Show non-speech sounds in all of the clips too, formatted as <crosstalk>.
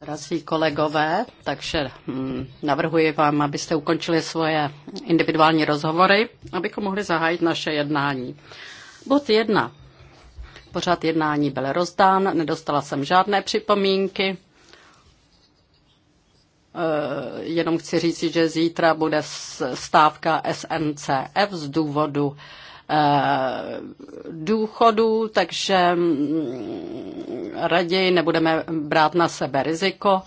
Drazí kolegové, takže hm, navrhuji vám, abyste ukončili svoje individuální rozhovory, abychom mohli zahájit naše jednání. Bod jedna. Pořád jednání byl rozdán, nedostala jsem žádné připomínky. Eh, jenom chci říct, že zítra bude stávka SNCF z důvodu Eh, důchodů, takže mm, raději nebudeme brát na sebe riziko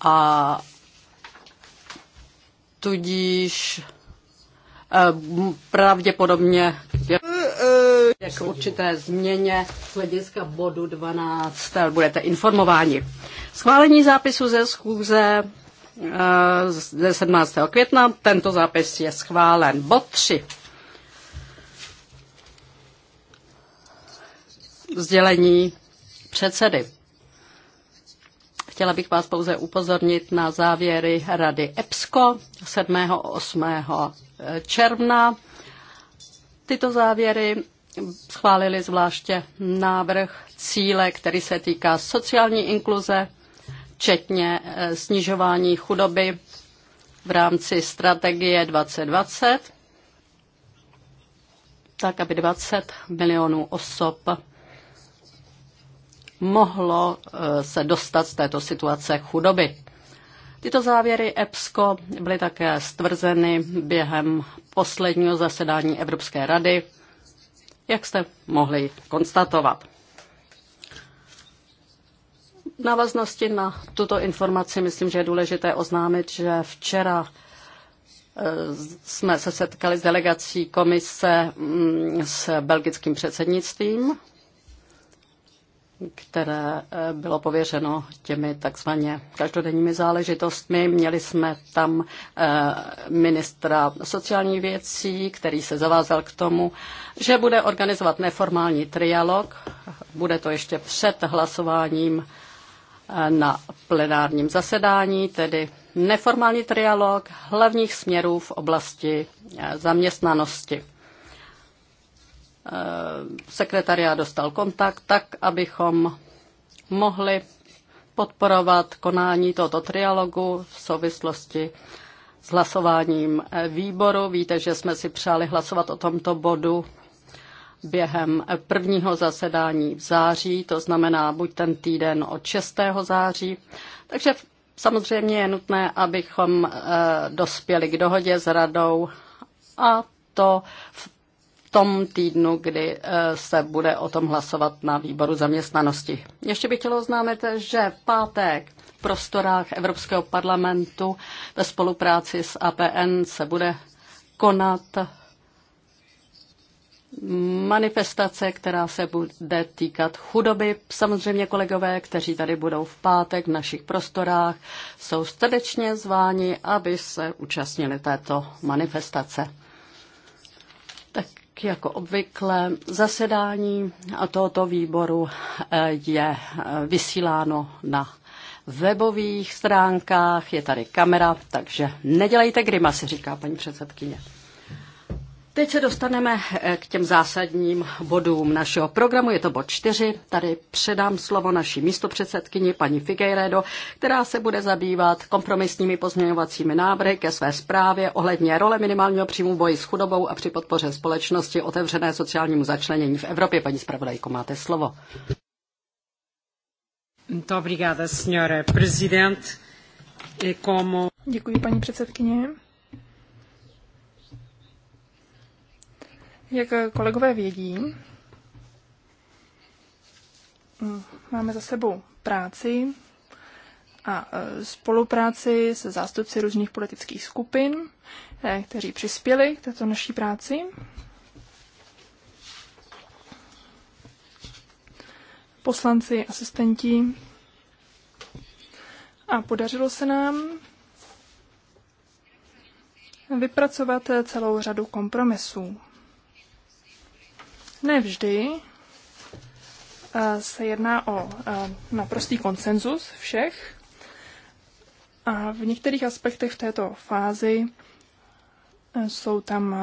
a tudíž eh, pravděpodobně k určité změně z hlediska bodu 12 eh, budete informováni. Schválení zápisu ze schůze ze 17. května. Tento zápis je schválen. Bod 3. sdělení předsedy. Chtěla bych vás pouze upozornit na závěry Rady EPSCO 7. a 8. Eh, června. Tyto závěry schválili zvláště návrh cíle, který se týká sociální inkluze, včetně eh, snižování chudoby v rámci strategie 2020, tak aby 20 milionů osob mohlo eh, se dostat z této situace chudoby. Tyto závěry EPSCO byly také stvrzeny během posledního zasedání Evropské rady, jak jste mohli konstatovat. V návaznosti na tuto informaci myslím, že je důležité oznámit, že včera eh, jsme se setkali s delegací komise mm, s belgickým předsednictvím které eh, bylo pověřeno těmi takzvaně každodenními záležitostmi. Měli jsme tam eh, ministra sociálních věcí, který se zavázal k tomu, že bude organizovat neformální trialog. Bude to ještě před hlasováním eh, na plenárním zasedání, tedy neformální trialog hlavních směrů v oblasti zaměstnanosti. Eh, sekretariát dostal kontakt, tak abychom mohli podporovat konání tohoto trialogu v souvislosti s hlasováním eh, výboru. Víte, že jsme si přáli hlasovat o tomto bodu během prvního zasedání v září, to znamená buď ten týden od 6. září. Takže samozřejmě je nutné, abychom eh, dospěli k dohodě s radou a to v tom týdnu, kdy eh, se bude o tom hlasovat na výboru zaměstnanosti. Ještě bych chtěla oznámit, že v pátek v prostorách Evropského parlamentu ve spolupráci s APN se bude konat manifestace, která se bude týkat chudoby. Samozřejmě kolegové, kteří tady budou v pátek v našich prostorách, jsou srdečně zváni, aby se účastnili této manifestace. Tak tak jako obvykle zasedání tohoto výboru eh, je eh, vysíláno na webových stránkách, je tady kamera, takže nedělejte grimasy, říká paní předsedkyně. Teď se dostaneme eh, k těm zásadním bodům našeho programu. Je to bod 4. Tady předám slovo naší místopředsedkyni paní Figueiredo, která se bude zabývat kompromisními pozměňovacími návrhy ke své zprávě ohledně role minimálního příjmu boji s chudobou a při podpoře společnosti otevřené sociálnímu začlenění v Evropě. Paní zpravodajko, máte slovo. E Děkuji, paní předsedkyně. Jak kolegové vědí, máme za sebou práci a e, spolupráci se zástupci různých politických skupin, e, kteří přispěli k této naší práci. Poslanci, asistenti. A podařilo se nám vypracovat celou řadu kompromisů. Nevždy eh, se jedná o eh, naprostý konsenzus všech a v některých aspektech v této fázi eh, jsou tam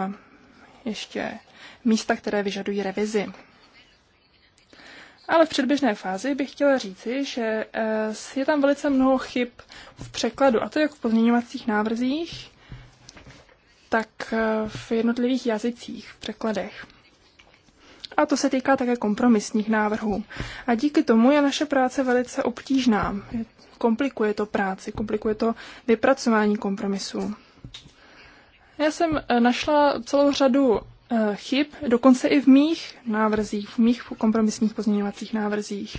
ještě místa, které vyžadují revizi. Ale v předběžné fázi bych chtěla říci, že je tam velice mnoho chyb v překladu, a to jak v pozměňovacích návrzích, tak v jednotlivých jazycích, v překladech. A to se týká také kompromisních návrhů. A díky tomu je naše práce velice obtížná. Komplikuje to práci, komplikuje to vypracování kompromisů. Já jsem eh, našla celou řadu eh, chyb, dokonce i v mých návrzích, v mých kompromisních pozměňovacích návrzích.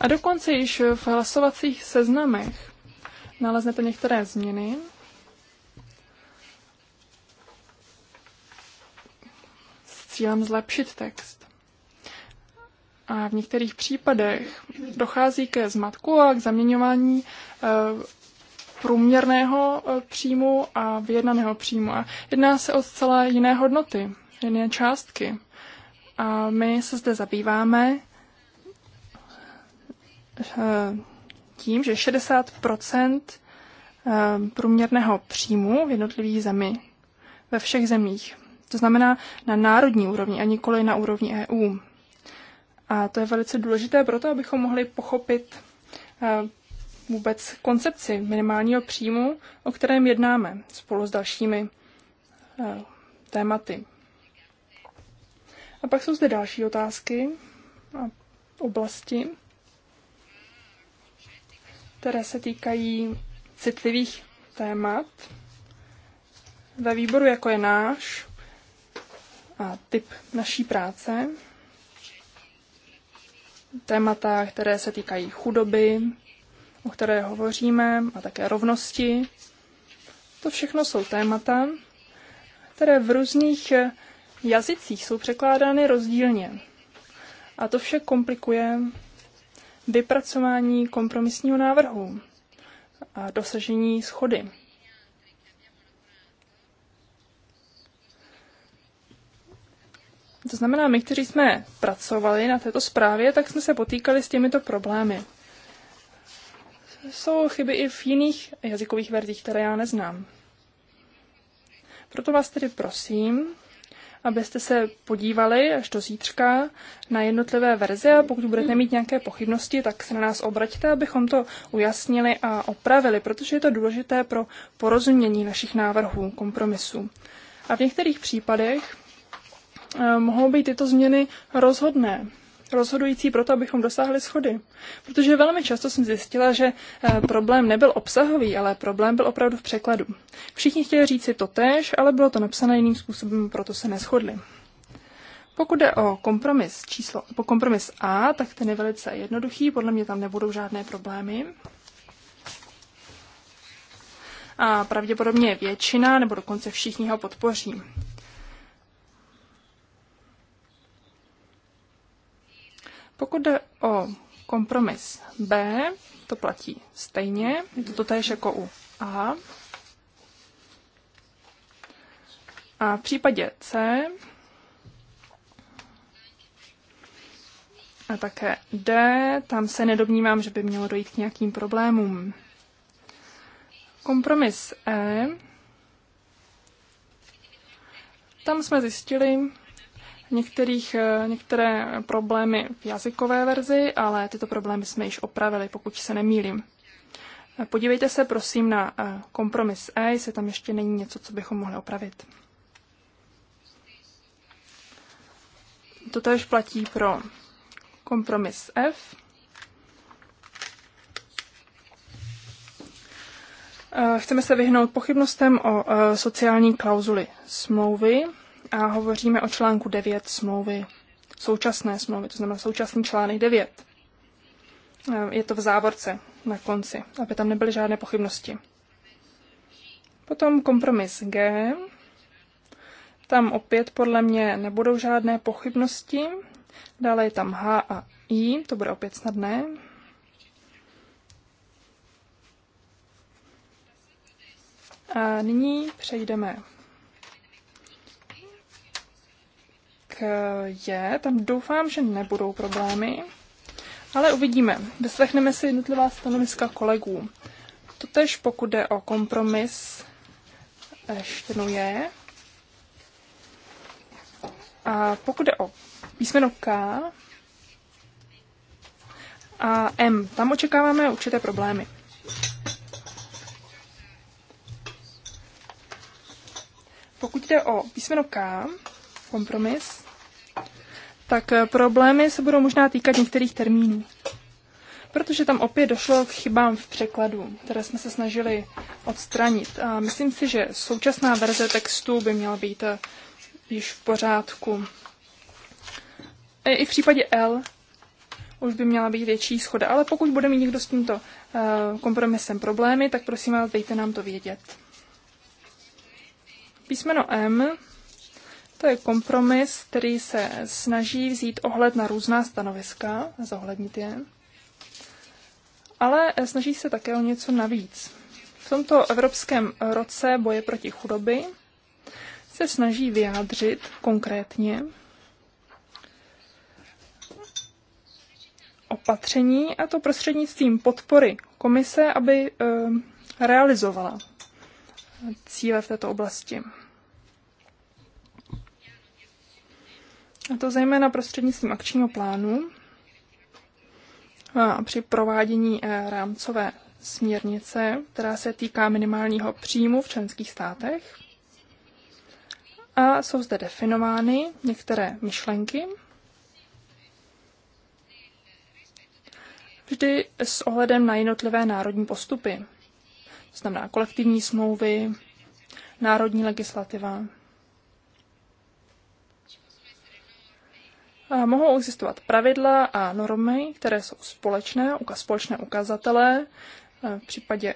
A dokonce již v hlasovacích seznamech naleznete některé změny, cílem zlepšit text. A v některých případech dochází ke zmatku a k zaměňování eh, průměrného eh, příjmu a vyjednaného příjmu. A jedná se o zcela jiné hodnoty, jiné částky. A my se zde zabýváme eh, tím, že 60 průměrného příjmu v jednotlivých zemi ve všech zemích to znamená na národní úrovni a nikoli na úrovni EU. A to je velice důležité proto, abychom mohli pochopit eh, vůbec koncepci minimálního příjmu, o kterém jednáme spolu s dalšími eh, tématy. A pak jsou zde další otázky a oblasti, které se týkají citlivých témat. Ve výboru, jako je náš, a typ naší práce. Témata, které se týkají chudoby, o které hovoříme, a také rovnosti. To všechno jsou témata, které v různých jazycích jsou překládány rozdílně. A to vše komplikuje vypracování kompromisního návrhu a dosažení schody. To znamená, my, kteří jsme pracovali na této zprávě, tak jsme se potýkali s těmito problémy. Jsou chyby i v jiných jazykových verzích, které já neznám. Proto vás tedy prosím, abyste se podívali až do zítřka na jednotlivé verze a pokud budete mít nějaké pochybnosti, tak se na nás obraťte, abychom to ujasnili a opravili, protože je to důležité pro porozumění našich návrhů, kompromisů. A v některých případech Eh, mohou být tyto změny rozhodné rozhodující pro to, abychom dosáhli schody. Protože velmi často jsem zjistila, že eh, problém nebyl obsahový, ale problém byl opravdu v překladu. Všichni chtěli říci to tež, ale bylo to napsané jiným způsobem, proto se neschodli. Pokud jde o kompromis, číslo, po kompromis A, tak ten je velice jednoduchý, podle mě tam nebudou žádné problémy. A pravděpodobně většina, nebo dokonce všichni ho podpoří. Pokud jde o kompromis B, to platí stejně, je to totéž jako u A. A v případě C a také D, tam se nedomnívám, že by mělo dojít k nějakým problémům. Kompromis E, tam jsme zjistili, některých, eh, některé problémy v jazykové verzi, ale tyto problémy jsme již opravili, pokud se nemýlím. Eh, podívejte se prosím na eh, kompromis E, jestli tam ještě není něco, co bychom mohli opravit. To Totež platí pro kompromis F. Chceme se vyhnout pochybnostem o sociální klauzuli smlouvy a hovoříme o článku 9 smlouvy, současné smlouvy, to znamená současný článek 9. Ehm, je to v závorce na konci, aby tam nebyly žádné pochybnosti. Potom kompromis G. Tam opět podle mě nebudou žádné pochybnosti. Dále je tam H a I, to bude opět snadné. A nyní přejdeme je. Tam doufám, že nebudou problémy, ale uvidíme. Vyslechneme si jednotlivá stanoviska kolegů. Totež pokud jde o kompromis, ještě je. A pokud jde o písmeno K a M, tam očekáváme určité problémy. Pokud jde o písmeno K, kompromis, tak eh, problémy se budou možná týkat některých termínů. Protože tam opět došlo k chybám v překladu, které jsme se snažili odstranit. A myslím si, že současná verze textu by měla být eh, již v pořádku. I v případě L už by měla být větší schoda, ale pokud bude mít někdo s tímto eh, kompromisem problémy, tak prosím vás, dejte nám to vědět. Písmeno M to je kompromis, který se snaží vzít ohled na různá stanoviska, zohlednit je, ale snaží se také o něco navíc. V tomto Evropském roce boje proti chudoby se snaží vyjádřit konkrétně opatření, a to prostřednictvím podpory komise, aby eh, realizovala cíle v této oblasti. A to zejména prostřednictvím akčního plánu a při provádění eh, rámcové směrnice, která se týká minimálního příjmu v členských státech. A jsou zde definovány některé myšlenky, vždy s ohledem na jednotlivé národní postupy. To znamená kolektivní smlouvy, národní legislativa. Mohou existovat pravidla a normy, které jsou společné, společné ukazatele e, v případě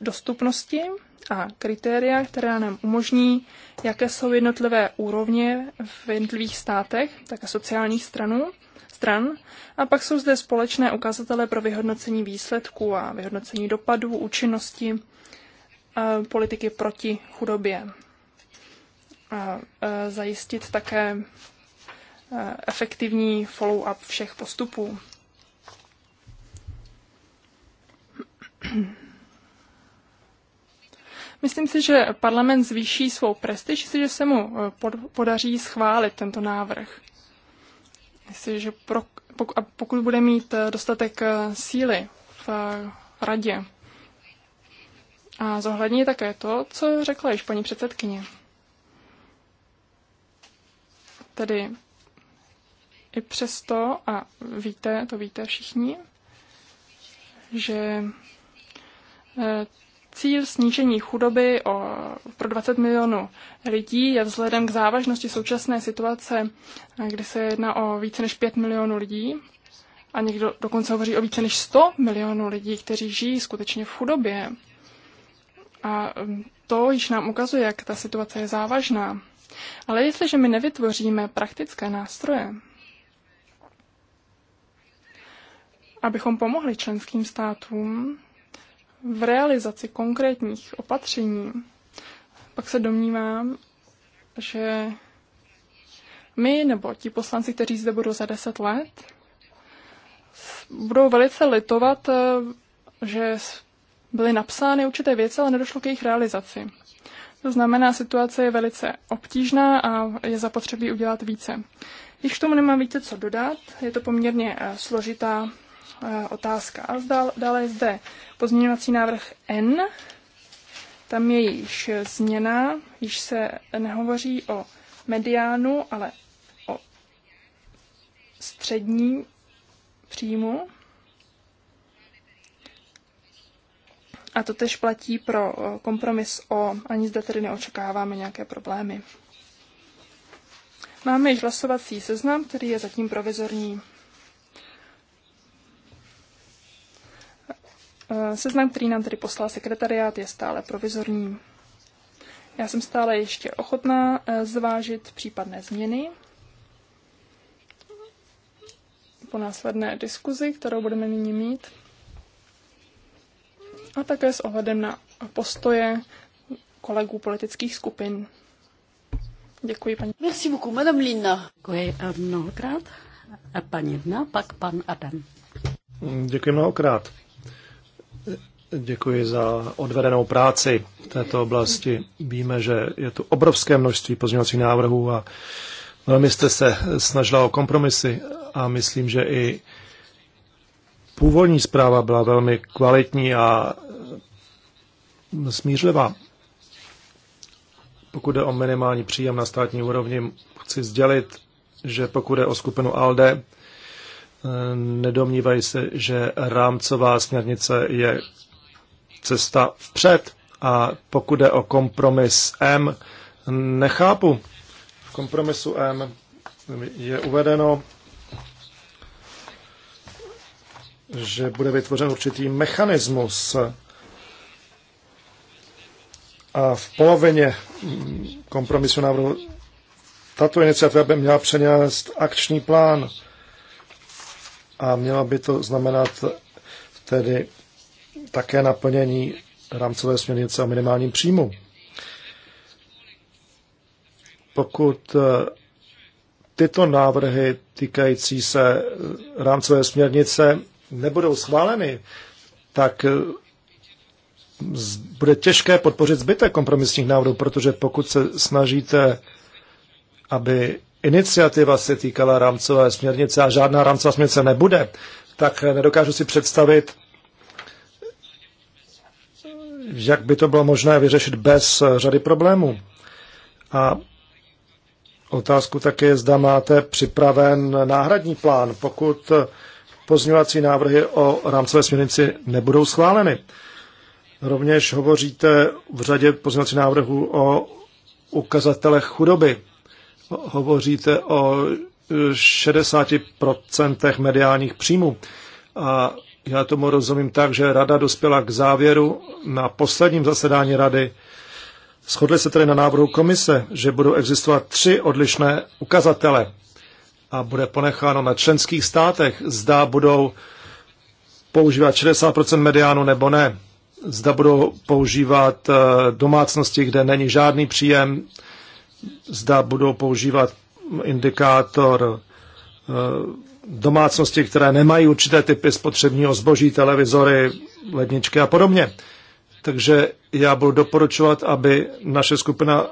dostupnosti a kritéria, která nám umožní, jaké jsou jednotlivé úrovně v jednotlivých státech, a sociálních stranů, stran. A pak jsou zde společné ukazatele pro vyhodnocení výsledků a vyhodnocení dopadů, účinnosti e, politiky proti chudobě. A e, zajistit také Eh, efektivní follow-up všech postupů. Myslím si, že parlament zvýší svou prestiž, že se mu eh, podaří schválit tento návrh. Myslím že pro, pokud bude mít eh, dostatek síly v radě. A zohlední také to, co řekla již paní předsedkyně. Tedy i přesto, a víte, to víte všichni, že eh, cíl snížení chudoby o, pro 20 milionů lidí je vzhledem k závažnosti současné situace, eh, kdy se jedná o více než 5 milionů lidí, a někdo dokonce hovoří o více než 100 milionů lidí, kteří žijí skutečně v chudobě. A mm, to již nám ukazuje, jak ta situace je závažná. Ale jestliže my nevytvoříme praktické nástroje, abychom pomohli členským státům v realizaci konkrétních opatření, pak se domnívám, že my nebo ti poslanci, kteří zde budou za deset let, budou velice litovat, eh, že byly napsány určité věci, ale nedošlo k jejich realizaci. To znamená, situace je velice obtížná a je zapotřebí udělat více. Již k tomu nemám více co dodat, je to poměrně eh, složitá Eh, otázka. A dále je zde pozměňovací návrh N. Tam je již změna, již se nehovoří o mediánu, ale o střední příjmu. A to tež platí pro eh, kompromis O, ani zde tedy neočekáváme nějaké problémy. Máme již hlasovací seznam, který je zatím provizorní. Eh, seznam, který nám tedy poslal sekretariát, je stále provizorní. Já jsem stále ještě ochotná eh, zvážit případné změny po následné diskuzi, kterou budeme nyní mít. A také s ohledem na postoje kolegů politických skupin. Děkuji, paní. Merci beaucoup, madame Lina. Děkuji eh, mnohokrát. Paní Dna, pak pan Adam. Děkuji mnohokrát. Děkuji za odvedenou práci v této oblasti. Víme, že je tu obrovské množství pozměňovacích návrhů a velmi jste se snažila o kompromisy a myslím, že i původní zpráva byla velmi kvalitní a smířlivá. Pokud jde o minimální příjem na státní úrovni, chci sdělit, že pokud jde o skupinu ALDE, eh, nedomnívají se, že rámcová směrnice je cesta vpřed. A pokud jde o kompromis M, nechápu. V kompromisu M je uvedeno, že bude vytvořen určitý mechanismus a v polovině kompromisu návrhu tato iniciativa by měla přenést akční plán a měla by to znamenat tedy také naplnění rámcové směrnice o minimálním příjmu. Pokud eh, tyto návrhy týkající se eh, rámcové směrnice nebudou schváleny, tak eh, bude těžké podpořit zbytek kompromisních návrhů, protože pokud se snažíte, aby iniciativa se týkala rámcové směrnice a žádná rámcová směrnice nebude, tak nedokážu si představit, jak by to bylo možné vyřešit bez eh, řady problémů. A otázku také, zda máte připraven náhradní plán, pokud eh, pozňovací návrhy o rámcové směrnici nebudou schváleny. Rovněž hovoříte v řadě pozměňovacích návrhů o ukazatelech chudoby. Hovoříte o 60% eh, mediálních příjmů. A já tomu rozumím tak, že rada dospěla k závěru na posledním zasedání rady. Shodli se tedy na návrhu komise, že budou existovat tři odlišné ukazatele a bude ponecháno na členských státech, zda budou používat 60% mediánu nebo ne. Zda budou používat eh, domácnosti, kde není žádný příjem, zda budou používat indikátor eh, domácnosti, které nemají určité typy spotřebního zboží, televizory, ledničky a podobně. Takže já budu doporučovat, aby naše skupina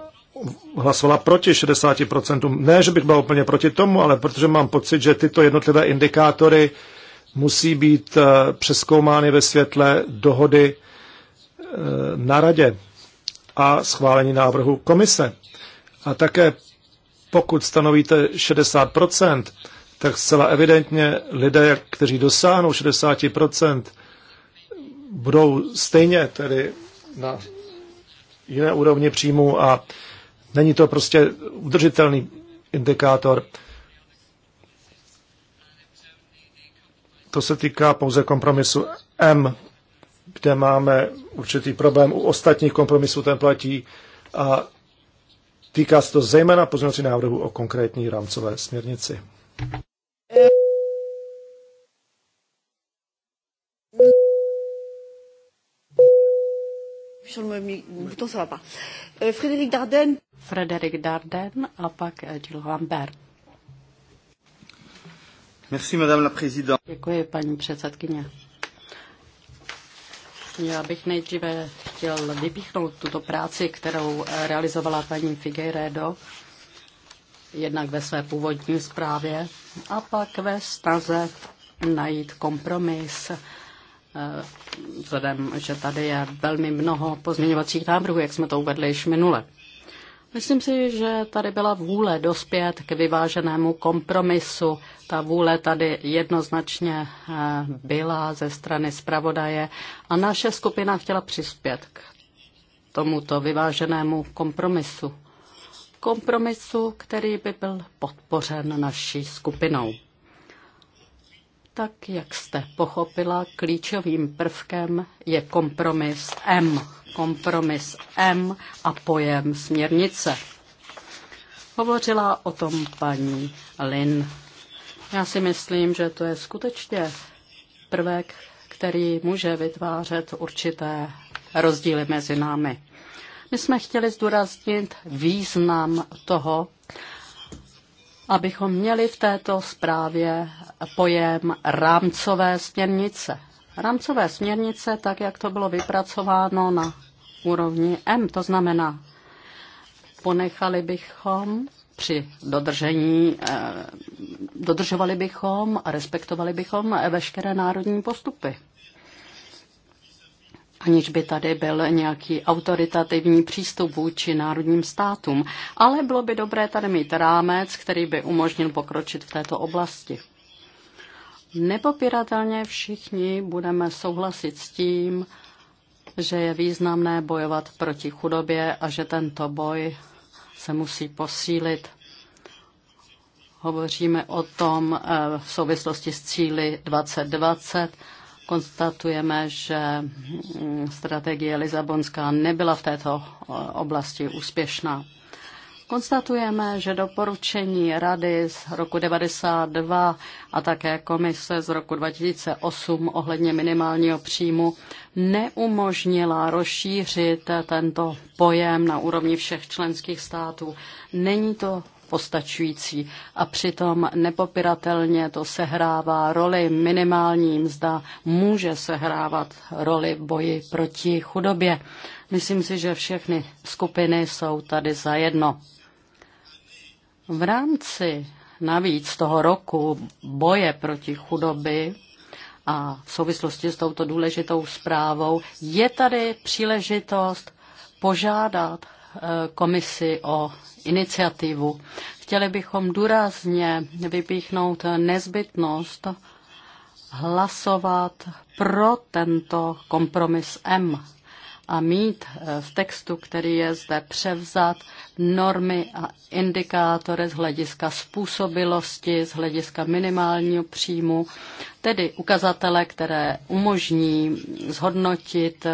hlasovala proti 60%. Ne, že bych byl úplně proti tomu, ale protože mám pocit, že tyto jednotlivé indikátory musí být eh, přeskoumány ve světle dohody eh, na radě a schválení návrhu komise. A také pokud stanovíte 60 tak zcela evidentně lidé, kteří dosáhnou 60%, budou stejně tedy na jiné úrovni příjmu a není to prostě udržitelný indikátor. To se týká pouze kompromisu M, kde máme určitý problém. U ostatních kompromisů ten platí a týká se to zejména pozornosti návrhu o konkrétní rámcové směrnici. Sur le bouton, ça va pas. Euh, Frédéric Dardenne. Frédéric Dardenne a pak Jill eh, Lambert. Merci, madame la Présidente. Děkuji, paní předsedkyně. Já bych nejdříve chtěl vypíchnout tuto práci, kterou eh, realizovala paní Figueiredo jednak ve své původní zprávě a pak ve snaze najít kompromis, eh, vzhledem, že tady je velmi mnoho pozměňovacích návrhů, jak jsme to uvedli již minule. Myslím si, že tady byla vůle dospět k vyváženému kompromisu. Ta vůle tady jednoznačně eh, byla ze strany zpravodaje a naše skupina chtěla přispět k tomuto vyváženému kompromisu kompromisu, který by byl podpořen naší skupinou. Tak, jak jste pochopila, klíčovým prvkem je kompromis M. Kompromis M a pojem směrnice. Hovořila o tom paní Lin. Já si myslím, že to je skutečně prvek, který může vytvářet určité rozdíly mezi námi. My jsme chtěli zdůraznit význam toho, abychom měli v této zprávě pojem rámcové směrnice. Rámcové směrnice, tak jak to bylo vypracováno na úrovni M, to znamená, ponechali bychom při dodržení, eh, dodržovali bychom a respektovali bychom veškeré národní postupy aniž by tady byl nějaký autoritativní přístup vůči národním státům. Ale bylo by dobré tady mít rámec, který by umožnil pokročit v této oblasti. Nepopiratelně všichni budeme souhlasit s tím, že je významné bojovat proti chudobě a že tento boj se musí posílit. Hovoříme o tom eh, v souvislosti s cíly 2020 konstatujeme, že strategie Lizabonská nebyla v této oblasti úspěšná. Konstatujeme, že doporučení Rady z roku 92 a také komise z roku 2008 ohledně minimálního příjmu neumožnila rozšířit tento pojem na úrovni všech členských států. Není to postačující a přitom nepopiratelně to sehrává roli minimální mzda, může sehrávat roli v boji proti chudobě. Myslím si, že všechny skupiny jsou tady zajedno. V rámci navíc toho roku boje proti chudoby a v souvislosti s touto důležitou zprávou je tady příležitost požádat eh, komisi o iniciativu. Chtěli bychom důrazně vypíchnout nezbytnost hlasovat pro tento kompromis M a mít v textu, který je zde převzat, normy a indikátory z hlediska způsobilosti, z hlediska minimálního příjmu, tedy ukazatele, které umožní zhodnotit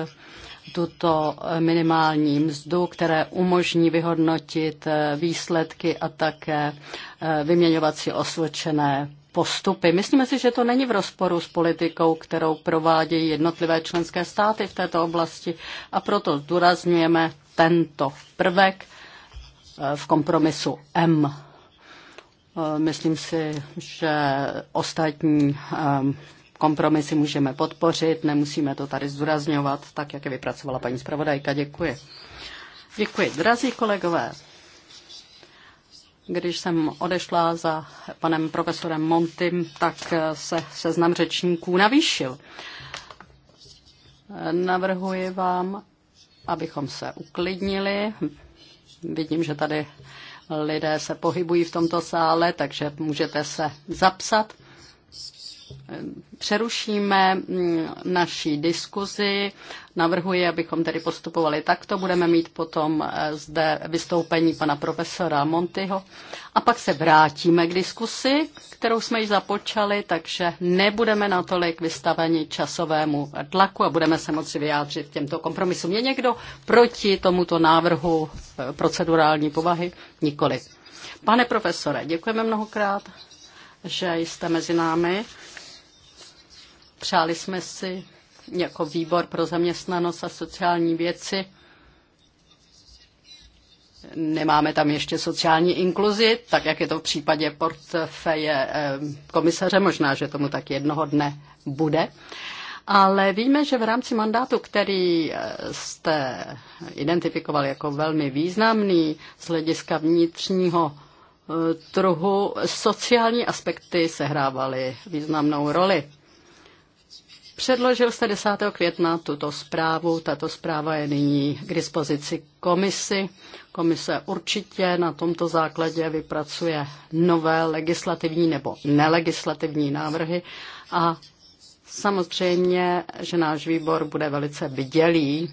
tuto minimální mzdu, které umožní vyhodnotit eh, výsledky a také eh, vyměňovat si osvědčené postupy. Myslíme si, že to není v rozporu s politikou, kterou provádějí jednotlivé členské státy v této oblasti a proto zdůrazňujeme tento prvek eh, v kompromisu M. Myslím si, že ostatní kompromisy můžeme podpořit, nemusíme to tady zdůrazňovat, tak jak je vypracovala paní zpravodajka. Děkuji. Děkuji. Drazí kolegové, když jsem odešla za panem profesorem Montym, tak se seznam řečníků navýšil. Navrhuji vám, abychom se uklidnili. Vidím, že tady lidé se pohybují v tomto sále, takže můžete se zapsat přerušíme mm, naší diskuzi. Navrhuji, abychom tedy postupovali takto. Budeme mít potom eh, zde vystoupení pana profesora Montyho a pak se vrátíme k diskusi, kterou jsme již započali, takže nebudeme natolik vystaveni časovému tlaku a budeme se moci vyjádřit těmto kompromisům. Je někdo proti tomuto návrhu eh, procedurální povahy? Nikoli. Pane profesore, děkujeme mnohokrát, že jste mezi námi. Přáli jsme si jako výbor pro zaměstnanost a sociální věci. Nemáme tam ještě sociální inkluzi, tak jak je to v případě portfeje eh, komisaře, možná, že tomu tak jednoho dne bude. Ale víme, že v rámci mandátu, který eh, jste identifikoval jako velmi významný z hlediska vnitřního eh, trhu, sociální aspekty sehrávaly významnou roli. Předložil jste 10. května tuto zprávu. Tato zpráva je nyní k dispozici komisi. Komise určitě na tomto základě vypracuje nové legislativní nebo nelegislativní návrhy a samozřejmě, že náš výbor bude velice bdělý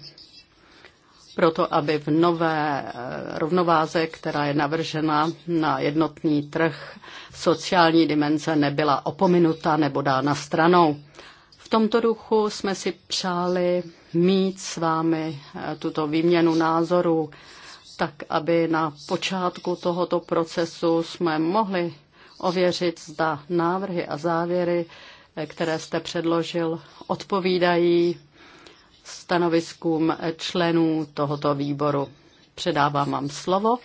proto, aby v nové eh, rovnováze, která je navržena na jednotný trh, sociální dimenze nebyla opominuta nebo dána stranou tomto duchu jsme si přáli mít s vámi eh, tuto výměnu názorů, tak aby na počátku tohoto procesu jsme mohli ověřit, zda návrhy a závěry, eh, které jste předložil, odpovídají stanoviskům členů tohoto výboru. Předávám vám slovo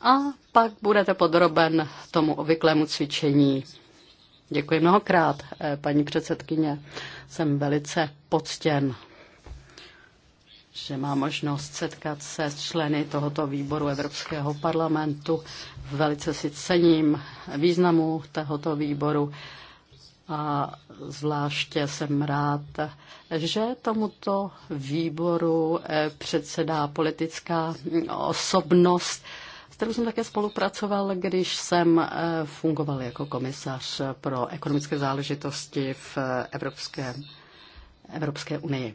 a pak budete podroben tomu obvyklému cvičení Děkuji mnohokrát, eh, paní předsedkyně. Jsem velice poctěn, že má možnost setkat se s členy tohoto výboru Evropského parlamentu. Velice si cením významu tohoto výboru a zvláště jsem rád, že tomuto výboru eh, předsedá politická osobnost, s kterou jsem také spolupracoval, když jsem eh, fungoval jako komisař pro ekonomické záležitosti v eh, Evropské, Evropské unii.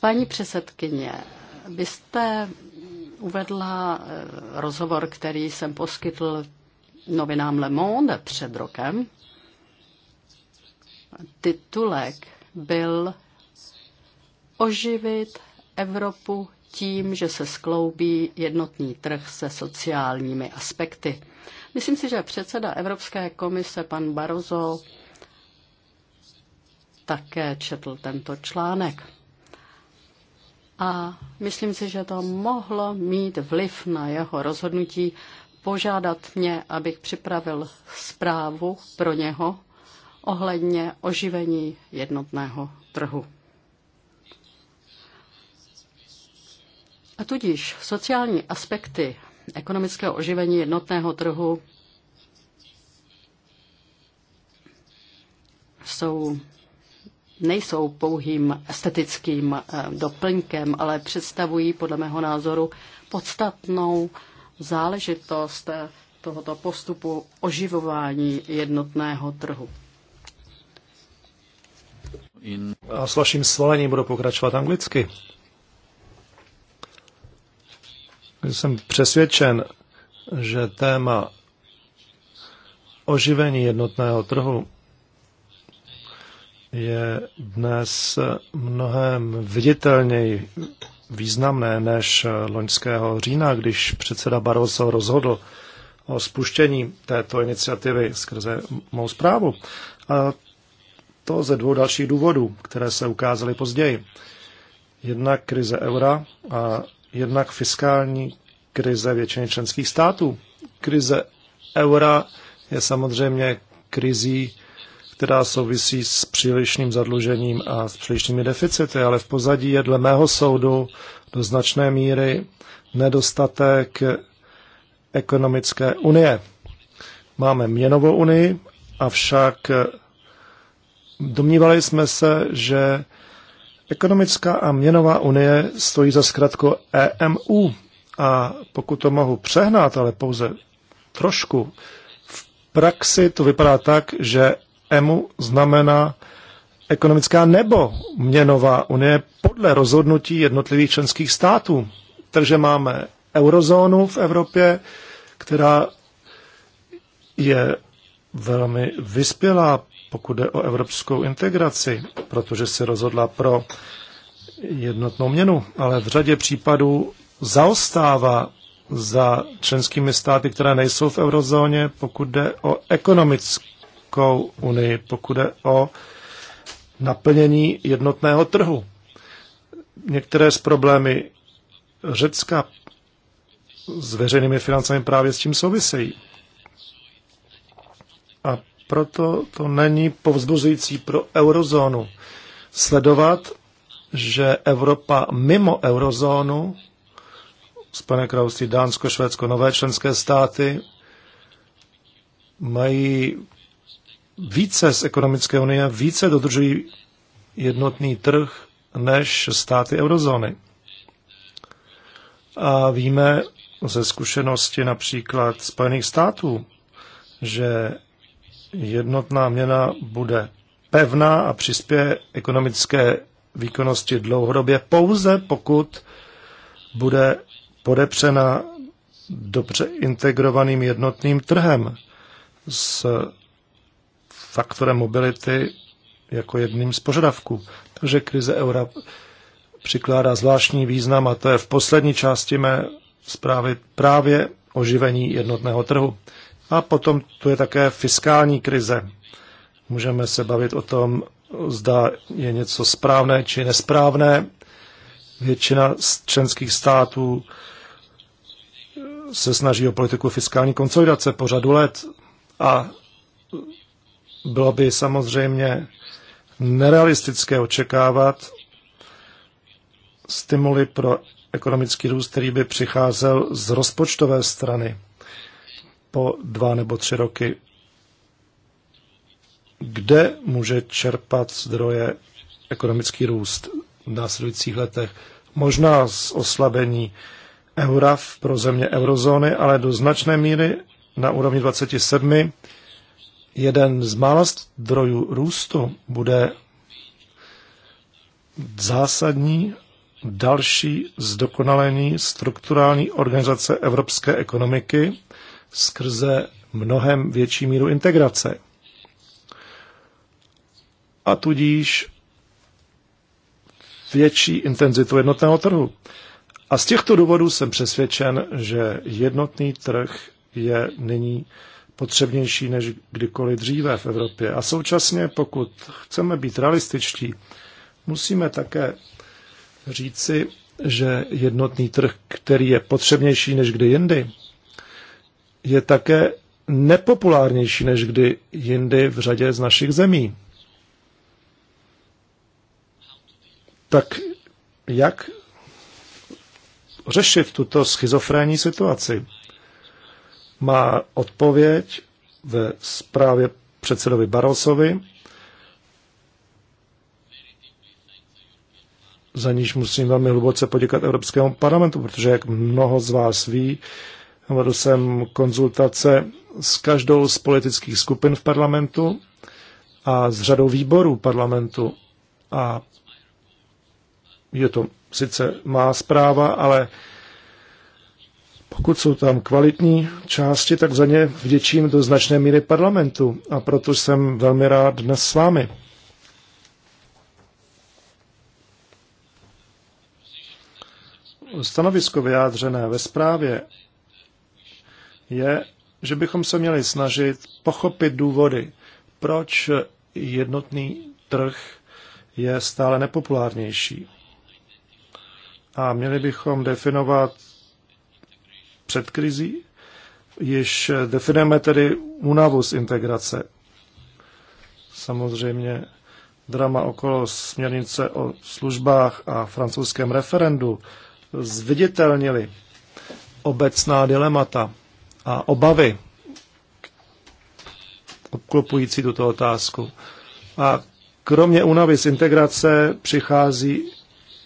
Paní předsedkyně, vy jste uvedla eh, rozhovor, který jsem poskytl novinám Le Monde před rokem. Titulek byl Oživit Evropu tím, že se skloubí jednotný trh se sociálními aspekty. Myslím si, že předseda Evropské komise pan Barroso také četl tento článek. A myslím si, že to mohlo mít vliv na jeho rozhodnutí požádat mě, abych připravil zprávu pro něho ohledně oživení jednotného trhu. A tudíž sociální aspekty ekonomického oživení jednotného trhu jsou, nejsou pouhým estetickým eh, doplňkem, ale představují podle mého názoru podstatnou záležitost eh, tohoto postupu oživování jednotného trhu. A s vaším svolením budu pokračovat anglicky. Jsem přesvědčen, že téma oživení jednotného trhu je dnes mnohem viditelněji významné než loňského října, když předseda Barroso rozhodl o spuštění této iniciativy skrze mou zprávu. A to ze dvou dalších důvodů, které se ukázaly později. Jedna krize eura a jednak fiskální krize většiny členských států. Krize eura je samozřejmě krizí, která souvisí s přílišným zadlužením a s přílišnými deficity, ale v pozadí je dle mého soudu do značné míry nedostatek ekonomické unie. Máme měnovou unii, avšak domnívali jsme se, že Ekonomická a měnová unie stojí za zkratku EMU a pokud to mohu přehnat, ale pouze trošku, v praxi to vypadá tak, že EMU znamená ekonomická nebo měnová unie podle rozhodnutí jednotlivých členských států. Takže máme eurozónu v Evropě, která je velmi vyspělá pokud jde o evropskou integraci, protože se rozhodla pro jednotnou měnu, ale v řadě případů zaostává za členskými státy, které nejsou v eurozóně, pokud jde o ekonomickou unii, pokud jde o naplnění jednotného trhu. Některé z problémy Řecka s veřejnými financemi právě s tím souvisejí. Proto to není povzbuzující pro eurozónu sledovat, že Evropa mimo eurozónu, Spojené království, Dánsko, Švédsko, nové členské státy, mají více z ekonomické unie, více dodržují jednotný trh než státy eurozóny. A víme ze zkušenosti například Spojených států, že jednotná měna bude pevná a přispěje ekonomické výkonnosti dlouhodobě pouze pokud bude podepřena dobře integrovaným jednotným trhem s faktorem mobility jako jedním z požadavků. Takže krize eura přikládá zvláštní význam a to je v poslední části mé zprávy právě oživení jednotného trhu. A potom tu je také fiskální krize. Můžeme se bavit o tom, zda je něco správné či nesprávné. Většina z členských států se snaží o politiku fiskální konsolidace po řadu let a bylo by samozřejmě nerealistické očekávat stimuly pro ekonomický růst, který by přicházel z rozpočtové strany po dva nebo tři roky, kde může čerpat zdroje ekonomický růst v následujících letech. Možná z oslabení eura pro země eurozóny, ale do značné míry na úrovni 27. Jeden z mála zdrojů růstu bude zásadní další zdokonalení strukturální organizace evropské ekonomiky skrze mnohem větší míru integrace. A tudíž větší intenzitu jednotného trhu. A z těchto důvodů jsem přesvědčen, že jednotný trh je nyní potřebnější než kdykoliv dříve v Evropě. A současně, pokud chceme být realističtí, musíme také říci, že jednotný trh, který je potřebnější než kdy jindy, je také nepopulárnější než kdy jindy v řadě z našich zemí. Tak jak řešit tuto schizofrénní situaci? Má odpověď ve zprávě předsedovi Barosovi, za níž musím velmi hluboce poděkat Evropskému parlamentu, protože jak mnoho z vás ví, Vedl jsem konzultace s každou z politických skupin v parlamentu a s řadou výborů parlamentu. A je to sice má zpráva, ale pokud jsou tam kvalitní části, tak za ně vděčím do značné míry parlamentu a proto jsem velmi rád dnes s vámi. Stanovisko vyjádřené ve zprávě je, že bychom se měli snažit pochopit důvody, proč jednotný trh je stále nepopulárnější. A měli bychom definovat před krizí, již definujeme tedy únavu z integrace. Samozřejmě drama okolo směrnice o službách a francouzském referendu zviditelnili obecná dilemata a obavy obklopující tuto otázku. A kromě únavy z integrace přichází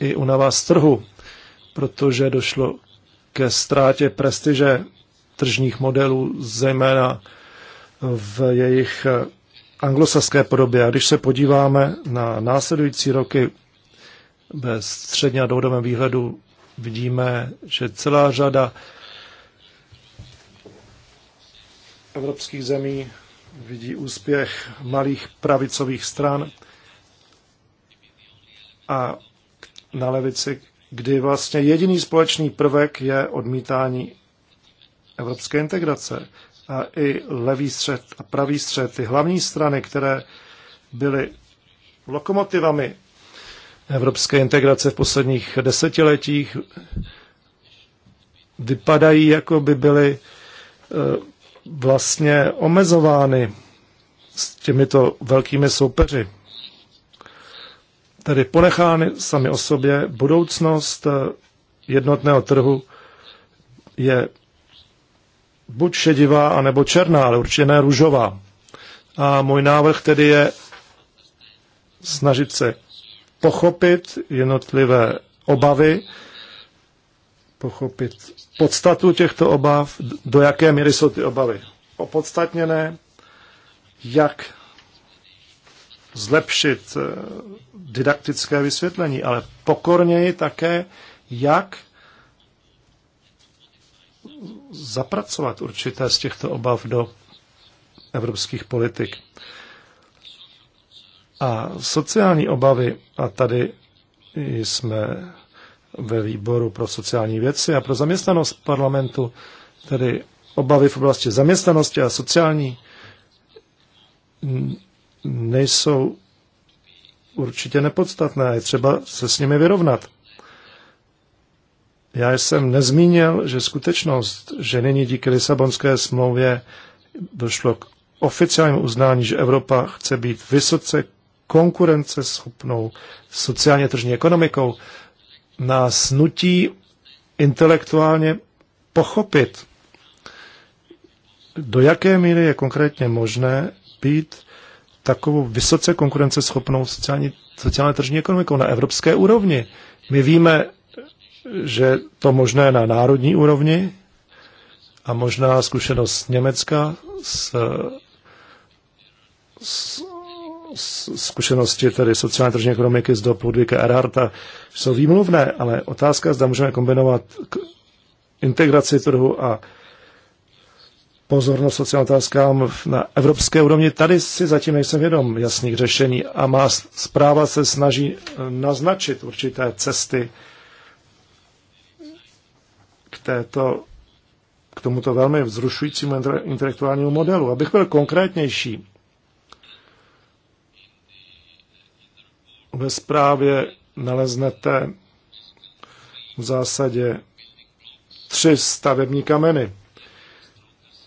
i únava z trhu, protože došlo ke ztrátě prestiže tržních modelů, zejména v jejich anglosaské podobě. A když se podíváme na následující roky ve středně a dlouhodobém výhledu, vidíme, že celá řada evropských zemí vidí úspěch malých pravicových stran a na levici, kdy vlastně jediný společný prvek je odmítání evropské integrace. A i levý střed a pravý střed, ty hlavní strany, které byly lokomotivami evropské integrace v posledních desetiletích, vypadají, jako by byly eh, vlastně omezovány s těmito velkými soupeři. Tedy ponechány sami o sobě, budoucnost eh, jednotného trhu je buď šedivá, anebo černá, ale určitě ne růžová. A můj návrh tedy je snažit se pochopit jednotlivé obavy pochopit podstatu těchto obav, do jaké míry jsou ty obavy opodstatněné, jak zlepšit eh, didaktické vysvětlení, ale pokorněji také, jak zapracovat určité z těchto obav do evropských politik. A sociální obavy, a tady jsme ve výboru pro sociální věci a pro zaměstnanost parlamentu, tedy obavy v oblasti zaměstnanosti a sociální, nejsou určitě nepodstatné. Je třeba se s nimi vyrovnat. Já jsem nezmínil, že skutečnost, že nyní díky Lisabonské smlouvě došlo k oficiálnímu uznání, že Evropa chce být vysoce konkurenceschopnou sociálně tržní ekonomikou, nás nutí intelektuálně pochopit, do jaké míry je konkrétně možné být takovou vysoce konkurenceschopnou sociální, sociálně tržní ekonomikou na evropské úrovni. My víme, že to možné na národní úrovni a možná zkušenost Německa s, s zkušenosti tedy sociální tržní ekonomiky z dob Ludvíka Erharta jsou výmluvné, ale otázka, zda můžeme kombinovat k integraci trhu a pozornost sociálním otázkám na evropské úrovni. Tady si zatím nejsem vědom jasných řešení a má zpráva se snaží eh, naznačit určité cesty k této k tomuto velmi vzrušujícímu intelektuálnímu modelu. Abych byl konkrétnější, Ve zprávě naleznete v zásadě tři stavební kameny.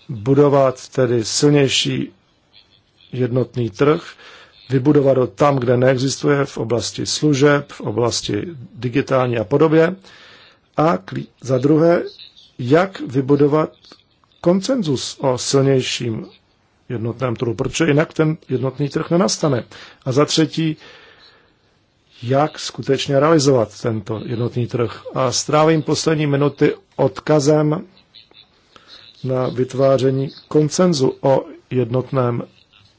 Budovat tedy silnější jednotný trh, vybudovat ho tam, kde neexistuje, v oblasti služeb, v oblasti digitální a podobě. A za druhé, jak vybudovat koncenzus o silnějším jednotném trhu, protože jinak ten jednotný trh nenastane. A za třetí, jak skutečně realizovat tento jednotný trh. A strávím poslední minuty odkazem na vytváření koncenzu o jednotném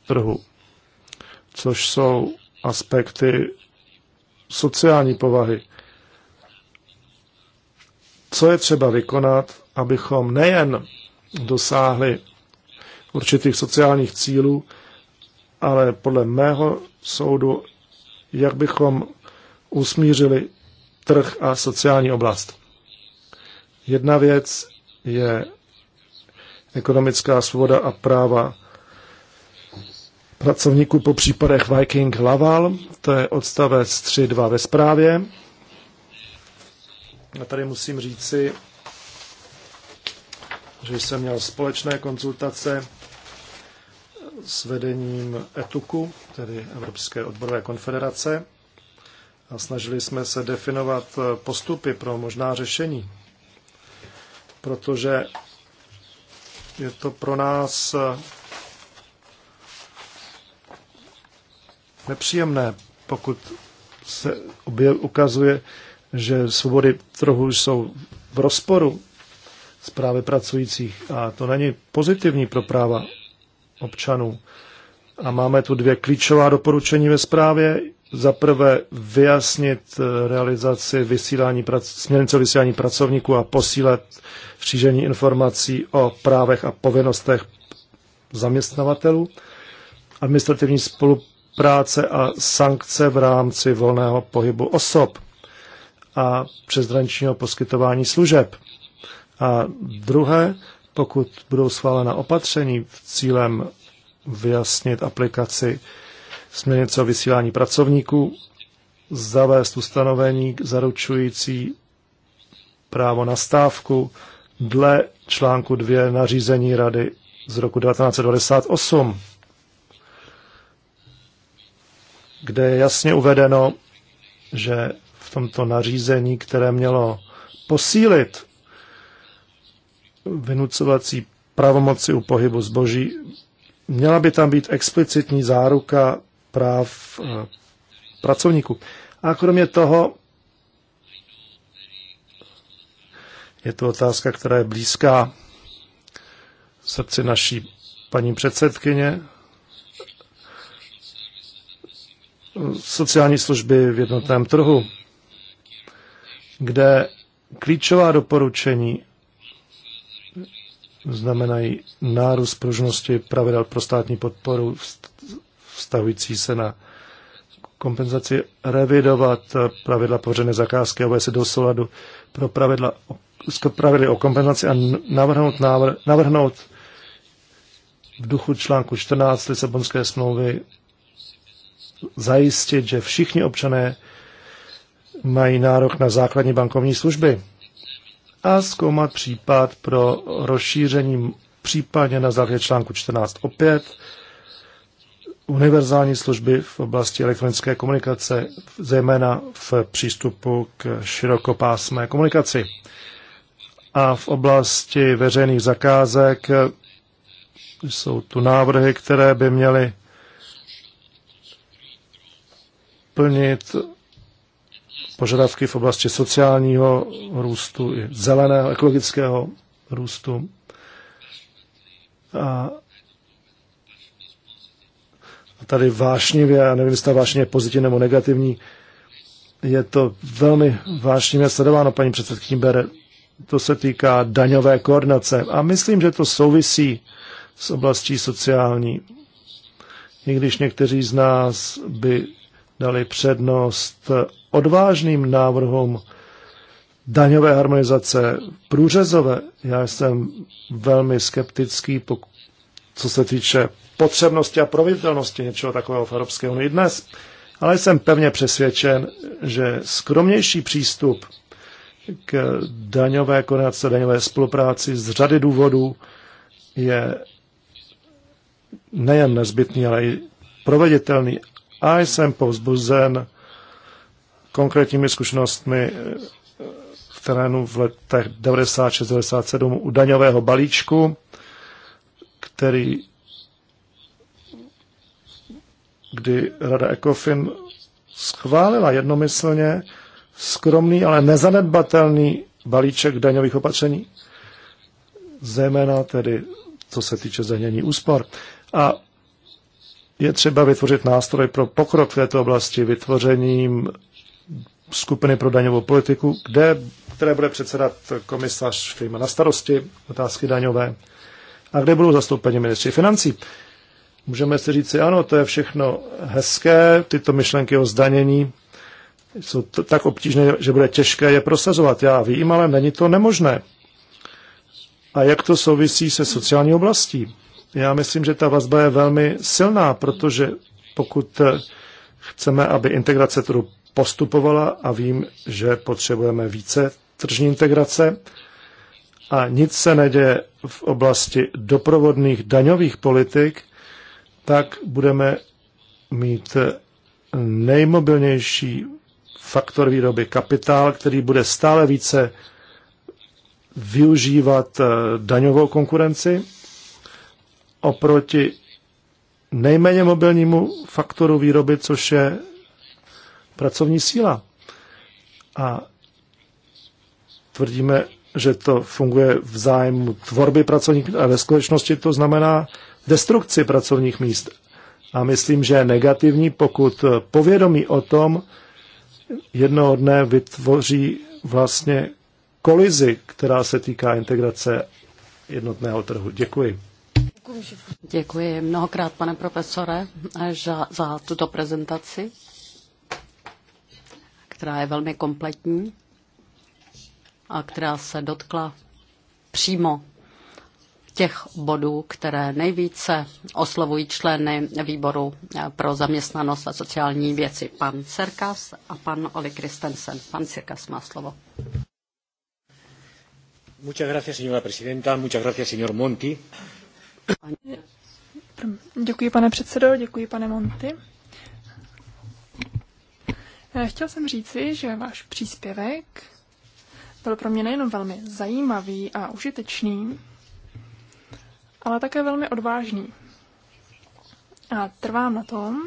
trhu, což jsou aspekty sociální povahy. Co je třeba vykonat, abychom nejen dosáhli určitých sociálních cílů, ale podle mého soudu jak bychom usmířili trh a sociální oblast. Jedna věc je ekonomická svoboda a práva pracovníků po případech Viking Laval, to je odstavec 3.2 ve zprávě. A tady musím říci, že jsem měl společné konzultace s vedením ETUKu, tedy Evropské odborové konfederace, a snažili jsme se definovat postupy pro možná řešení, protože je to pro nás nepříjemné, pokud se objev, ukazuje, že svobody trhu jsou v rozporu s právy pracujících a to není pozitivní pro práva občanů. A máme tu dvě klíčová doporučení ve zprávě. Za prvé vyjasnit eh, realizaci vysílání, směrnice o vysílání pracovníků a posílat šíření informací o právech a povinnostech zaměstnavatelů. Administrativní spolupráce a sankce v rámci volného pohybu osob a přeshraničního poskytování služeb. A druhé, pokud budou schválena opatření v cílem vyjasnit aplikaci směrnice o vysílání pracovníků, zavést ustanovení zaručující právo na stávku dle článku 2 nařízení Rady z roku 1998, kde je jasně uvedeno, že v tomto nařízení, které mělo posílit vynucovací pravomoci u pohybu zboží. Měla by tam být explicitní záruka práv eh, pracovníků. A kromě toho je to otázka, která je blízká srdci naší paní předsedkyně. Sociální služby v jednotném trhu, kde klíčová doporučení znamenají nárůst pružnosti pravidel pro státní podporu vztahující se na kompenzaci revidovat pravidla pořené zakázky a se do souladu pro pravidla, pravidly o kompenzaci a navrhnout, návr, navrhnout v duchu článku 14 Lisabonské smlouvy zajistit, že všichni občané mají nárok na základní bankovní služby a zkoumat případ pro rozšíření případně na základě článku 14 opět univerzální služby v oblasti elektronické komunikace, zejména v přístupu k širokopásmé komunikaci. A v oblasti veřejných zakázek jsou tu návrhy, které by měly plnit požadavky v oblasti sociálního růstu, i zeleného, ekologického růstu. A tady vášnivě, já nevím, jestli to vášně pozitivní nebo negativní, je to velmi vášnivě sledováno, paní předsedkyní Bere. To se týká daňové koordinace. A myslím, že to souvisí s oblastí sociální. I když někteří z nás by dali přednost odvážným návrhům daňové harmonizace průřezové. Já jsem velmi skeptický, co se týče potřebnosti a proveditelnosti něčeho takového v Evropské unii dnes, ale jsem pevně přesvědčen, že skromnější přístup k daňové konace, daňové spolupráci z řady důvodů je nejen nezbytný, ale i proveditelný. A jsem povzbuzen konkrétními zkušenostmi eh, v terénu v letech 96-97 u daňového balíčku, který kdy Rada ECOFIN schválila jednomyslně skromný, ale nezanedbatelný balíček daňových opatření, zejména tedy co se týče zdanění úspor. A je třeba vytvořit nástroj pro pokrok v této oblasti vytvořením skupiny pro daňovou politiku, kde, které bude předsedat komisař, který má na starosti otázky daňové a kde budou zastoupeni ministři financí. Můžeme si říct, ano, to je všechno hezké, tyto myšlenky o zdanění jsou tak obtížné, že bude těžké je prosazovat. Já vím, ale není to nemožné. A jak to souvisí se sociální oblastí? Já myslím, že ta vazba je velmi silná, protože pokud eh, chceme, aby integrace trhu postupovala a vím, že potřebujeme více tržní integrace a nic se neděje v oblasti doprovodných daňových politik, tak budeme mít nejmobilnější faktor výroby kapitál, který bude stále více využívat eh, daňovou konkurenci oproti nejméně mobilnímu faktoru výroby, což je pracovní síla. A tvrdíme, že to funguje v zájmu tvorby pracovních a ve skutečnosti to znamená destrukci pracovních míst. A myslím, že je negativní, pokud povědomí o tom jednoho dne vytvoří vlastně kolizi, která se týká integrace jednotného trhu. Děkuji. Děkuji mnohokrát, pane profesore, za, za tuto prezentaci která je velmi kompletní a která se dotkla přímo těch bodů, které nejvíce oslovují členy výboru pro zaměstnanost a sociální věci. Pan Serkas a pan Oli Kristensen. Pan Serkas má slovo. Muchas gracias, señora presidenta. Muchas gracias, señor Monti. Děkuji, pane předsedo, děkuji, pane Monti. Eh, chtěl jsem říci, že váš příspěvek byl pro mě nejenom velmi zajímavý a užitečný, ale také velmi odvážný. A trvám na tom,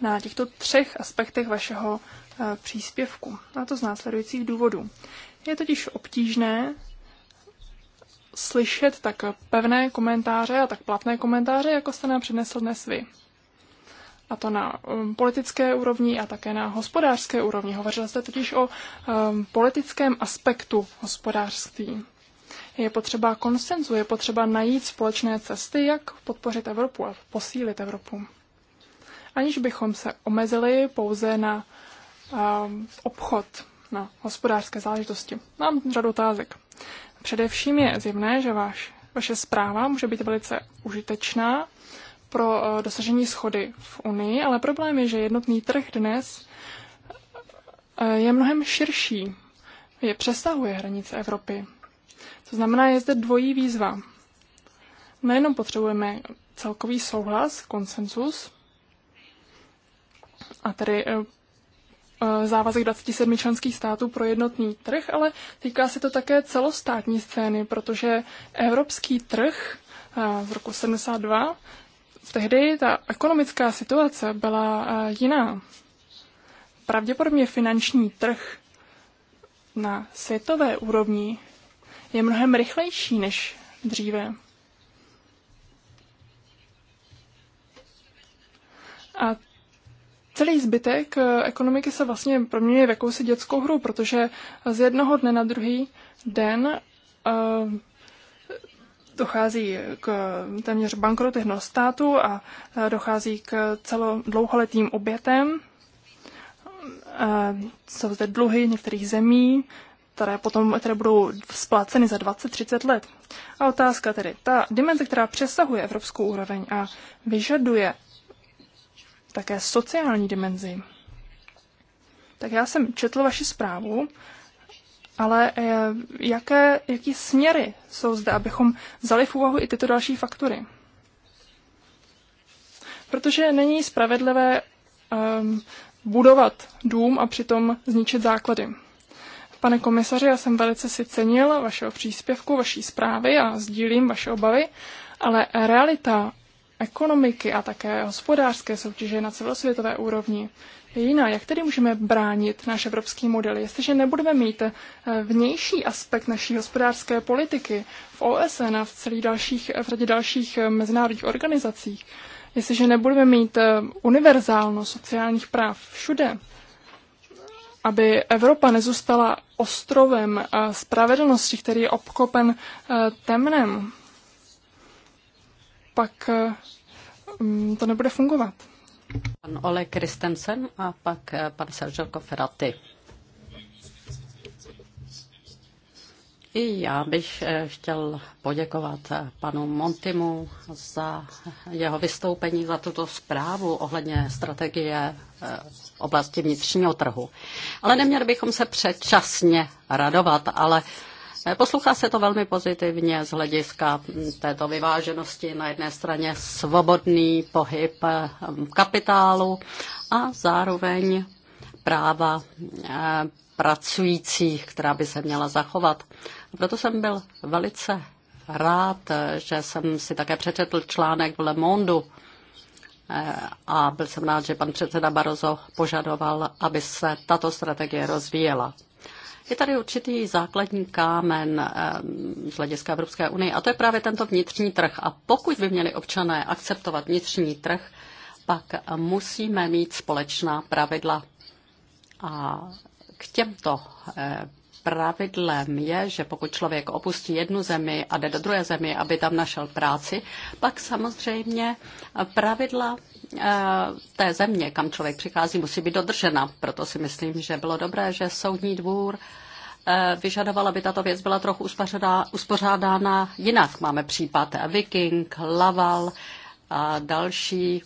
na těchto třech aspektech vašeho eh, příspěvku, a to z následujících důvodů. Je totiž obtížné slyšet tak pevné komentáře a tak platné komentáře, jako jste nám přinesl dnes vy a to na um, politické úrovni a také na hospodářské úrovni. Hovořil jste totiž o um, politickém aspektu hospodářství. Je potřeba konsenzu, je potřeba najít společné cesty, jak podpořit Evropu a posílit Evropu. Aniž bychom se omezili pouze na um, obchod, na hospodářské záležitosti. Mám řadu otázek. Především je zjevné, že váš, vaše zpráva může být velice užitečná pro eh, dosažení schody v Unii, ale problém je, že jednotný trh dnes eh, je mnohem širší, je přesahuje hranice Evropy. To znamená, je zde dvojí výzva. Nejenom potřebujeme celkový souhlas, konsensus, a tedy eh, závazek 27 členských států pro jednotný trh, ale týká se to také celostátní scény, protože evropský trh z roku 72 tehdy ta ekonomická situace byla eh, jiná. Pravděpodobně finanční trh na světové úrovni je mnohem rychlejší než dříve. A celý zbytek eh, ekonomiky se vlastně proměňuje v jakousi dětskou hru, protože z jednoho dne na druhý den eh, dochází k téměř bankrotu jednoho státu a e, dochází k celo dlouholetým obětem. E, jsou zde dluhy některých zemí, které potom které budou spláceny za 20-30 let. A otázka tedy, ta dimenze, která přesahuje evropskou úroveň a vyžaduje také sociální dimenzi. Tak já jsem četl vaši zprávu ale eh, jaké, jaký směry jsou zde, abychom vzali v úvahu i tyto další faktory? Protože není spravedlivé um, budovat dům a přitom zničit základy. Pane komisaři, já jsem velice si cenil vašeho příspěvku, vaší zprávy a sdílím vaše obavy, ale realita ekonomiky a také hospodářské soutěže na celosvětové úrovni je jiná. Jak tedy můžeme bránit náš evropský model? Jestliže nebudeme mít eh, vnější aspekt naší hospodářské politiky v OSN a v, celý dalších, v řadě dalších eh, mezinárodních organizacích, jestliže nebudeme mít eh, univerzálnost sociálních práv všude, aby Evropa nezůstala ostrovem spravedlnosti, který je obkopen temnem, pak mm, to nebude fungovat. Pan Ole Kristensen a pak eh, pan Sergio Koferaty. I já bych eh, chtěl poděkovat eh, panu Montimu za jeho vystoupení, za tuto zprávu ohledně strategie oblasti vnitřního trhu. Ale neměli bychom se předčasně radovat, ale Poslouchá se to velmi pozitivně z hlediska této vyváženosti. Na jedné straně svobodný pohyb eh, kapitálu a zároveň práva eh, pracujících, která by se měla zachovat. Proto jsem byl velice rád, eh, že jsem si také přečetl článek v Le Monde a byl jsem rád, že pan předseda Barozo požadoval, aby se tato strategie rozvíjela. Je tady určitý základní kámen ehm, z hlediska Evropské unie a to je právě tento vnitřní trh. A pokud by měli občané akceptovat vnitřní trh, pak musíme mít společná pravidla. A k těmto eh, pravidlem je, že pokud člověk opustí jednu zemi a jde do druhé zemi, aby tam našel práci, pak samozřejmě pravidla eh, té země, kam člověk přichází, musí být dodržena. Proto si myslím, že bylo dobré, že soudní dvůr eh, vyžadovala, aby tato věc byla trochu uspořádána jinak. Máme případ Viking, Laval a další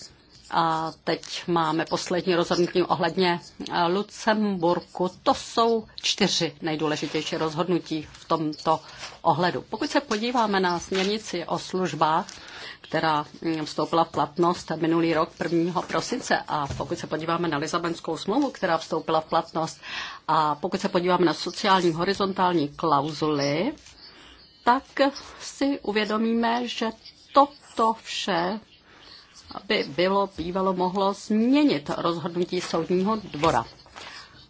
a teď máme poslední rozhodnutí ohledně eh, Lucemburku. To jsou čtyři nejdůležitější rozhodnutí v tomto ohledu. Pokud se podíváme na směrnici o službách, která hm, vstoupila v platnost minulý rok 1. prosince a pokud se podíváme na Lisabonskou smlouvu, která vstoupila v platnost a pokud se podíváme na sociální horizontální klauzuly, tak si uvědomíme, že toto vše aby bylo bývalo mohlo změnit rozhodnutí soudního dvora.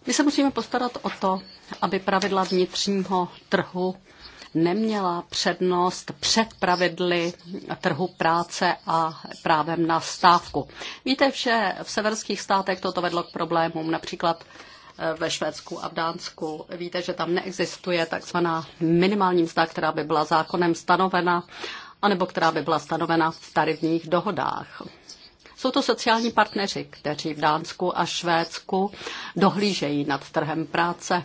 My se musíme postarat o to, aby pravidla vnitřního trhu neměla přednost před pravidly trhu práce a právem na stávku. Víte, že v severských státech toto vedlo k problémům, například eh, ve Švédsku a v Dánsku. Víte, že tam neexistuje takzvaná minimální mzda, která by byla zákonem stanovena anebo která by byla stanovena v tarifních dohodách. Jsou to sociální partneři, kteří v Dánsku a Švédsku dohlížejí nad trhem práce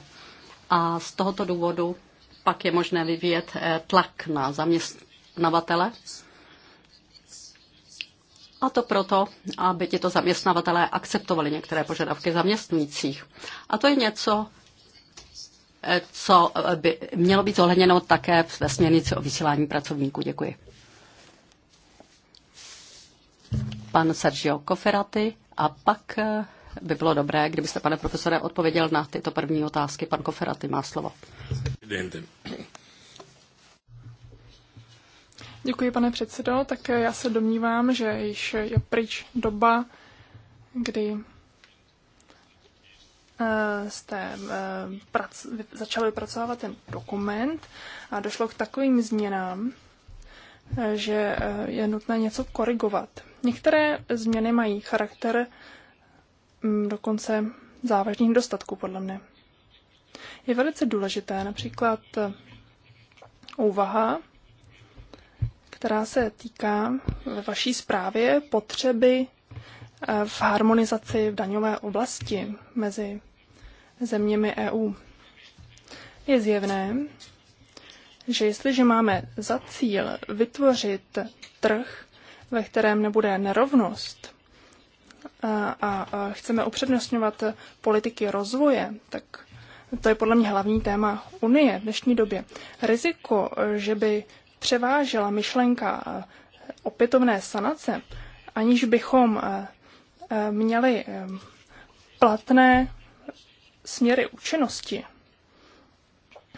a z tohoto důvodu pak je možné vyvíjet eh, tlak na zaměstnavatele. A to proto, aby tito zaměstnavatelé akceptovali některé požadavky zaměstnujících. A to je něco, eh, co eh, by mělo být zohledněno také ve směrnici o vysílání pracovníků. Děkuji pan Sergio Koferaty a pak eh, by bylo dobré, kdybyste, pane profesore, odpověděl na tyto první otázky. Pan Koferaty má slovo. Děkuji, pane předsedo. Tak eh, já se domnívám, že již je pryč doba, kdy eh, jste prac, začali vypracovávat ten dokument a došlo k takovým změnám, že je nutné něco korigovat. Některé změny mají charakter mm, dokonce závažných dostatků, podle mě. Je velice důležité například eh, úvaha, která se týká ve vaší zprávě potřeby eh, v harmonizaci v daňové oblasti mezi zeměmi EU. Je zjevné, že jestliže máme za cíl vytvořit trh, ve kterém nebude nerovnost a, a chceme upřednostňovat politiky rozvoje, tak to je podle mě hlavní téma Unie v dnešní době. Riziko, že by převážela myšlenka opětovné sanace, aniž bychom měli platné směry účinnosti,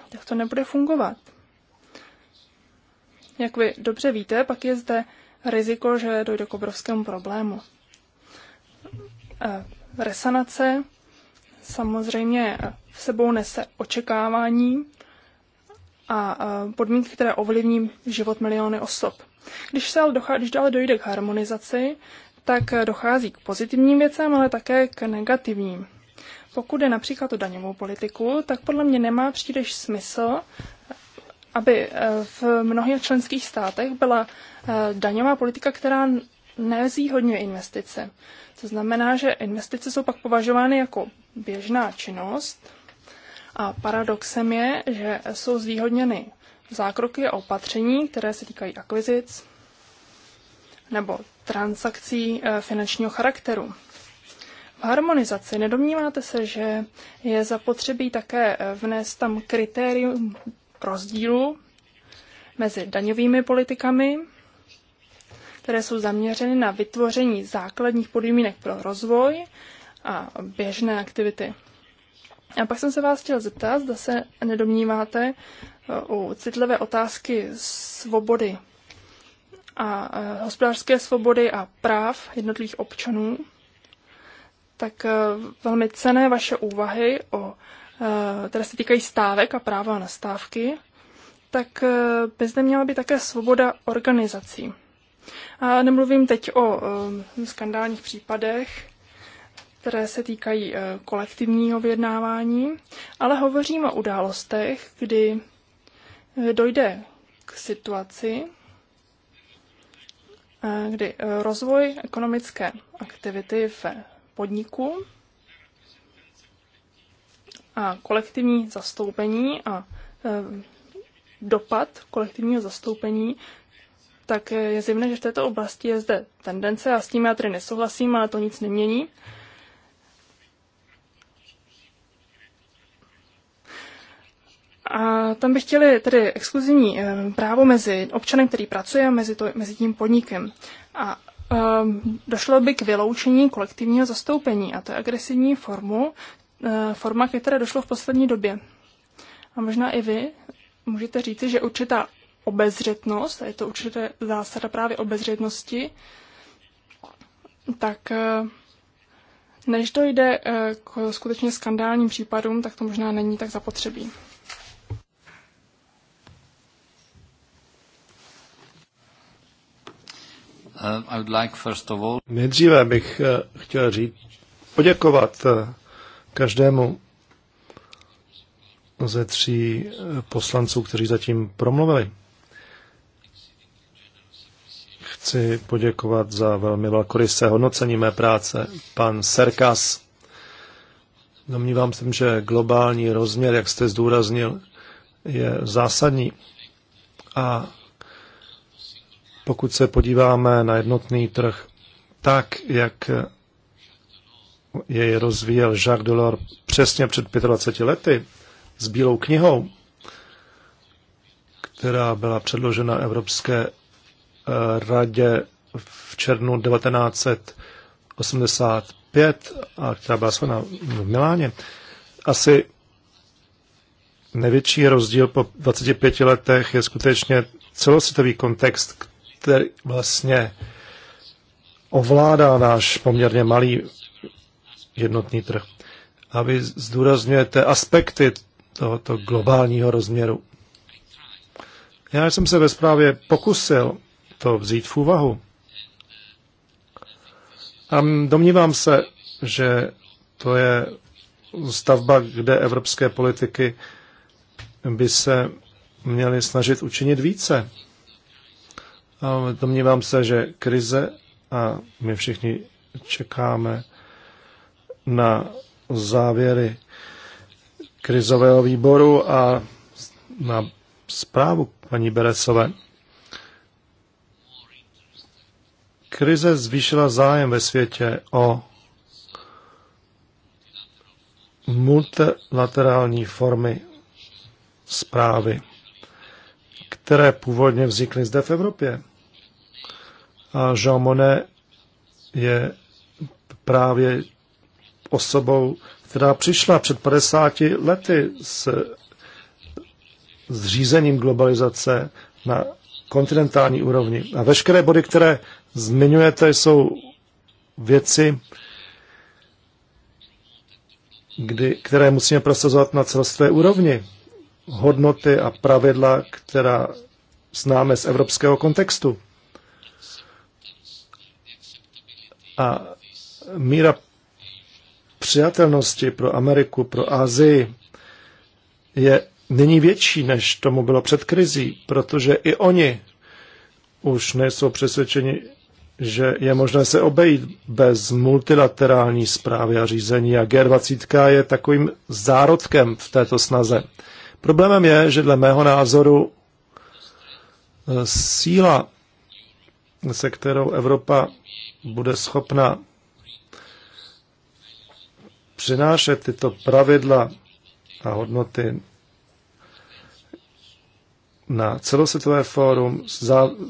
tak to nebude fungovat. Jak vy dobře víte, pak je zde riziko, že dojde k obrovskému problému. E, resanace samozřejmě v sebou nese očekávání a e, podmínky, které ovlivní život miliony osob. Když se ale, dochází, když ale dojde k harmonizaci, tak dochází k pozitivním věcem, ale také k negativním. Pokud je například o daňovou politiku, tak podle mě nemá příliš smysl, aby e, v mnohých členských státech byla Eh, daňová politika, která nezvýhodňuje investice. To znamená, že investice jsou pak považovány jako běžná činnost a paradoxem je, že jsou zvýhodněny zákroky a opatření, které se týkají akvizic nebo transakcí eh, finančního charakteru. V harmonizaci nedomníváte se, že je zapotřebí také eh, vnést tam kritérium rozdílu mezi daňovými politikami které jsou zaměřeny na vytvoření základních podmínek pro rozvoj a běžné aktivity. A pak jsem se vás chtěl zeptat, zda se nedomníváte e, u citlivé otázky svobody a e, hospodářské svobody a práv jednotlivých občanů, tak e, velmi cené vaše úvahy, o, které se týkají stávek a práva na stávky, tak by zde měla být také svoboda organizací. A nemluvím teď o eh, skandálních případech, které se týkají eh, kolektivního vyjednávání, ale hovořím o událostech, kdy eh, dojde k situaci, kdy rozvoj ekonomické aktivity v podniku a kolektivní zastoupení a dopad kolektivního zastoupení tak je zjevné, že v této oblasti je zde tendence a s tím já tedy nesouhlasím, ale to nic nemění. A tam by chtěli tedy exkluzivní eh, právo mezi občanem, který pracuje, a mezi, to, mezi tím podnikem. A um, došlo by k vyloučení kolektivního zastoupení, a to je agresivní formu, eh, forma, které došlo v poslední době. A možná i vy můžete říci, že určitá obezřetnost, a je to určitě zásada právě obezřetnosti, tak eh, než dojde eh, k skutečně skandálním případům, tak to možná není tak zapotřebí. Eh, Nejdříve bych chtěl říct, poděkovat každému ze tří poslanců, kteří zatím promluvili chci poděkovat za velmi velkorysé hodnocení mé práce. Pan Serkas, domnívám se, že globální rozměr, jak jste zdůraznil, je zásadní. A pokud se podíváme na jednotný trh, tak, jak jej rozvíjel Jacques Delors přesně před 25 lety s Bílou knihou, která byla předložena Evropské radě v červnu 1985, a která byla svojena v Miláně, asi největší rozdíl po 25 letech je skutečně celosvětový kontext, který vlastně ovládá náš poměrně malý jednotný trh. A vy zdůrazňujete aspekty tohoto globálního rozměru. Já jsem se ve zprávě pokusil to vzít v úvahu. A domnívám se, že to je stavba, kde evropské politiky by se měly snažit učinit více. A domnívám se, že krize a my všichni čekáme na závěry krizového výboru a na zprávu paní Beresové. Krize zvýšila zájem ve světě o multilaterální formy zprávy, které původně vznikly zde v Evropě. A Jean Monnet je právě osobou, která přišla před 50 lety s zřízením globalizace na kontinentální úrovni. A veškeré body, které zmiňujete, jsou věci, kdy, které musíme prosazovat na celostvé úrovni. Hodnoty a pravidla, která známe z evropského kontextu. A míra přijatelnosti pro Ameriku, pro Asii je Není větší, než tomu bylo před krizí, protože i oni už nejsou přesvědčeni, že je možné se obejít bez multilaterální zprávy a řízení a G20 je takovým zárodkem v této snaze. Problémem je, že dle mého názoru e, síla, se kterou Evropa bude schopna přinášet tyto pravidla a hodnoty na celosvětové fórum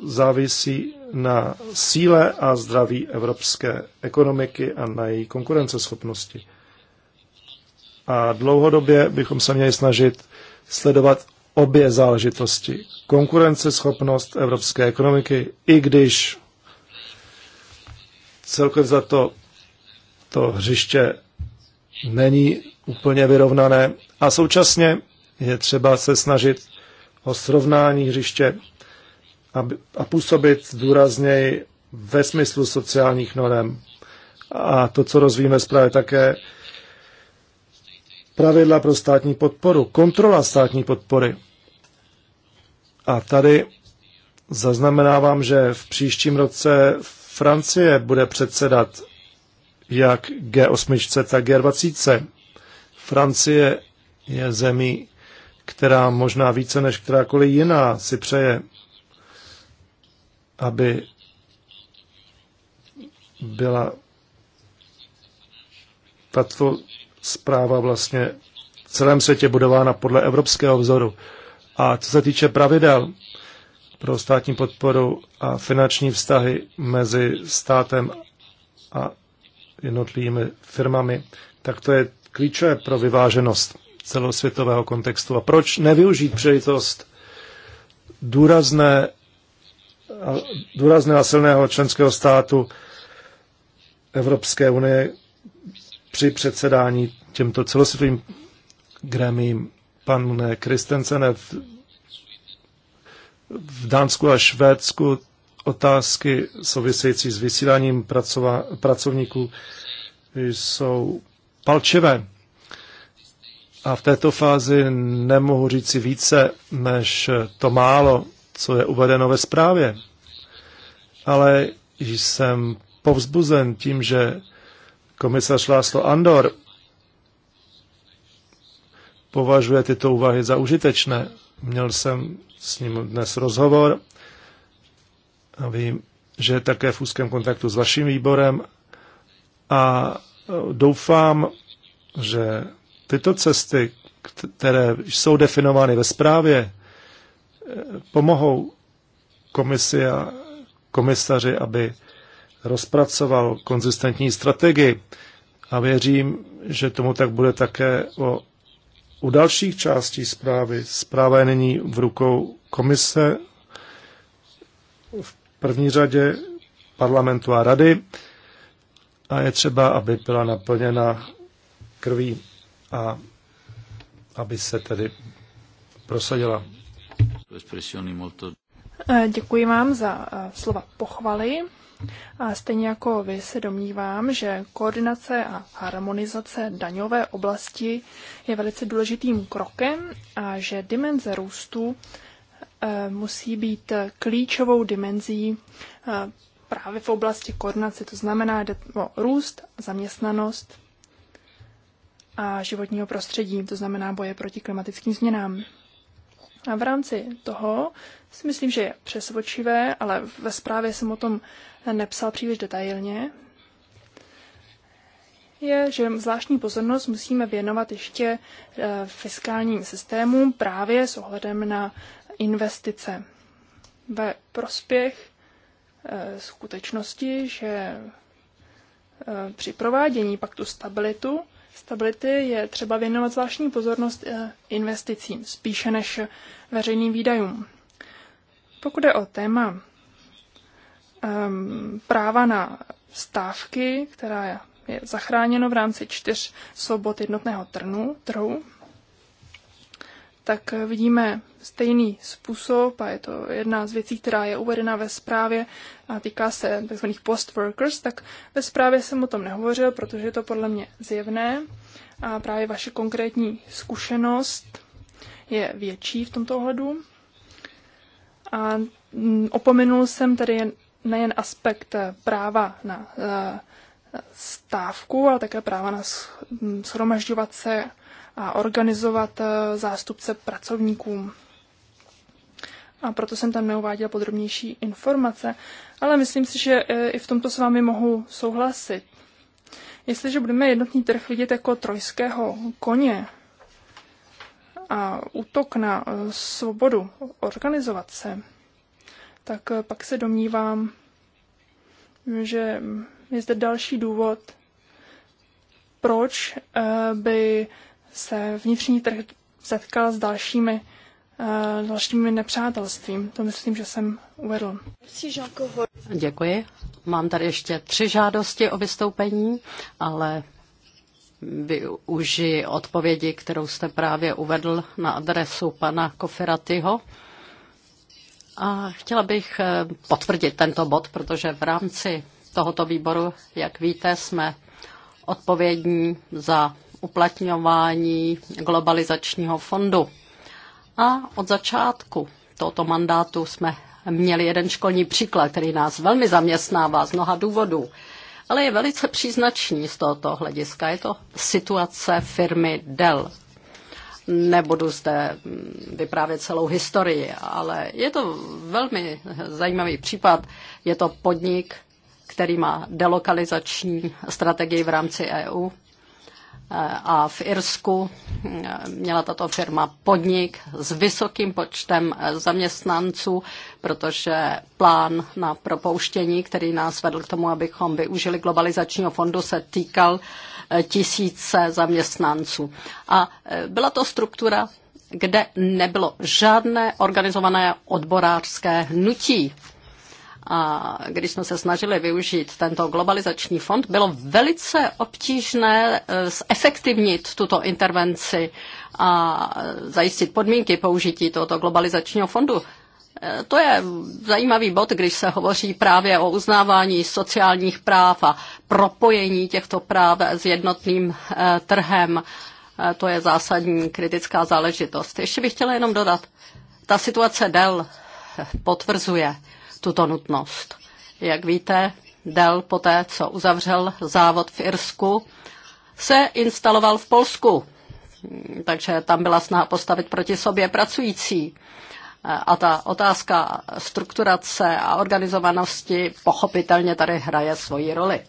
závisí na síle a zdraví evropské ekonomiky a na její konkurenceschopnosti. A dlouhodobě bychom se měli snažit sledovat obě záležitosti. Konkurenceschopnost evropské ekonomiky, i když celkově za to, to hřiště není úplně vyrovnané. A současně je třeba se snažit o srovnání hřiště a působit důrazněji ve smyslu sociálních norem. A to, co rozvíjíme zprávě také, pravidla pro státní podporu, kontrola státní podpory. A tady zaznamenávám, že v příštím roce Francie bude předsedat jak G8, tak G20. Francie je zemí, která možná více než kterákoliv jiná si přeje, aby byla tato zpráva vlastně v celém světě budována podle evropského vzoru. A co se týče pravidel pro státní podporu a finanční vztahy mezi státem a jednotlivými firmami, tak to je klíčové pro vyváženost celosvětového kontextu. A proč nevyužít příležitost důrazné, důrazného a silného členského státu Evropské unie při předsedání těmto celosvětovým gremím pan Kristensen v, v Dánsku a Švédsku otázky související s vysíláním pracova, pracovníků jsou palčivé. A v této fázi nemohu říci více než to málo, co je uvedeno ve zprávě. Ale jsem povzbuzen tím, že komisař Láslo Andor považuje tyto úvahy za užitečné. Měl jsem s ním dnes rozhovor a vím, že je také v úzkém kontaktu s vaším výborem a doufám, že tyto cesty, které jsou definovány ve zprávě, eh, pomohou komisi a komisaři, aby rozpracoval konzistentní strategii. A věřím, že tomu tak bude také o, u dalších částí zprávy. Zpráva je nyní v rukou komise, v první řadě parlamentu a rady a je třeba, aby byla naplněna krví a aby se tedy prosadila. Eh, děkuji vám za eh, slova pochvaly. A stejně jako vy se domnívám, že koordinace a harmonizace daňové oblasti je velice důležitým krokem a že dimenze růstu eh, musí být klíčovou dimenzí právě v oblasti koordinace. To znamená, o růst, zaměstnanost a životního prostředí, to znamená boje proti klimatickým změnám. A v rámci toho si myslím, že je přesvočivé, ale ve zprávě jsem o tom nepsal příliš detailně, je, že zvláštní pozornost musíme věnovat ještě e, fiskálním systémům právě s ohledem na investice ve prospěch e, skutečnosti, že e, při provádění paktu stabilitu stability je třeba věnovat zvláštní pozornost eh, investicím, spíše než veřejným výdajům. Pokud je o téma um, práva na stávky, která je zachráněno v rámci čtyř svobod jednotného trnu, trhu, tak vidíme stejný způsob a je to jedna z věcí, která je uvedena ve zprávě a týká se tzv. post workers, tak ve zprávě jsem o tom nehovořil, protože je to podle mě zjevné a právě vaše konkrétní zkušenost je větší v tomto ohledu. A mm, opomenul jsem tedy nejen aspekt práva na e, stávku, ale také práva na shromažďovat se a organizovat eh, zástupce pracovníkům. A proto jsem tam neuváděla podrobnější informace, ale myslím si, že eh, i v tomto s vámi mohu souhlasit. Jestliže budeme jednotný trh vidět jako trojského koně a útok na eh, svobodu organizovat se, tak pak se domnívám, že je zde další důvod, proč by se vnitřní trh setkal s dalšími, eh, dalšími nepřátelstvím. To myslím, že jsem uvedl. Děkuji. Mám tady ještě tři žádosti o vystoupení, ale využiji odpovědi, kterou jste právě uvedl na adresu pana Koferatyho. A chtěla bych eh, potvrdit tento bod, protože v rámci tohoto výboru, jak víte, jsme odpovědní za uplatňování globalizačního fondu. A od začátku tohoto mandátu jsme měli jeden školní příklad, který nás velmi zaměstnává z mnoha důvodů, ale je velice příznačný z tohoto hlediska. Je to situace firmy Dell. Nebudu zde mm, vyprávět celou historii, ale je to velmi zajímavý případ. Je to podnik, který má delokalizační strategii v rámci EU Eh, a v Irsku eh, měla tato firma podnik s vysokým počtem eh, zaměstnanců, protože plán na propouštění, který nás vedl k tomu, abychom využili globalizačního fondu, se týkal tisíce zaměstnanců. A byla to struktura, kde nebylo žádné organizované odborářské hnutí a když jsme se snažili využít tento globalizační fond, bylo velice obtížné eh, zefektivnit tuto intervenci a zajistit podmínky použití tohoto globalizačního fondu. Eh, to je zajímavý bod, když se hovoří právě o uznávání sociálních práv a propojení těchto práv s jednotným eh, trhem. To je zásadní kritická záležitost. Ještě bych chtěla jenom dodat, ta situace del potvrzuje, tuto nutnost. Jak víte, Dell poté, co uzavřel závod v Irsku, se instaloval v Polsku. Takže tam byla snaha postavit proti sobě pracující. A ta otázka strukturace a organizovanosti pochopitelně tady hraje svoji roli.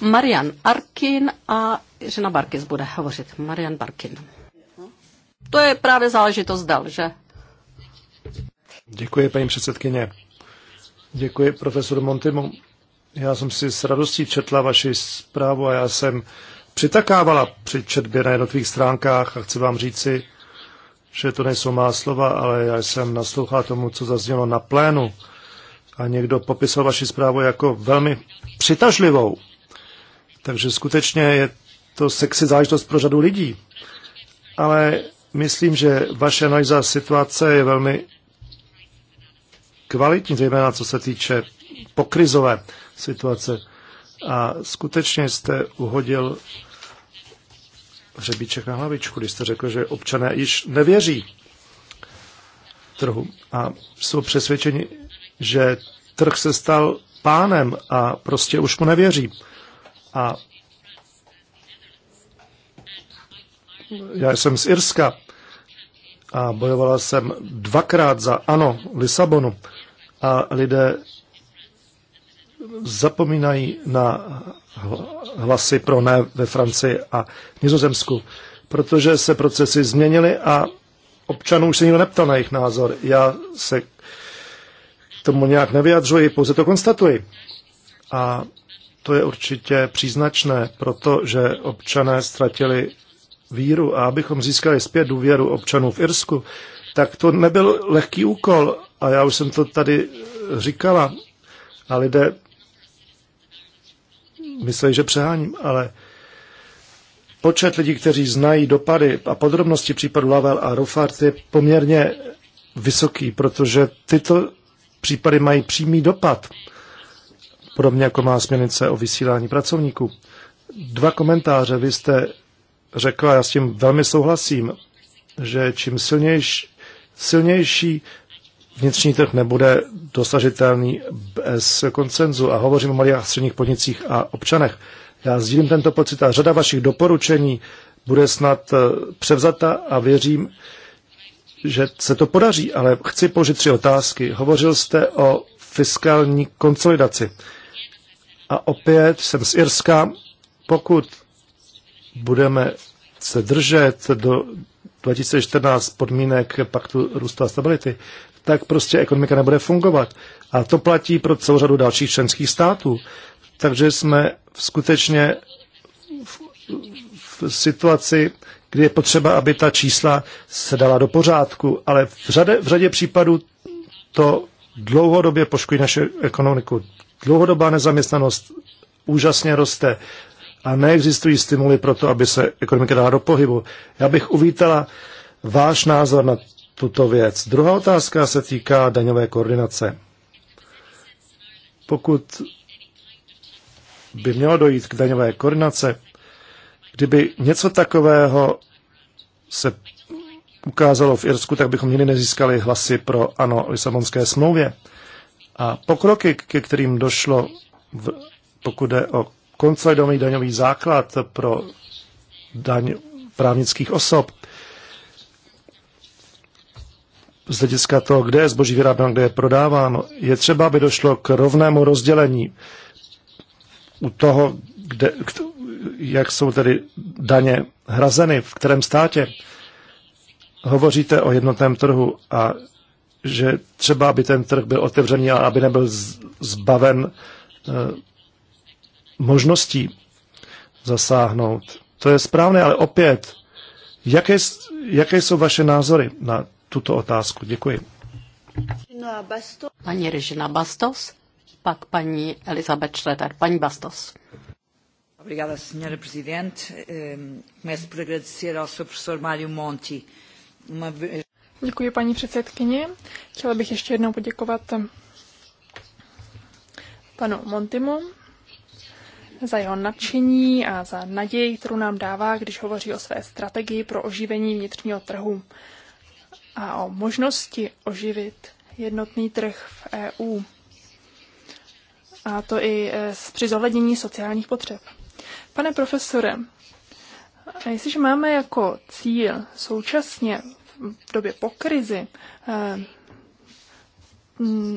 Marian Arkin a Žena Barkis bude hovořit. Marian Barkin. To je právě záležitost dal, že? Děkuji, paní předsedkyně. Děkuji profesoru Montimu. Já jsem si s radostí četla vaši zprávu a já jsem přitakávala při četbě na jednotlivých stránkách a chci vám říci, že to nejsou má slova, ale já jsem naslouchal tomu, co zaznělo na plénu a někdo popisal vaši zprávu jako velmi přitažlivou. Takže skutečně je to sexy záležitost pro řadu lidí. Ale myslím, že vaše analýza situace je velmi kvalitní, zejména co se týče pokrizové situace. A skutečně jste uhodil hřebíček na hlavičku, když jste řekl, že občané již nevěří trhu a jsou přesvědčeni, že trh se stal pánem a prostě už mu nevěří. A já jsem z Irska a bojovala jsem dvakrát za ano Lisabonu a lidé zapomínají na hlasy pro ne ve Francii a Nizozemsku, protože se procesy změnily a občanů už se nikdo neptal na jejich názor. Já se k tomu nějak nevyjadřuji, pouze to konstatuji. A to je určitě příznačné, protože občané ztratili víru a abychom získali zpět důvěru občanů v Irsku, tak to nebyl lehký úkol a já už jsem to tady říkala a lidé mysleli, že přeháním, ale počet lidí, kteří znají dopady a podrobnosti případu Lavel a Rufart je poměrně vysoký, protože tyto případy mají přímý dopad, podobně jako má směrnice o vysílání pracovníků. Dva komentáře. Vy jste řekla, já s tím velmi souhlasím, že čím silnější, silnější vnitřní trh nebude dosažitelný bez koncenzu a hovořím o malých a středních podnicích a občanech. Já sdílím tento pocit a řada vašich doporučení bude snad eh, převzata a věřím, že se to podaří, ale chci položit tři otázky. Hovořil jste o fiskální konsolidaci. A opět jsem z Irska. Pokud budeme se držet do 2014 podmínek paktu růstu a stability, tak prostě ekonomika nebude fungovat. A to platí pro celou řadu dalších členských států. Takže jsme skutečně v, v situaci, kdy je potřeba, aby ta čísla se dala do pořádku, ale v řadě, v řadě případů to dlouhodobě poškodí naše ekonomiku. Dlouhodobá nezaměstnanost úžasně roste a neexistují stimuly pro to, aby se ekonomika dala do pohybu. Já bych uvítala váš názor na tuto věc. Druhá otázka se týká daňové koordinace. Pokud by mělo dojít k daňové koordinace, kdyby něco takového se ukázalo v Irsku, tak bychom nikdy nezískali hlasy pro ano Lisabonské smlouvě. A pokroky, ke kterým došlo, v, pokud jde o konsolidovaný daňový základ pro daň právnických osob, z hlediska toho, kde je zboží vyráběno, kde je prodáváno, je třeba, aby došlo k rovnému rozdělení u toho, kde, jak jsou tedy daně hrazeny, v kterém státě. Hovoříte o jednotném trhu a že třeba, aby ten trh byl otevřený a aby nebyl zbaven eh, možností zasáhnout. To je správné, ale opět, jaké, jaké jsou vaše názory na tuto otázku. Děkuji. Paní Režina Bastos, pak paní Elizabeth Schleter. Paní Bastos. Obrigada, Presidente. Ehm, começo por agradecer ao Sr. Professor Mário Monti. Uma... Děkuji, paní předsedkyně. Chtěla bych ještě jednou poděkovat ehm, panu Montimu za jeho nadšení a za naději, kterou nám dává, když hovoří o své strategii pro oživení vnitřního trhu a o možnosti oživit jednotný trh v EU. A to i e, při zohlednění sociálních potřeb. Pane profesore, jestliže máme jako cíl současně v době po krizi e,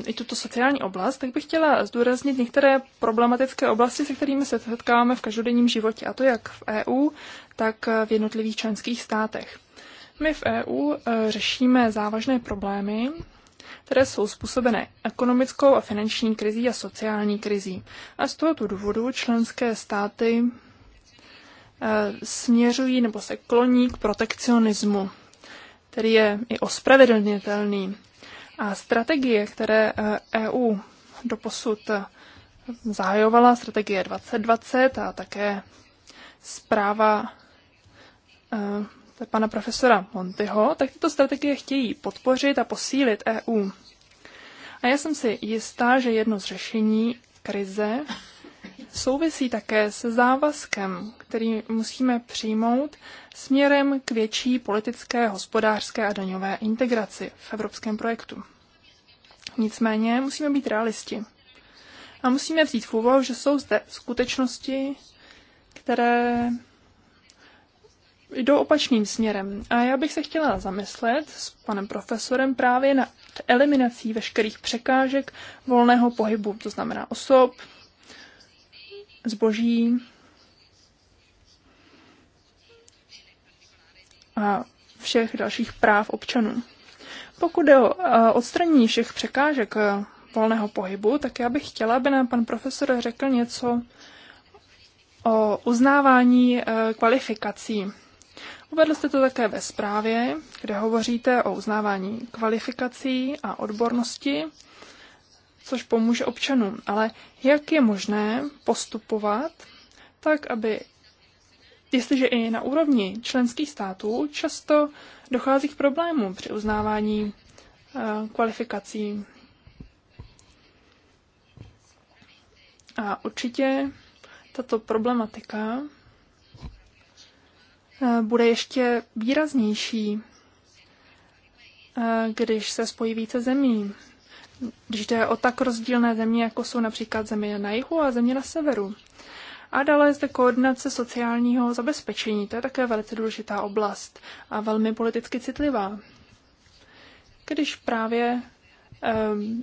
i tuto sociální oblast, tak bych chtěla zdůraznit některé problematické oblasti, se kterými se setkáváme v každodenním životě, a to jak v EU, tak v jednotlivých členských státech. My v EU eh, řešíme závažné problémy, které jsou způsobené ekonomickou a finanční krizí a sociální krizí. A z tohoto důvodu členské státy eh, směřují nebo se kloní k protekcionismu, který je i ospravedlnitelný. A strategie, které EU eh, e doposud zahajovala, strategie 2020 a také zpráva pana profesora Montyho, tak tyto strategie chtějí podpořit a posílit EU. A já jsem si jistá, že jedno z řešení krize souvisí také se závazkem, který musíme přijmout směrem k větší politické, hospodářské a daňové integraci v evropském projektu. Nicméně musíme být realisti. A musíme vzít v úvahu, že jsou zde skutečnosti, které jdou opačným směrem. A já bych se chtěla zamyslet s panem profesorem právě na eliminací veškerých překážek volného pohybu, to znamená osob, zboží a všech dalších práv občanů. Pokud jde o e, odstranění všech překážek e, volného pohybu, tak já bych chtěla, aby nám pan profesor řekl něco o uznávání e, kvalifikací Uvedl jste to také ve zprávě, kde hovoříte o uznávání kvalifikací a odbornosti, což pomůže občanům. Ale jak je možné postupovat tak, aby jestliže i na úrovni členských států často dochází k problémům při uznávání eh, kvalifikací. A určitě tato problematika Eh, bude ještě výraznější, eh, když se spojí více zemí. Když jde o tak rozdílné země, jako jsou například země na jihu a země na severu. A dále je zde koordinace sociálního zabezpečení. To je také velice důležitá oblast a velmi politicky citlivá. Když právě um,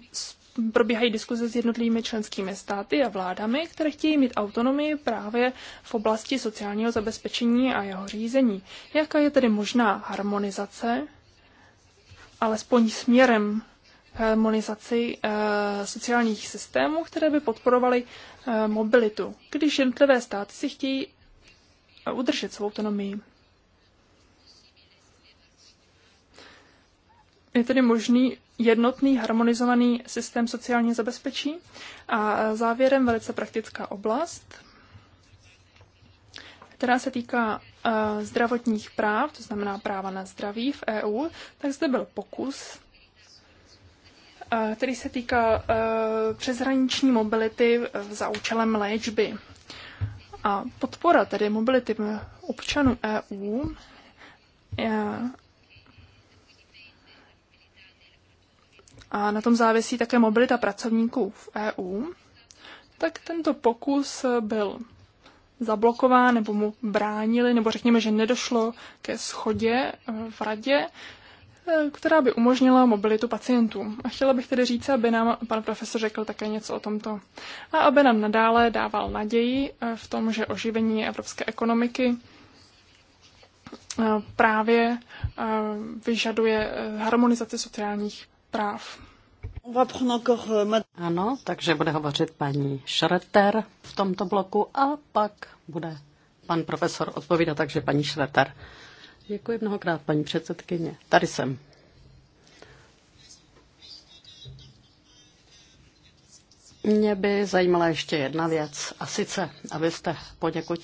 probíhají diskuze s jednotlivými členskými státy a vládami, které chtějí mít autonomii právě v oblasti sociálního zabezpečení a jeho řízení. Jaká je tedy možná harmonizace, alespoň směrem harmonizaci e, sociálních systémů, které by podporovaly e, mobilitu, když jednotlivé státy si chtějí eh, udržet svou autonomii. Je tedy možný jednotný harmonizovaný systém sociální zabezpečí. A závěrem velice praktická oblast, která se týká eh, zdravotních práv, to znamená práva na zdraví v EU, tak zde byl pokus, eh, který se týká eh, přeshraniční mobility za účelem léčby. A podpora tedy mobility občanů EU a na tom závisí také mobilita pracovníků v EU, tak tento pokus byl zablokován nebo mu bránili, nebo řekněme, že nedošlo ke schodě v radě, která by umožnila mobilitu pacientům. A chtěla bych tedy říct, aby nám pan profesor řekl také něco o tomto. A aby nám nadále dával naději v tom, že oživení evropské ekonomiky eh, právě eh, vyžaduje eh, harmonizaci sociálních práv. Euh, ano, takže bude hovořit paní Šreter v tomto bloku a pak bude pan profesor odpovídat, takže paní Šreter. Děkuji mnohokrát, paní předsedkyně. Tady jsem. Mě by zajímala ještě jedna věc, a sice, abyste poněkud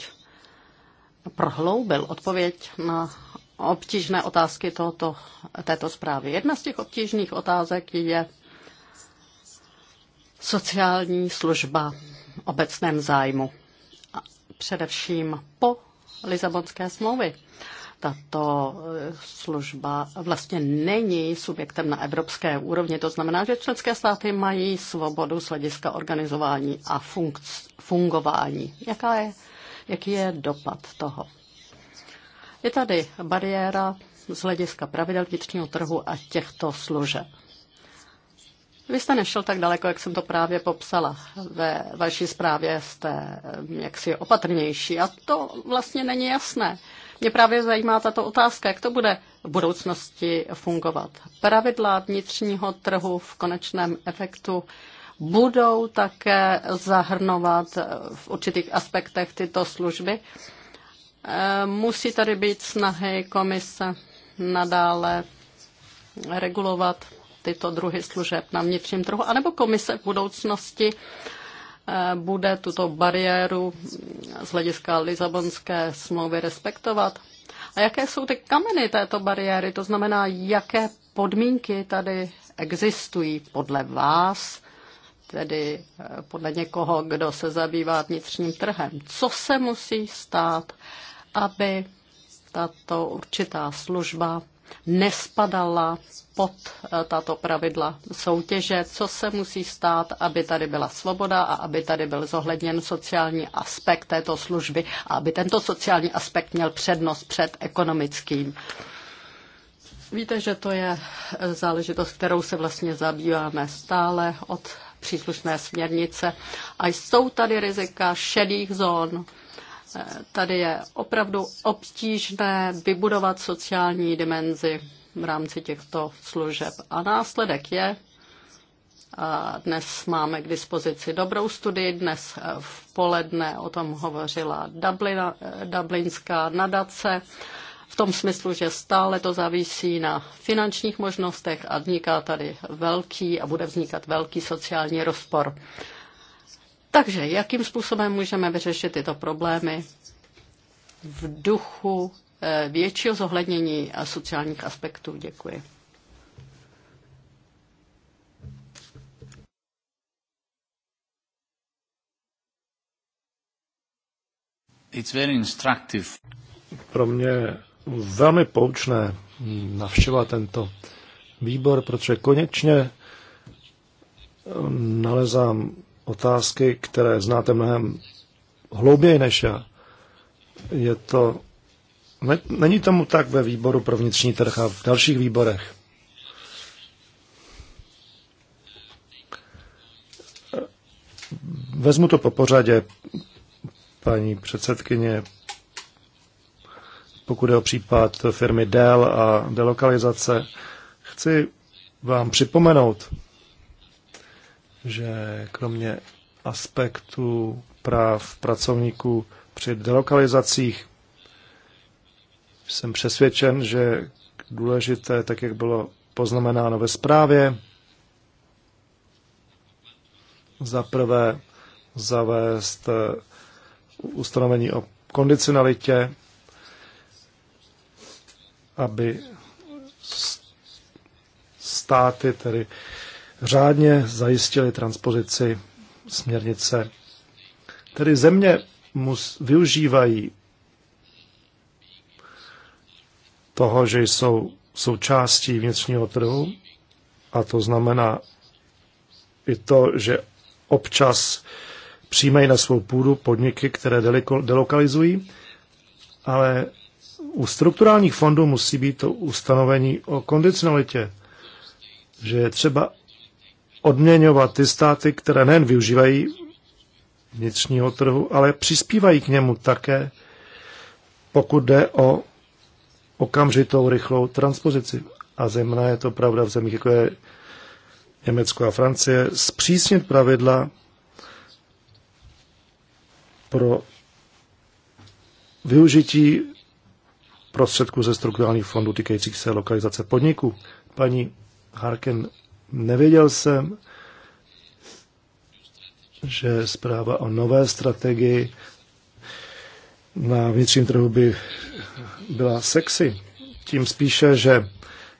prohloubil odpověď na obtížné otázky tohoto, této zprávy. Jedna z těch obtížných otázek je sociální služba obecném zájmu. A především po Lisabonské smlouvy. Tato eh, služba vlastně není subjektem na evropské úrovni. To znamená, že členské státy mají svobodu z hlediska organizování a funkc- fungování. Jaká je, jaký je dopad toho? Je tady bariéra z hlediska pravidel vnitřního trhu a těchto služeb. Vy jste nešel tak daleko, jak jsem to právě popsala. Ve vaší zprávě jste mm, jaksi opatrnější a to vlastně není jasné. Mě právě zajímá tato otázka, jak to bude v budoucnosti fungovat. Pravidla vnitřního trhu v konečném efektu budou také zahrnovat v určitých aspektech tyto služby Eh, musí tady být snahy komise nadále regulovat tyto druhy služeb na vnitřním trhu, anebo komise v budoucnosti eh, bude tuto bariéru z hlediska Lisabonské smlouvy respektovat. A jaké jsou ty kameny této bariéry, to znamená, jaké podmínky tady existují podle vás, tedy eh, podle někoho, kdo se zabývá vnitřním trhem. Co se musí stát, aby tato určitá služba nespadala pod eh, tato pravidla soutěže, co se musí stát, aby tady byla svoboda a aby tady byl zohledněn sociální aspekt této služby a aby tento sociální aspekt měl přednost před ekonomickým. Víte, že to je eh, záležitost, kterou se vlastně zabýváme stále od příslušné směrnice a jsou tady rizika šedých zón, Tady je opravdu obtížné vybudovat sociální dimenzi v rámci těchto služeb. A následek je, a dnes máme k dispozici dobrou studii, dnes v poledne o tom hovořila Dublina, Dublinská nadace, v tom smyslu, že stále to závisí na finančních možnostech a vzniká tady velký a bude vznikat velký sociální rozpor. Takže jakým způsobem můžeme vyřešit tyto problémy v duchu eh, většího zohlednění a sociálních aspektů? Děkuji. It's very instructive. Pro mě velmi poučné navštěvovat tento výbor, protože konečně nalezám otázky, které znáte mnohem hlouběji než já. Je to, není tomu tak ve výboru pro vnitřní trh a v dalších výborech. Vezmu to po pořadě, paní předsedkyně, pokud je o případ firmy Dell a delokalizace, chci vám připomenout, že kromě aspektu práv pracovníků při delokalizacích jsem přesvědčen, že důležité, tak jak bylo poznamenáno ve zprávě, za prvé zavést eh, ustanovení o kondicionalitě, aby státy tedy řádně zajistili transpozici směrnice. Tedy země mus, využívají toho, že jsou součástí vnitřního trhu, a to znamená i to, že občas přijímají na svou půdu podniky, které delokalizují, ale u strukturálních fondů musí být to ustanovení o kondicionalitě, že je třeba odměňovat ty státy, které nejen využívají vnitřního trhu, ale přispívají k němu také, pokud jde o okamžitou rychlou transpozici. A zejména je to pravda v zemích, jako je Německo a Francie, zpřísnit pravidla pro využití prostředků ze strukturálních fondů týkajících se lokalizace podniků. Paní Harken. Nevěděl jsem, že zpráva o nové strategii na vnitřním trhu by byla sexy. Tím spíše, že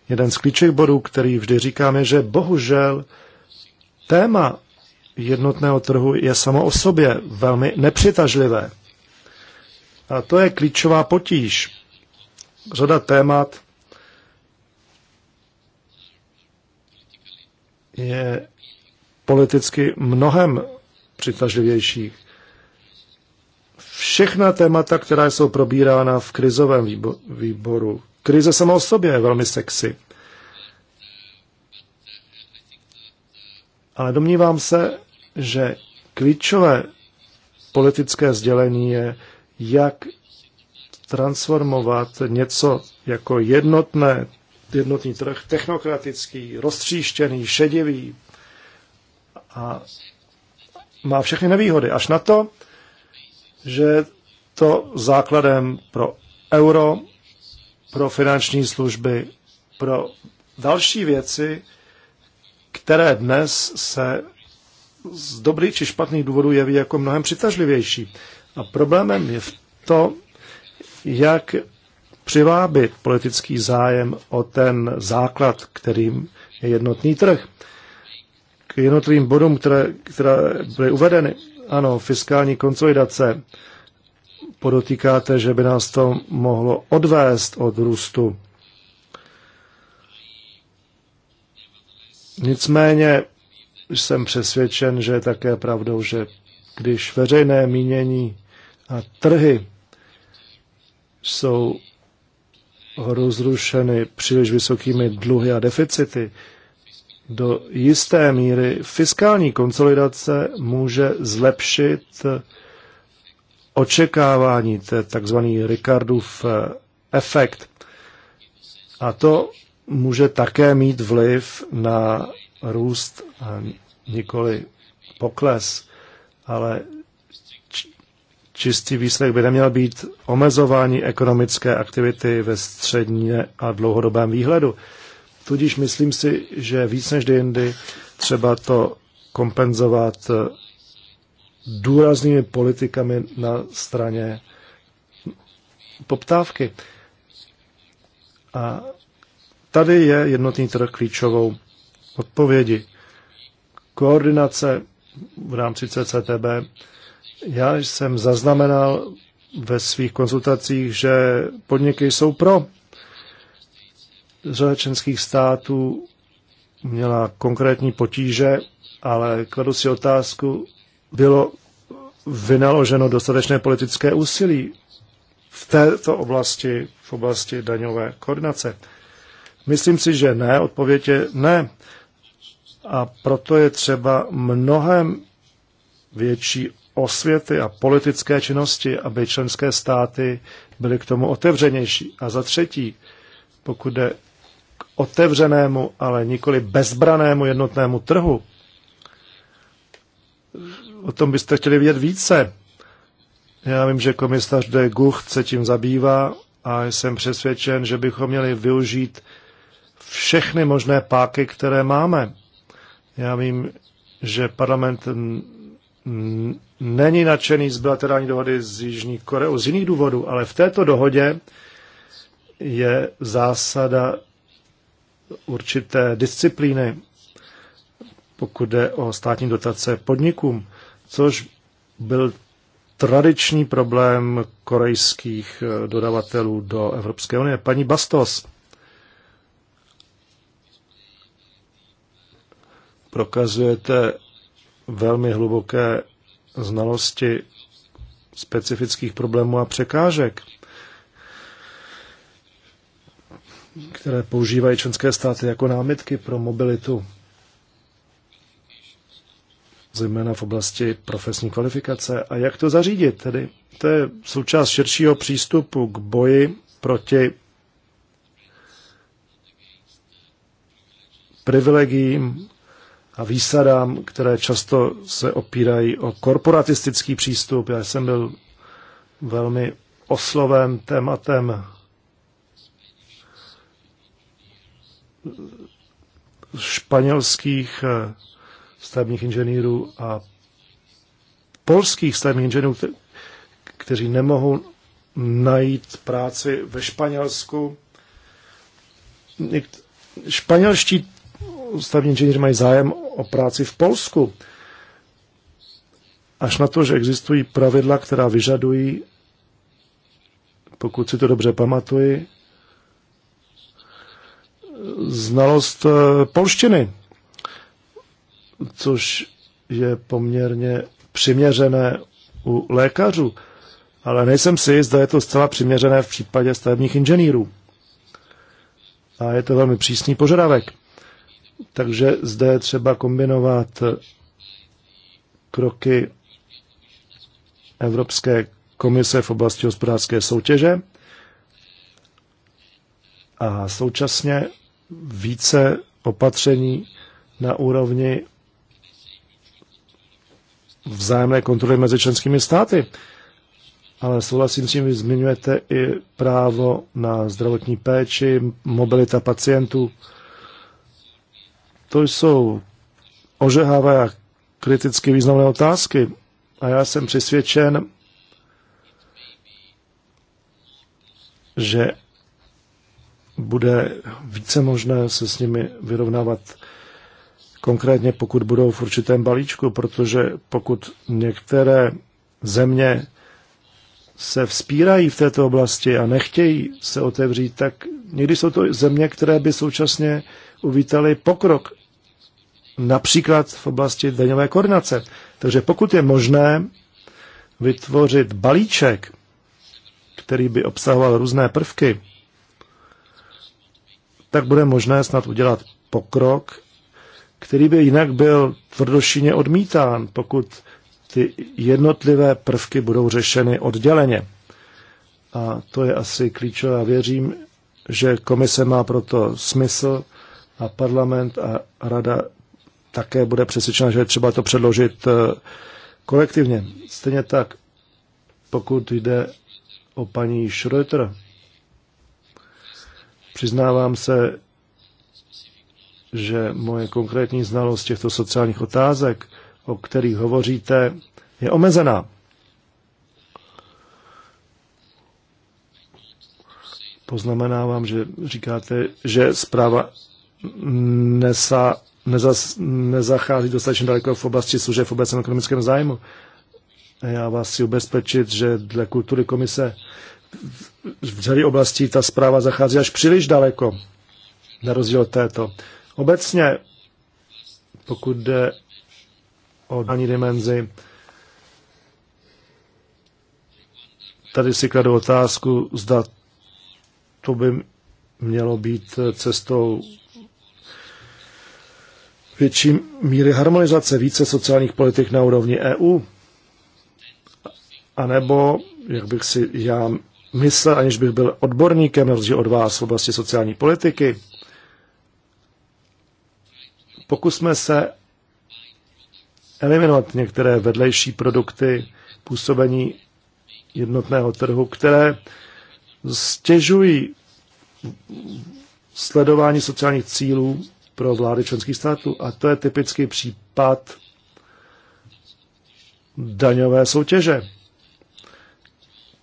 jeden z klíčových bodů, který vždy říkáme, že bohužel téma jednotného trhu je samo o sobě velmi nepřitažlivé. A to je klíčová potíž. Řada témat je politicky mnohem přitažlivější. Všechna témata, která jsou probírána v krizovém výboru, krize sama o sobě je velmi sexy. Ale domnívám se, že klíčové politické sdělení je, jak transformovat něco jako jednotné jednotný trh technokratický, roztříštěný, šedivý a má všechny nevýhody. Až na to, že to základem pro euro, pro finanční služby, pro další věci, které dnes se z dobrých či špatných důvodů jeví jako mnohem přitažlivější. A problémem je v to, jak přivábit politický zájem o ten základ, kterým je jednotný trh. K jednotlivým bodům, které, které byly uvedeny, ano, fiskální konsolidace, podotýkáte, že by nás to mohlo odvést od růstu. Nicméně jsem přesvědčen, že je také pravdou, že když veřejné mínění a trhy jsou rozrušeny příliš vysokými dluhy a deficity, do jisté míry fiskální konsolidace může zlepšit očekávání, to je takzvaný Ricardův eh, efekt. A to může také mít vliv na růst a nikoli pokles, ale čistý výsledek by neměl být omezování ekonomické aktivity ve střední a dlouhodobém výhledu. Tudíž myslím si, že víc než jindy třeba to kompenzovat důraznými politikami na straně poptávky. A tady je jednotný trh klíčovou odpovědi. Koordinace v rámci CCTB já jsem zaznamenal ve svých konzultacích, že podniky jsou pro. Řada členských států měla konkrétní potíže, ale kladu si otázku, bylo vynaloženo dostatečné politické úsilí v této oblasti, v oblasti daňové koordinace? Myslím si, že ne, odpověď je ne. A proto je třeba mnohem větší osvěty a politické činnosti, aby členské státy byly k tomu otevřenější. A za třetí, pokud jde k otevřenému, ale nikoli bezbranému jednotnému trhu, o tom byste chtěli vědět více. Já vím, že komisař de Gucht se tím zabývá a jsem přesvědčen, že bychom měli využít všechny možné páky, které máme. Já vím, že parlament není nadšený z bilaterální dohody s Jižní Koreou z jiných důvodů, ale v této dohodě je zásada určité disciplíny, pokud jde o státní dotace podnikům, což byl tradiční problém korejských eh, dodavatelů do Evropské unie. Paní Bastos prokazujete velmi hluboké znalosti specifických problémů a překážek, které používají členské státy jako námitky pro mobilitu, zejména v oblasti profesní kvalifikace. A jak to zařídit tedy? To je součást širšího přístupu k boji proti privilegiím a výsadám, které často se opírají o korporatistický přístup. Já jsem byl velmi osloven tématem španělských eh, stavebních inženýrů a polských stavebních inženýrů, kteří nemohou najít práci ve Španělsku. Španělští ústavní inženýři mají zájem o práci v Polsku. Až na to, že existují pravidla, která vyžadují, pokud si to dobře pamatuji, znalost eh, polštiny, což je poměrně přiměřené u lékařů, ale nejsem si, zda je to zcela přiměřené v případě stavebních inženýrů. A je to velmi přísný požadavek. Takže zde je třeba kombinovat kroky Evropské komise v oblasti hospodářské soutěže a současně více opatření na úrovni vzájemné kontroly mezi členskými státy. Ale souhlasím s tím, vy zmiňujete i právo na zdravotní péči, mobilita pacientů. To jsou ožehavé a kriticky významné otázky a já jsem přesvědčen, že bude více možné se s nimi vyrovnávat konkrétně, pokud budou v určitém balíčku, protože pokud některé země se vzpírají v této oblasti a nechtějí se otevřít, tak někdy jsou to země, které by současně uvítali pokrok, například v oblasti daňové koordinace. Takže pokud je možné vytvořit balíček, který by obsahoval různé prvky, tak bude možné snad udělat pokrok, který by jinak byl tvrdošině odmítán, pokud ty jednotlivé prvky budou řešeny odděleně. A to je asi klíčové. Věřím, že komise má proto smysl a parlament a rada také bude přesvědčena, že je třeba to předložit eh, kolektivně. Stejně tak, pokud jde o paní Schröter, přiznávám se, že moje konkrétní znalost těchto sociálních otázek, o kterých hovoříte, je omezená. Poznamenávám, že říkáte, že zpráva nesa, nezas, nezachází dostatečně daleko v oblasti služeb v obecném ekonomickém zájmu. Já vás si ubezpečit, že dle kultury komise v řadě oblastí ta zpráva zachází až příliš daleko, na rozdíl od této. Obecně, pokud jde o daní dimenzi, tady si kladu otázku, zda to by mělo být cestou větší míry harmonizace více sociálních politik na úrovni EU? A nebo, jak bych si já myslel, aniž bych byl odborníkem, rozdíl od vás v oblasti sociální politiky, pokusme se eliminovat některé vedlejší produkty působení jednotného trhu, které stěžují sledování sociálních cílů pro vlády členských států. A to je typický případ daňové soutěže.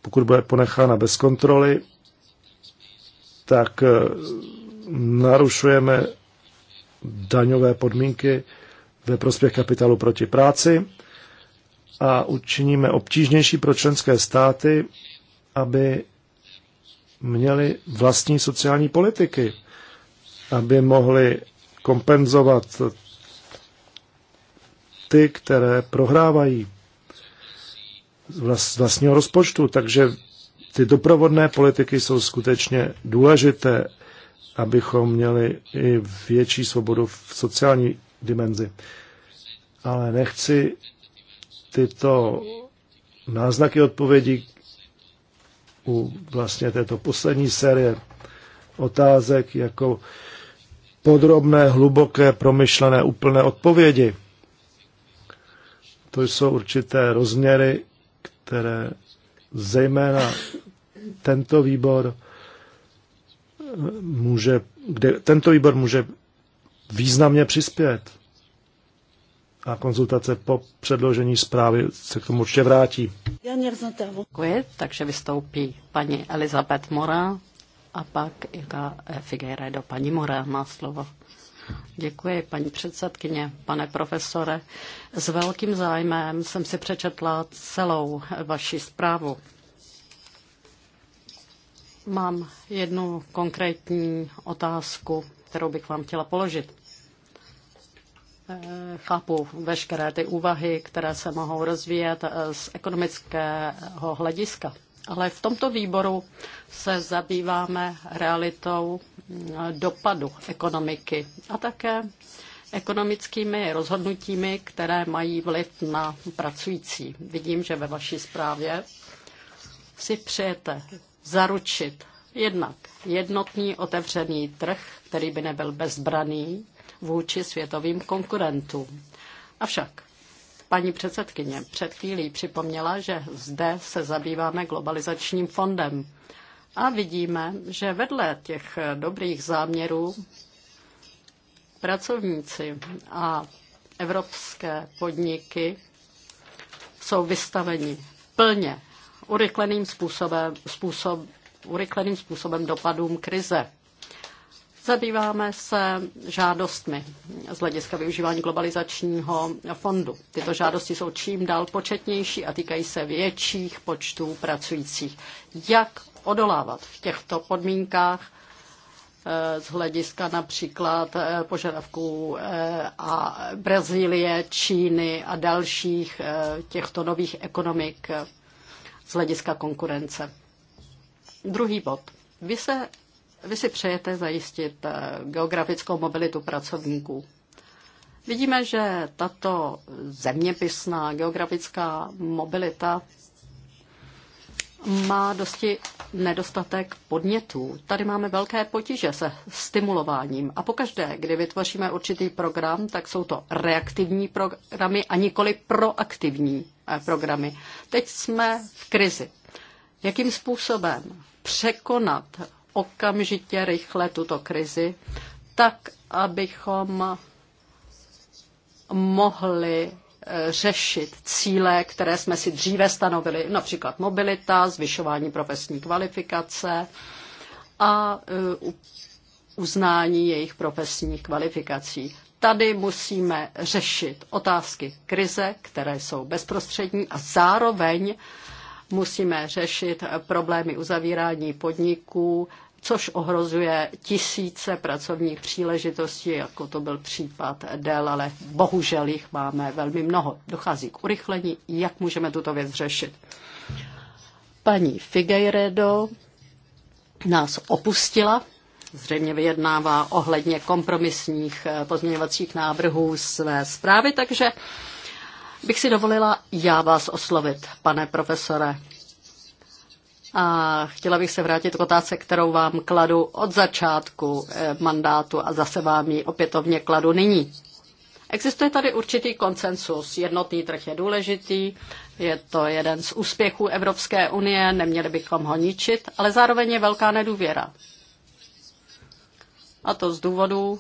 Pokud bude ponechána bez kontroly, tak eh, narušujeme daňové podmínky ve prospěch kapitálu proti práci a učiníme obtížnější pro členské státy, aby měli vlastní sociální politiky, aby mohli kompenzovat ty, které prohrávají z vlastního rozpočtu. Takže ty doprovodné politiky jsou skutečně důležité, abychom měli i větší svobodu v sociální dimenzi. Ale nechci tyto náznaky odpovědí u vlastně této poslední série otázek jako podrobné, hluboké, promyšlené, úplné odpovědi. To jsou určité rozměry, které zejména tento výbor eh, může, kde tento výbor může významně přispět. A konzultace po předložení zprávy se k tomu určitě vrátí. Děkuji, takže vystoupí paní Elizabeth Mora a pak Ilka Figueiredo. Paní More má slovo. Děkuji, paní předsedkyně, pane profesore. S velkým zájmem jsem si přečetla celou vaši zprávu. Mám jednu konkrétní otázku, kterou bych vám chtěla položit. Chápu veškeré ty úvahy, které se mohou rozvíjet z ekonomického hlediska ale v tomto výboru se zabýváme realitou mm, dopadu ekonomiky a také ekonomickými rozhodnutími, které mají vliv na pracující. Vidím, že ve vaší zprávě si přejete zaručit jednak jednotný otevřený trh, který by nebyl bezbraný vůči světovým konkurentům. Avšak Paní předsedkyně před chvílí připomněla, že zde se zabýváme globalizačním fondem a vidíme, že vedle těch dobrých záměrů pracovníci a evropské podniky jsou vystaveni plně urychleným způsobem, způsob, urychleným způsobem dopadům krize. Zabýváme se žádostmi z hlediska využívání globalizačního fondu. Tyto žádosti jsou čím dál početnější a týkají se větších počtů pracujících. Jak odolávat v těchto podmínkách eh, z hlediska například eh, požadavků eh, a Brazílie, Číny a dalších těchto nových ekonomik z hlediska konkurence. Druhý bod. Vy se vy si přejete zajistit eh, geografickou mobilitu pracovníků. Vidíme, že tato zeměpisná geografická mobilita má dosti nedostatek podnětů. Tady máme velké potíže se stimulováním. A pokaždé, kdy vytvoříme určitý program, tak jsou to reaktivní programy a nikoli proaktivní eh, programy. Teď jsme v krizi. Jakým způsobem překonat okamžitě rychle tuto krizi, tak abychom mohli e, řešit cíle, které jsme si dříve stanovili, například mobilita, zvyšování profesní kvalifikace a e, uznání jejich profesních kvalifikací. Tady musíme řešit otázky krize, které jsou bezprostřední a zároveň Musíme řešit problémy uzavírání podniků, což ohrozuje tisíce pracovních příležitostí, jako to byl případ Dell, ale bohužel jich máme velmi mnoho. Dochází k urychlení, jak můžeme tuto věc řešit. Paní Figueiredo nás opustila, zřejmě vyjednává ohledně kompromisních eh, pozměňovacích návrhů své zprávy, takže bych si dovolila já vás oslovit, pane profesore. A chtěla bych se vrátit k otázce, kterou vám kladu od začátku eh, mandátu a zase vám ji opětovně kladu nyní. Existuje tady určitý konsensus. Jednotný trh je důležitý, je to jeden z úspěchů Evropské unie, neměli bychom ho ničit, ale zároveň je velká nedůvěra. A to z důvodů,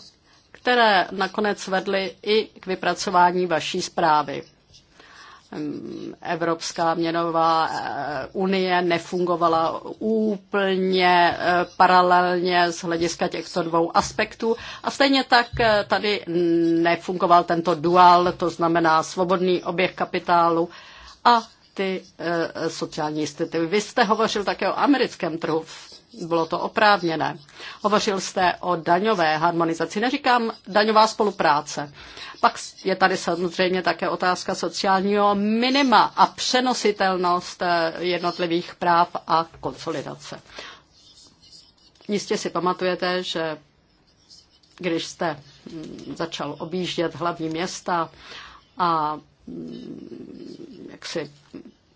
které nakonec vedly i k vypracování vaší zprávy. Evropská měnová eh, unie nefungovala úplně eh, paralelně z hlediska těchto dvou aspektů. A stejně tak eh, tady nefungoval tento dual, to znamená svobodný oběh kapitálu a ty sociální instituty. Vy jste hovořil také o americkém trhu. V bylo to oprávněné. Hovořil jste o daňové harmonizaci, neříkám daňová spolupráce. Pak je tady samozřejmě také otázka sociálního minima a přenositelnost eh, jednotlivých práv a konsolidace. Jistě si pamatujete, že když jste mm, začal objíždět hlavní města a mm, jak si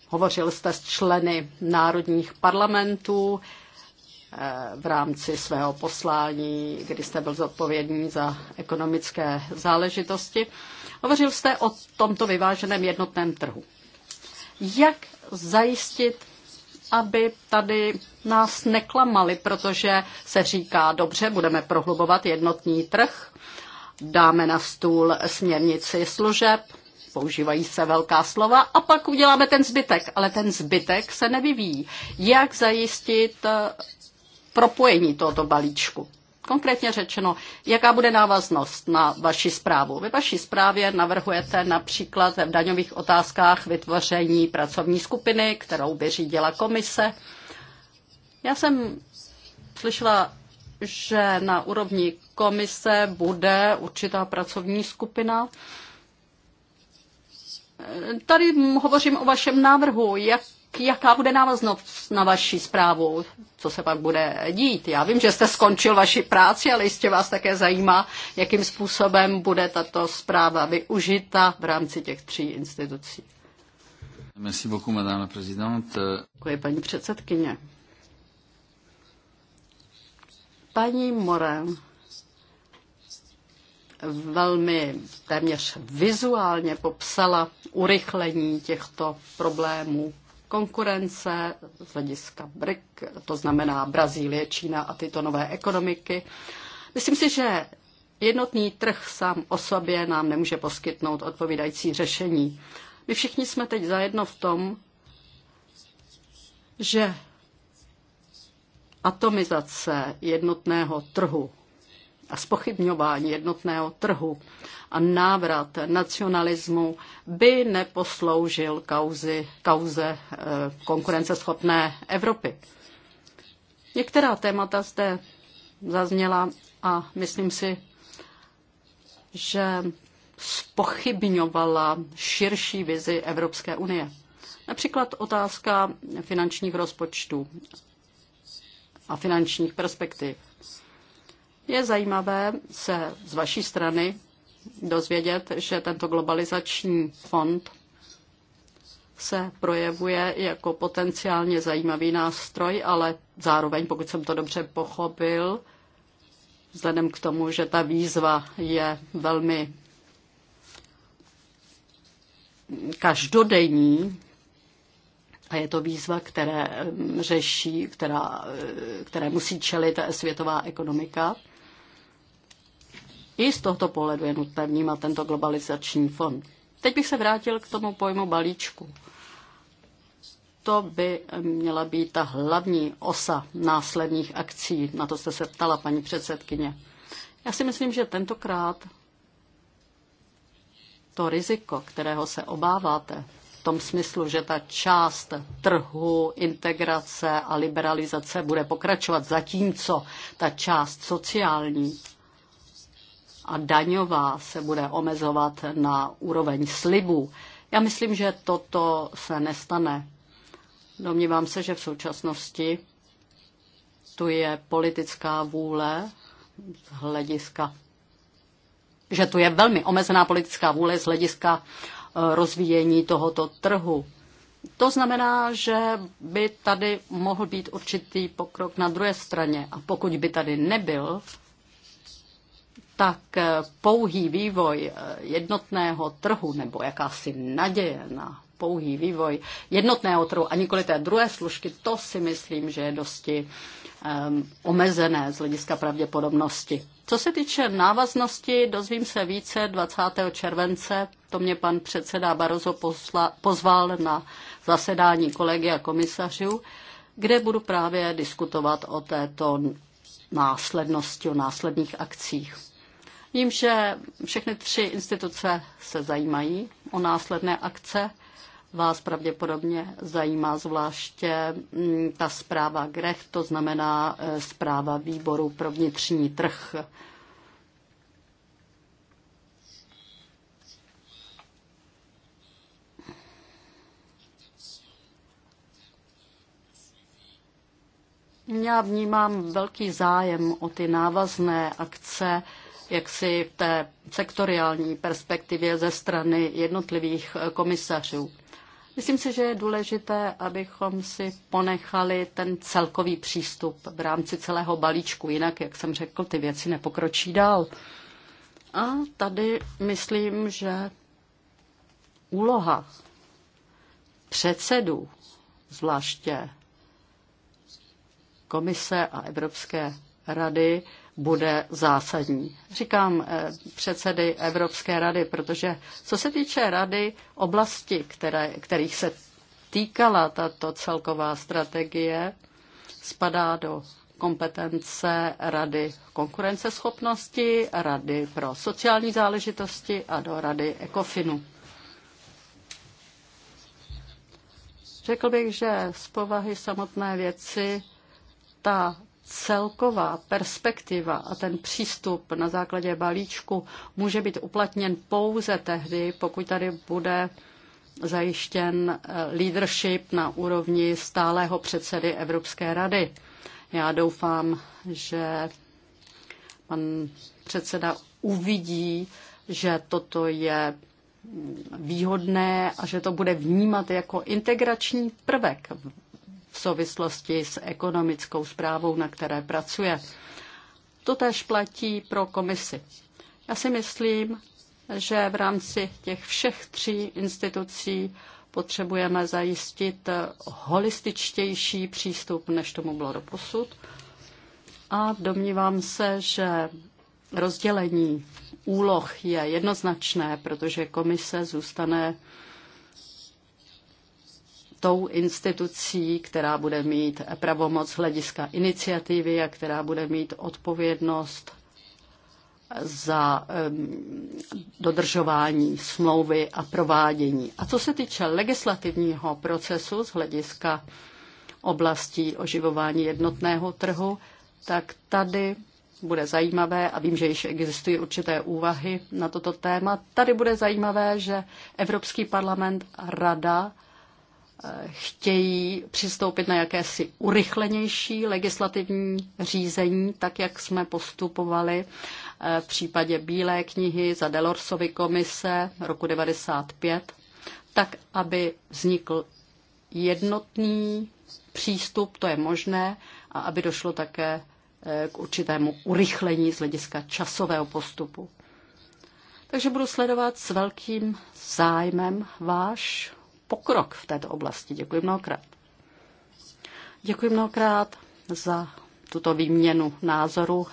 hovořil jste s členy národních parlamentů, v rámci svého poslání, kdy jste byl zodpovědný za ekonomické záležitosti. Hovořil jste o tomto vyváženém jednotném trhu. Jak zajistit, aby tady nás neklamali, protože se říká, dobře, budeme prohlubovat jednotný trh, dáme na stůl směrnici služeb, používají se velká slova a pak uděláme ten zbytek, ale ten zbytek se nevyvíjí. Jak zajistit propojení tohoto balíčku. Konkrétně řečeno, jaká bude návaznost na vaši zprávu? Ve vaší zprávě navrhujete například v daňových otázkách vytvoření pracovní skupiny, kterou by řídila komise. Já jsem slyšela, že na úrovni komise bude určitá pracovní skupina. Tady hovořím o vašem návrhu. Jak jaká bude návaznost na vaši zprávu, co se pak bude dít. Já vím, že jste skončil vaši práci, ale jistě vás také zajímá, jakým způsobem bude tato zpráva využita v rámci těch tří institucí. Merci beaucoup, madame présidente. Děkuji, paní předsedkyně. Paní Morel velmi téměř vizuálně popsala urychlení těchto problémů konkurence z hlediska BRIC, to znamená Brazílie, Čína a tyto nové ekonomiky. Myslím si, že jednotný trh sám o sobě nám nemůže poskytnout odpovídající řešení. My všichni jsme teď zajedno v tom, že atomizace jednotného trhu a spochybňování jednotného trhu a návrat nacionalismu by neposloužil kauzi, kauze e, konkurenceschopné Evropy. Některá témata zde zazněla a myslím si, že spochybňovala širší vizi Evropské unie. Například otázka finančních rozpočtů a finančních perspektiv. Je zajímavé se z vaší strany dozvědět, že tento globalizační fond se projevuje jako potenciálně zajímavý nástroj, ale zároveň, pokud jsem to dobře pochopil, vzhledem k tomu, že ta výzva je velmi každodenní a je to výzva, které mm, řeší, která, e, které musí čelit světová ekonomika, i z tohoto pohledu je nutné vnímat tento globalizační fond. Teď bych se vrátil k tomu pojmu balíčku. To by měla být ta hlavní osa následných akcí. Na to jste se ptala, paní předsedkyně. Já si myslím, že tentokrát to riziko, kterého se obáváte, v tom smyslu, že ta část trhu, integrace a liberalizace bude pokračovat, zatímco ta část sociální a daňová se bude omezovat na úroveň slibů. Já myslím, že toto se nestane. Domnívám se, že v současnosti tu je politická vůle z hlediska, že tu je velmi omezená politická vůle z hlediska eh, rozvíjení tohoto trhu. To znamená, že by tady mohl být určitý pokrok na druhé straně. A pokud by tady nebyl tak pouhý vývoj jednotného trhu nebo jakási naděje na pouhý vývoj jednotného trhu a nikoli té druhé služky, to si myslím, že je dosti um, omezené z hlediska pravděpodobnosti. Co se týče návaznosti, dozvím se více 20. července. To mě pan předseda Barozo posla, pozval na zasedání kolegy a komisařů, kde budu právě diskutovat o této následnosti, o následných akcích. Vím, že všechny tři instituce se zajímají o následné akce. Vás pravděpodobně zajímá zvláště mm, ta zpráva GREF, to znamená e, zpráva výboru pro vnitřní trh. Já vnímám velký zájem o ty návazné akce, jaksi té sektoriální perspektivě ze strany jednotlivých komisařů. Myslím si, že je důležité, abychom si ponechali ten celkový přístup v rámci celého balíčku, jinak, jak jsem řekl, ty věci nepokročí dál. A tady myslím, že úloha předsedů, zvláště komise a Evropské rady, bude zásadní. Říkám eh, předsedy Evropské rady, protože co se týče rady, oblasti, které, kterých se týkala tato celková strategie, spadá do kompetence Rady konkurenceschopnosti, Rady pro sociální záležitosti a do Rady ECOFINu. Řekl bych, že z povahy samotné věci ta celková perspektiva a ten přístup na základě balíčku může být uplatněn pouze tehdy, pokud tady bude zajištěn eh, leadership na úrovni stálého předsedy Evropské rady. Já doufám, že pan předseda uvidí, že toto je výhodné a že to bude vnímat jako integrační prvek v souvislosti s ekonomickou zprávou, na které pracuje. To též platí pro komisi. Já si myslím, že v rámci těch všech tří institucí potřebujeme zajistit holističtější přístup, než tomu bylo posud. A domnívám se, že rozdělení úloh je jednoznačné, protože komise zůstane tou institucí, která bude mít pravomoc hlediska iniciativy a která bude mít odpovědnost za um, dodržování smlouvy a provádění. A co se týče legislativního procesu z hlediska oblastí oživování jednotného trhu, tak tady bude zajímavé, a vím, že již existují určité úvahy na toto téma, tady bude zajímavé, že Evropský parlament a Rada chtějí přistoupit na jakési urychlenější legislativní řízení, tak jak jsme postupovali eh, v případě Bílé knihy za Delorsovy komise roku 95, tak aby vznikl jednotný přístup, to je možné, a aby došlo také eh, k určitému urychlení z hlediska časového postupu. Takže budu sledovat s velkým zájmem váš pokrok v této oblasti. Děkuji mnohokrát. Děkuji mnohokrát za tuto výměnu názoru.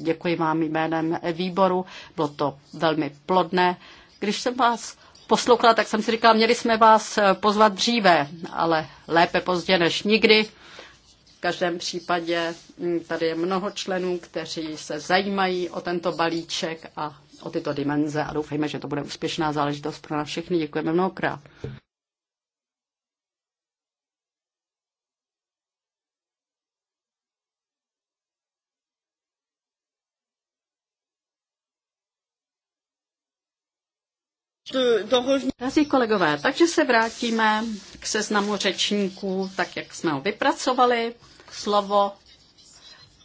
Děkuji vám jménem výboru. Bylo to velmi plodné. Když jsem vás poslouchala, tak jsem si říkala, měli jsme vás pozvat dříve, ale lépe pozdě než nikdy. V každém případě hm, tady je mnoho členů, kteří se zajímají o tento balíček a o tyto dimenze a doufejme, že to bude úspěšná záležitost pro nás všechny. Děkujeme mnohokrát. Drazí kolegové, takže se vrátíme k seznamu řečníků, tak jak jsme ho vypracovali. Slovo,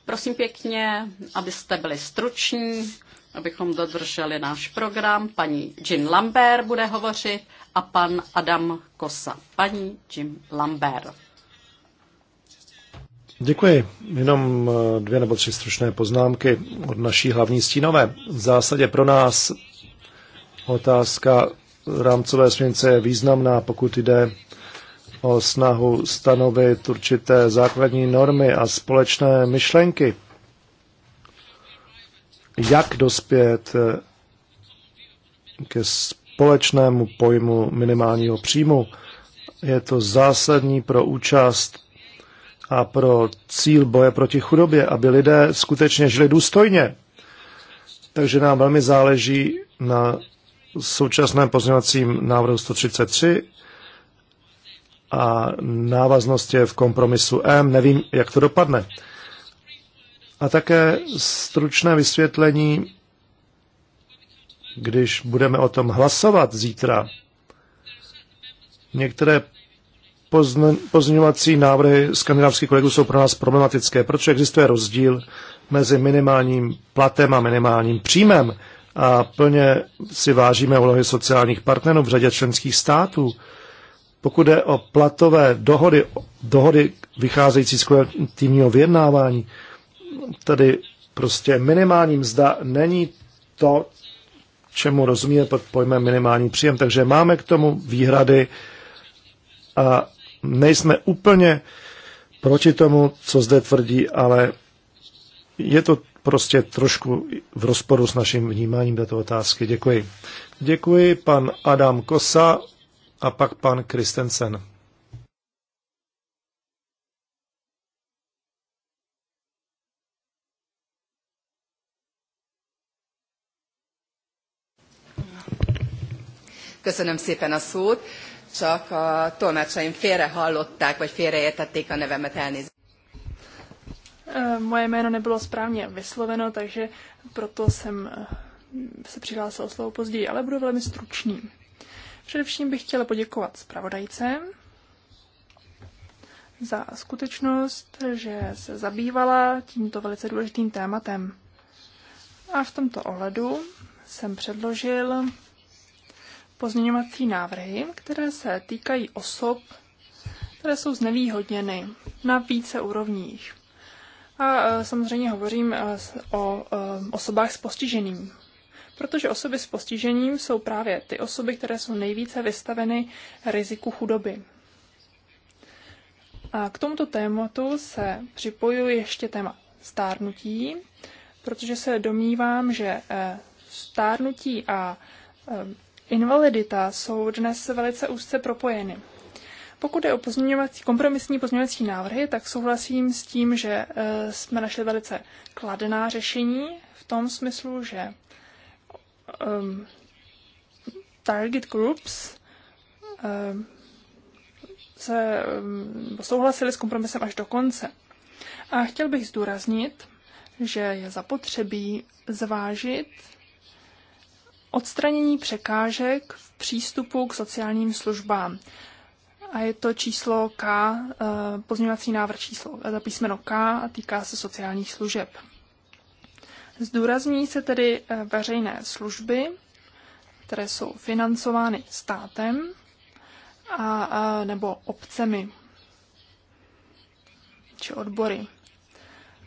prosím pěkně, abyste byli struční, abychom dodrželi náš program. Paní Jean Lambert bude hovořit a pan Adam Kosa. Paní Jean Lambert. Děkuji. Jenom eh, dvě nebo tři stručné poznámky od naší hlavní stínové. V zásadě pro nás Otázka rámcové směrnice je významná, pokud jde o snahu stanovit určité základní normy a společné myšlenky. Jak dospět eh, ke společnému pojmu minimálního příjmu? Je to zásadní pro účast a pro cíl boje proti chudobě, aby lidé skutečně žili důstojně. Takže nám velmi záleží na současném pozměňovacím návrhu 133 a návaznost je v kompromisu M. Nevím, jak to dopadne. A také stručné vysvětlení, když budeme o tom hlasovat zítra. Některé pozměňovací návrhy skandinávských kolegů jsou pro nás problematické, protože existuje rozdíl mezi minimálním platem a minimálním příjmem a plně si vážíme úlohy sociálních partnerů v řadě členských států. Pokud jde o platové dohody, dohody vycházející z kolektivního vyjednávání, tady prostě minimální mzda není to, čemu rozumíme pod pojmem minimální příjem. Takže máme k tomu výhrady a nejsme úplně proti tomu, co zde tvrdí, ale je to prostě trošku v rozporu s naším vnímáním této otázky. Děkuji. Děkuji pan Adam Kosa a pak pan Kristensen. Köszönöm szépen a szót, csak a tolmácsaim félre hallották, vagy félreértették a nevemet elnézést. Eh, moje jméno nebylo správně vysloveno, takže proto jsem eh, se přihlásil o slovo později, ale budu velmi stručný. Především bych chtěla poděkovat zpravodajce za skutečnost, že se zabývala tímto velice důležitým tématem. A v tomto ohledu jsem předložil pozměňovací návrhy, které se týkají osob, které jsou znevýhodněny na více úrovních. A e, samozřejmě hovořím e, o e, osobách s postižením, protože osoby s postižením jsou právě ty osoby, které jsou nejvíce vystaveny riziku chudoby. A k tomuto tématu se připojuje ještě téma stárnutí, protože se domnívám, že stárnutí a invalidita jsou dnes velice úzce propojeny. Pokud je o pozměňovací, kompromisní pozměňovací návrhy, tak souhlasím s tím, že eh, jsme našli velice kladná řešení v tom smyslu, že um, target groups um, se um, souhlasili s kompromisem až do konce. A chtěl bych zdůraznit, že je zapotřebí zvážit odstranění překážek v přístupu k sociálním službám a je to číslo K, eh, pozměňovací návrh číslo eh, za písmeno K a týká se sociálních služeb. Zdůrazní se tedy eh, veřejné služby, které jsou financovány státem a, a nebo obcemi či odbory.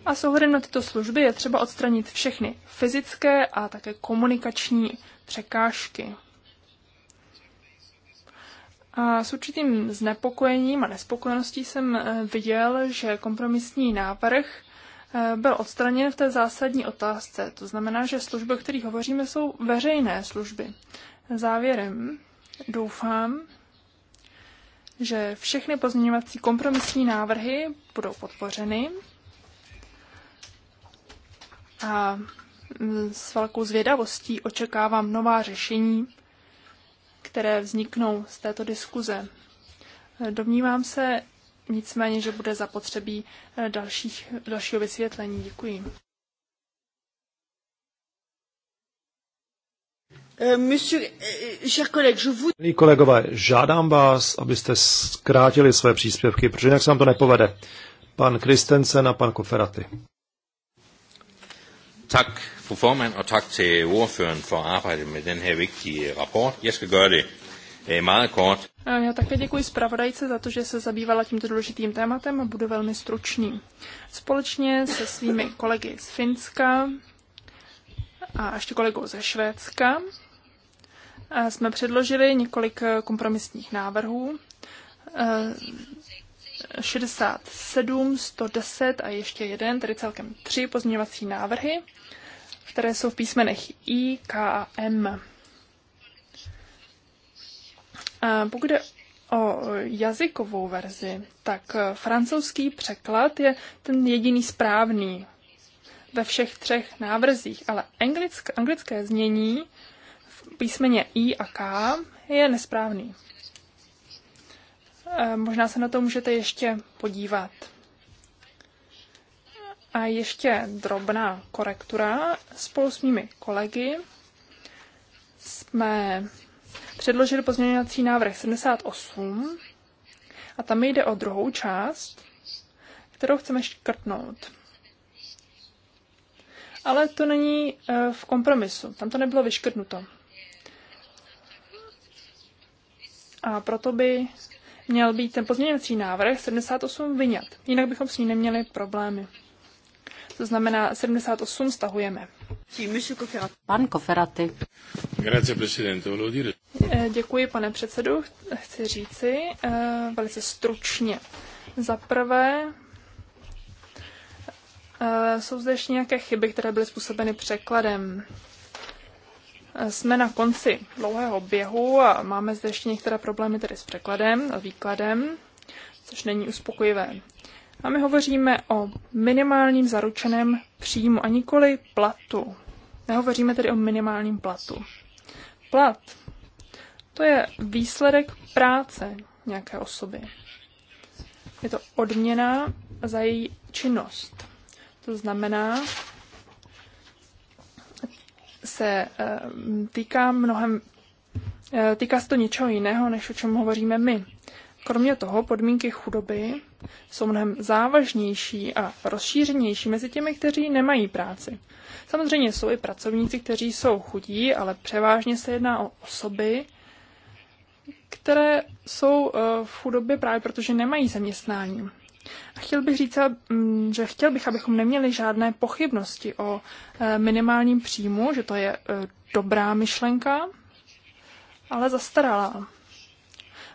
A s ohledem na tyto služby je třeba odstranit všechny fyzické a také komunikační překážky. A s určitým znepokojením a nespokojeností jsem e, viděl, že kompromisní návrh e, byl odstraněn v té zásadní otázce. To znamená, že služby, o kterých hovoříme, jsou veřejné služby. Závěrem doufám, že všechny pozměňovací kompromisní návrhy budou podpořeny a s velkou zvědavostí očekávám nová řešení které vzniknou z této diskuze. Domnívám se nicméně, že bude zapotřebí eh, dalších, dalšího vysvětlení. Děkuji. Eh, eh, Milí kolegové, žádám vás, abyste zkrátili své příspěvky, protože jinak se nám to nepovede. Pan Kristensen a pan Koferaty. Tak, fru formand, og tak til ordføreren for arbejdet med den her vigtige rapport. Jeg skal gøre det øh, meget kort. Já také děkuji zpravodajce za to, že se zabývala tímto důležitým tématem a budu velmi stručný. Společně se svými kolegy z Finska a ještě kolegou ze Švédska jsme předložili několik kompromisních návrhů. 67, 110 a ještě jeden, tedy celkem tři pozměňovací návrhy které jsou v písmenech I, K a M. A pokud je o jazykovou verzi, tak francouzský překlad je ten jediný správný ve všech třech návrzích, ale anglické, anglické znění v písmeně I a K je nesprávný. E, možná se na to můžete ještě podívat. A ještě drobná korektura. Spolu s mými kolegy jsme předložili pozměňovací návrh 78 a tam jde o druhou část, kterou chceme škrtnout. Ale to není eh, v kompromisu, tam to nebylo vyškrtnuto. A proto by měl být ten pozměňovací návrh 78 vyňat, jinak bychom s ní neměli problémy to znamená 78 stahujeme. Pan Koferaty. Eh, děkuji, pane předsedu. Chci říci eh, velice stručně. Za prvé, eh, jsou zde ještě nějaké chyby, které byly způsobeny překladem. Jsme na konci dlouhého běhu a máme zde ještě některé problémy tedy s překladem a výkladem, což není uspokojivé. A my hovoříme o minimálním zaručeném příjmu a nikoli platu. Nehovoříme tedy o minimálním platu. Plat to je výsledek práce nějaké osoby. Je to odměna za její činnost. To znamená, se eh, týká mnohem, eh, týká se to něčeho jiného, než o čem hovoříme my. Kromě toho podmínky chudoby jsou mnohem závažnější a rozšířenější mezi těmi, kteří nemají práci. Samozřejmě jsou i pracovníci, kteří jsou chudí, ale převážně se jedná o osoby, které jsou eh, v chudobě právě protože nemají zaměstnání. A chtěl bych říct, mm, že chtěl bych, abychom neměli žádné pochybnosti o eh, minimálním příjmu, že to je eh, dobrá myšlenka, ale zastarala.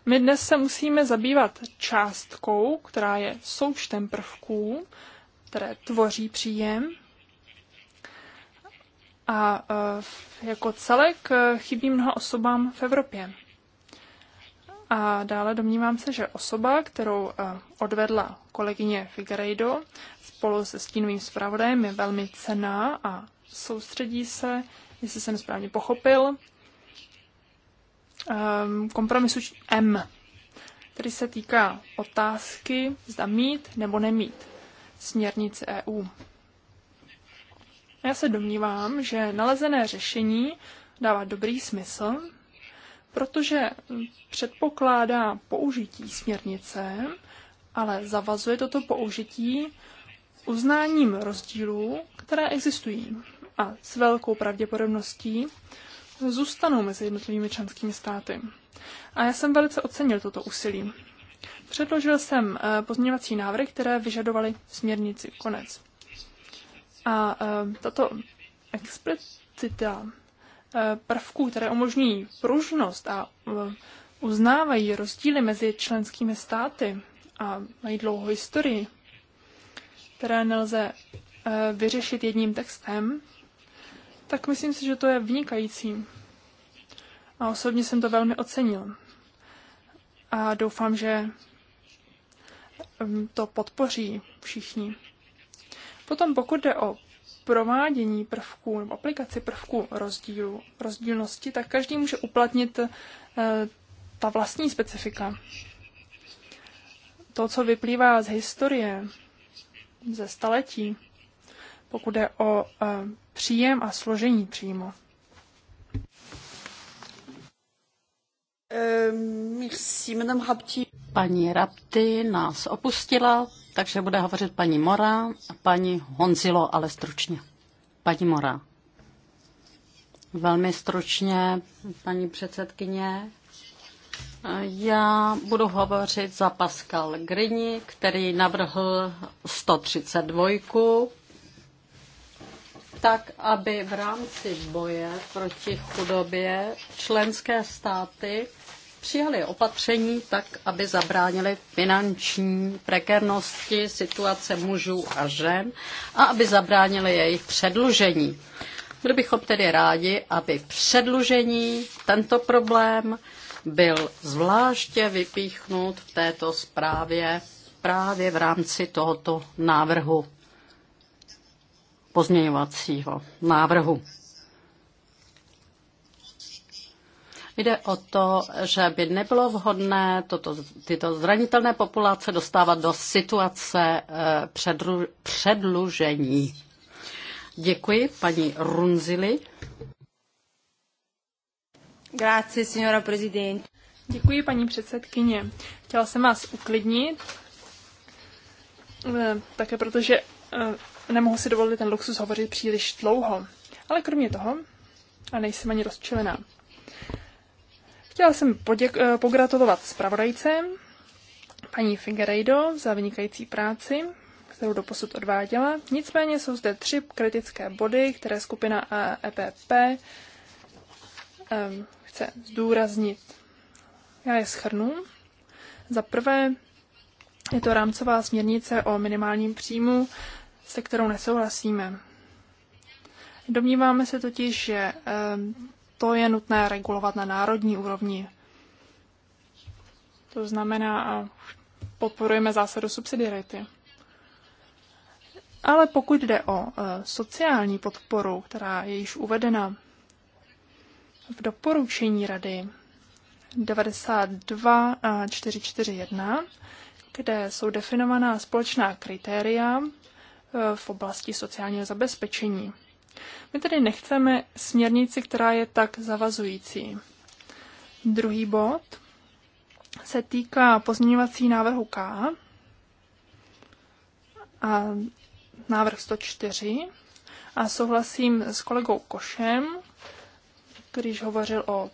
My dnes se musíme zabývat částkou, která je součtem prvků, které tvoří příjem. A e, jako celek e, chybí mnoha osobám v Evropě. A dále domnívám se, že osoba, kterou e, odvedla kolegyně Figueiredo spolu se stínovým zpravodajem, je velmi cená a soustředí se, jestli jsem správně pochopil, Ehm, kompromisu M, který se týká otázky, zda mít nebo nemít směrnice EU. Já se domnívám, že nalezené řešení dává dobrý smysl, protože předpokládá použití směrnice, ale zavazuje toto použití uznáním rozdílů, které existují. A s velkou pravděpodobností zůstanou mezi jednotlivými členskými státy. A já jsem velice ocenil toto úsilí. Předložil jsem eh, pozměňovací návrhy, které vyžadovaly směrnici. Konec. A eh, tato explicita eh, prvků, které umožňují pružnost a uznávají rozdíly mezi členskými státy a mají dlouhou historii, které nelze vyřešit jedním textem, tak myslím si, že to je vynikající. A osobně jsem to velmi ocenil. A doufám, že mm, to podpoří všichni. Potom pokud jde o provádění prvků nebo aplikaci prvků rozdílu, rozdílnosti, tak každý může uplatnit eh, ta vlastní specifika. To, co vyplývá z historie, ze staletí, pokud jde o eh, příjem a složení příjmu. Ehm, paní Rapti nás opustila, takže bude hovořit paní Mora a paní Honzilo, ale stručně. Paní Mora. Velmi stručně, paní předsedkyně. Já budu hovořit za Pascal Grini, který navrhl 132 tak, aby v rámci boje proti chudobě členské státy přijali opatření tak, aby zabránili finanční prekernosti situace mužů a žen a aby zabránili jejich předlužení. Byli bychom tedy rádi, aby předlužení tento problém byl zvláště vypíchnut v této zprávě právě v rámci tohoto návrhu pozměňovacího návrhu. Jde o to, že by nebylo vhodné toto, tyto zranitelné populace dostávat do situace eh, předru, předlužení. Děkuji paní Runzili. Grazie, signora Presidente. Děkuji, paní předsedkyně. Chtěla jsem vás uklidnit, eh, také protože eh, nemohu si dovolit ten luxus hovořit příliš dlouho. Ale kromě toho, a nejsem ani rozčilená. Chtěla jsem poděk- eh, pogratulovat zpravodajce, paní Figueiredo, za vynikající práci, kterou doposud odváděla. Nicméně jsou zde tři kritické body, které skupina EPP um, chce zdůraznit. Já je schrnu. Za prvé je to rámcová směrnice o minimálním příjmu se kterou nesouhlasíme. Domníváme se totiž, že eh, to je nutné regulovat na národní úrovni. To znamená, podporujeme zásadu subsidiarity. Ale pokud jde o eh, sociální podporu, která je již uvedena v doporučení Rady 92.441, eh, kde jsou definovaná společná kritéria Eh, v oblasti sociálního zabezpečení. My tedy nechceme směrnici, která je tak zavazující. Druhý bod se týká pozměňovací návrhu K a návrh 104 a souhlasím s kolegou Košem, když hovořil o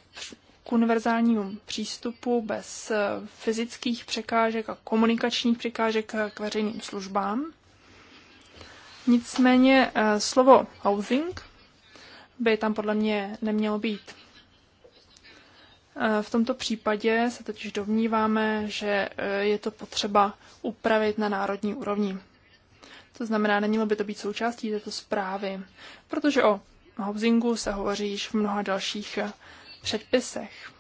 univerzálním univerzálnímu přístupu bez eh, fyzických překážek a komunikačních překážek k veřejným službám. Nicméně eh, slovo housing by tam podle mě nemělo být. Eh, v tomto případě se totiž domníváme, že eh, je to potřeba upravit na národní úrovni. To znamená, nemělo by to být součástí této zprávy, protože o housingu se hovoří již v mnoha dalších předpisech.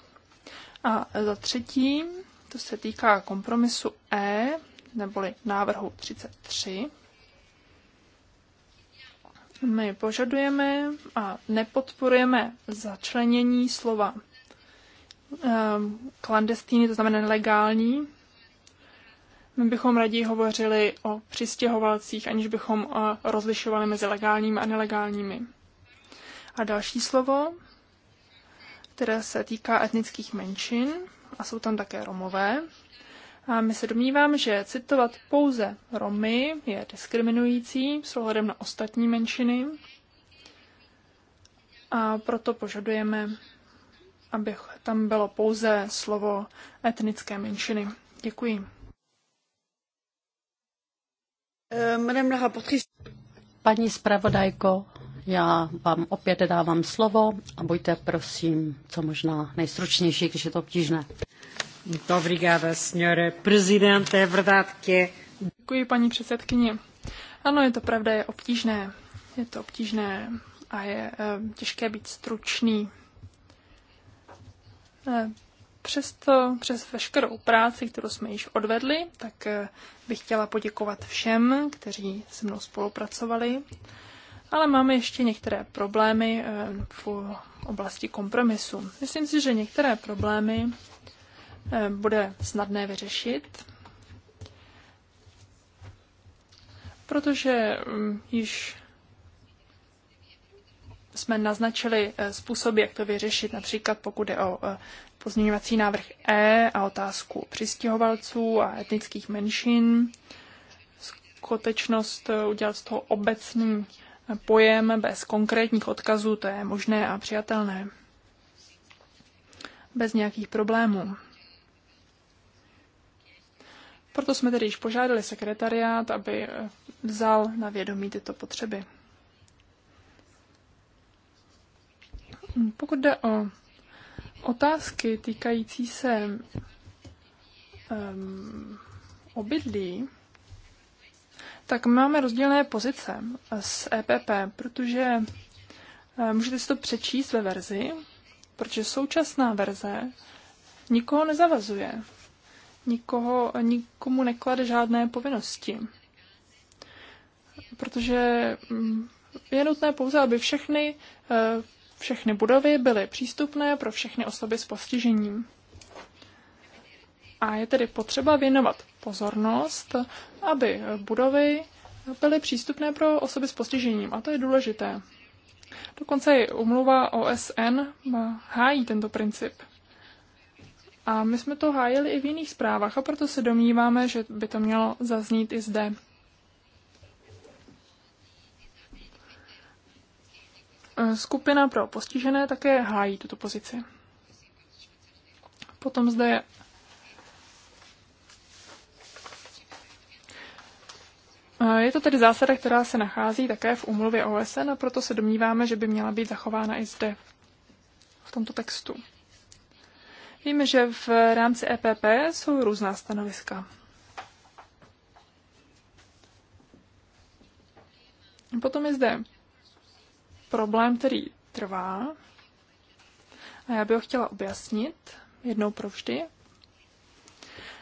A za třetí, to se týká kompromisu E, neboli návrhu 33. My požadujeme a nepodporujeme začlenění slova ehm, klandestíny, to znamená legální. My bychom raději hovořili o přistěhovalcích, aniž bychom eh, rozlišovali mezi legálními a nelegálními. A další slovo, které se týká etnických menšin, a jsou tam také Romové, a my se domníváme, že citovat pouze Romy je diskriminující s ohledem na ostatní menšiny. A proto požadujeme, aby tam bylo pouze slovo etnické menšiny. Děkuji. Eh, Paní zpravodajko, já vám opět dávám slovo a buďte prosím co možná nejstručnější, když je to obtížné. Děkuji, paní předsedkyně. Ano, je to pravda, je obtížné. Je to obtížné a je eh, těžké být stručný. Eh, přesto, přes veškerou práci, kterou jsme již odvedli, tak eh, bych chtěla poděkovat všem, kteří se mnou spolupracovali. Ale máme ještě některé problémy v oblasti kompromisu. Myslím si, že některé problémy Eh, bude snadné vyřešit, protože mm, již jsme naznačili eh, způsob, jak to vyřešit, například pokud je o eh, pozměňovací návrh E a otázku přistěhovalců a etnických menšin, skutečnost udělat z toho obecný pojem bez konkrétních odkazů, to je možné a přijatelné. Bez nějakých problémů. Proto jsme tedy již požádali sekretariát, aby eh, vzal na vědomí tyto potřeby. Pokud jde o otázky týkající se um, obydlí, tak máme rozdílné pozice eh, s EPP, protože eh, můžete si to přečíst ve verzi, protože současná verze nikoho nezavazuje nikoho, nikomu neklade žádné povinnosti. Protože mm, je nutné pouze, aby všechny, eh, všechny budovy byly přístupné pro všechny osoby s postižením. A je tedy potřeba věnovat pozornost, aby budovy byly přístupné pro osoby s postižením. A to je důležité. Dokonce i umluva OSN hájí tento princip. A my jsme to hájili i v jiných zprávách a proto se domníváme, že by to mělo zaznít i zde. E, skupina pro postižené také hájí tuto pozici. Potom zde je e, Je to tedy zásada, která se nachází také v umluvě OSN a proto se domníváme, že by měla být zachována i zde, v tomto textu. Víme, že v rámci EPP jsou různá stanoviska. Potom je zde problém, který trvá a já bych ho chtěla objasnit jednou pro vždy.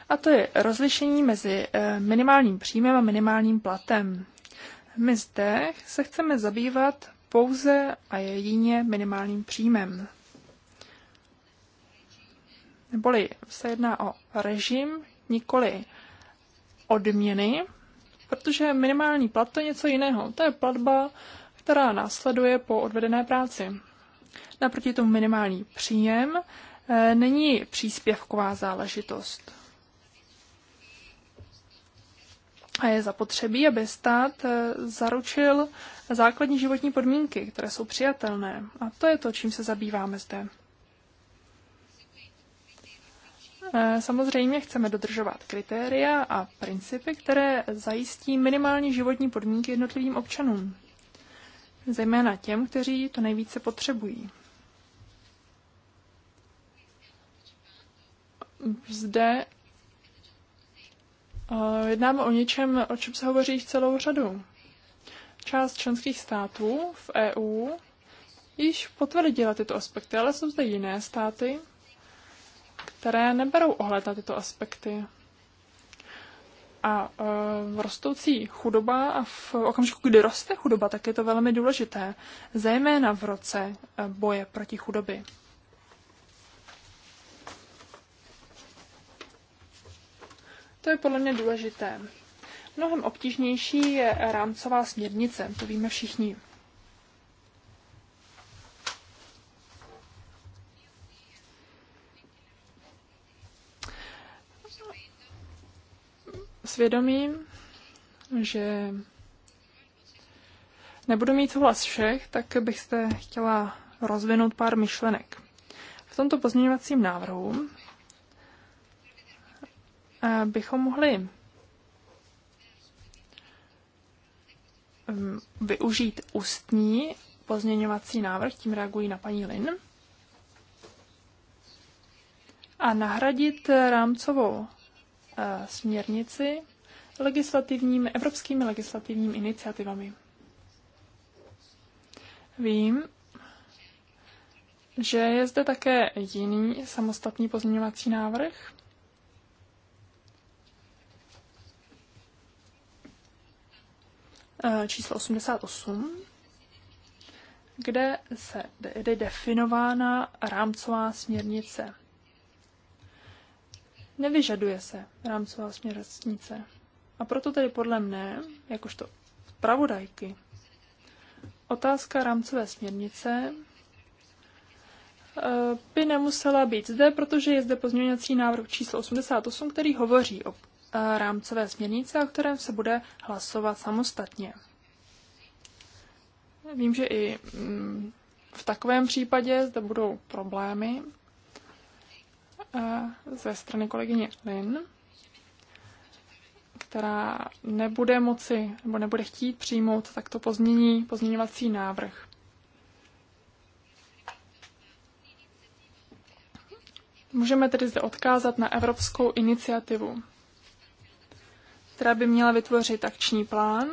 A to je rozlišení mezi eh, minimálním příjmem a minimálním platem. My zde se chceme zabývat pouze a jedině minimálním příjmem. Neboli se jedná o režim, nikoli odměny, protože minimální plat to je něco jiného. To je platba, která následuje po odvedené práci. Naproti tomu minimální příjem eh, není příspěvková záležitost. A je zapotřebí, aby stát eh, zaručil základní životní podmínky, které jsou přijatelné. A to je to, čím se zabýváme zde. Eh, samozřejmě chceme dodržovat kritéria a principy, které zajistí minimální životní podmínky jednotlivým občanům, zejména těm, kteří to nejvíce potřebují. Zde eh, jednáme o něčem, o čem se hovoří v celou řadu. Část členských států v EU již potvrdila tyto aspekty, ale jsou zde jiné státy, které neberou ohled na tyto aspekty. A e, rostoucí chudoba a v okamžiku, kdy roste chudoba, tak je to velmi důležité, zejména v roce eh, boje proti chudobě. To je podle mě důležité. Mnohem obtížnější je rámcová směrnice, to víme všichni. svědomím, že nebudu mít souhlas všech, tak bych se chtěla rozvinout pár myšlenek. V tomto pozměňovacím návrhu eh, bychom mohli mm, využít ústní pozměňovací návrh, tím reagují na paní Lin, a nahradit eh, rámcovou směrnici legislativními, evropskými legislativními iniciativami. Vím, že je zde také jiný samostatný pozměňovací návrh. E, číslo 88, kde se jde definována rámcová směrnice Nevyžaduje se rámcová směrnice. A proto tedy podle mne, jakožto pravodajky, otázka rámcové směrnice e, by nemusela být zde, protože je zde pozměňovací návrh číslo 88, který hovoří o e, rámcové směrnice, o kterém se bude hlasovat samostatně. Vím, že i mm, v takovém případě zde budou problémy, ze strany kolegyně Lin, která nebude moci nebo nebude chtít přijmout takto pozmění, pozměňovací návrh. Můžeme tedy zde odkázat na evropskou iniciativu, která by měla vytvořit akční plán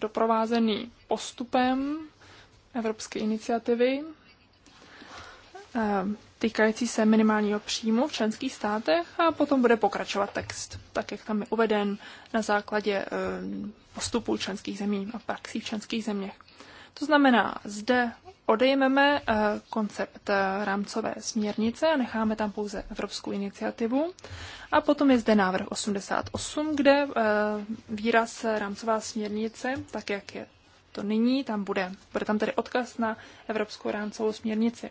doprovázený postupem evropské iniciativy, týkající se minimálního příjmu v členských státech a potom bude pokračovat text, tak jak tam je uveden na základě eh, postupů členských zemí a praxí v členských zeměch. To znamená, zde odejmeme eh, koncept eh, rámcové směrnice a necháme tam pouze evropskou iniciativu. A potom je zde návrh 88, kde výraz rámcová směrnice, tak jak je to nyní, tam bude, bude tam tedy odkaz na evropskou rámcovou směrnici.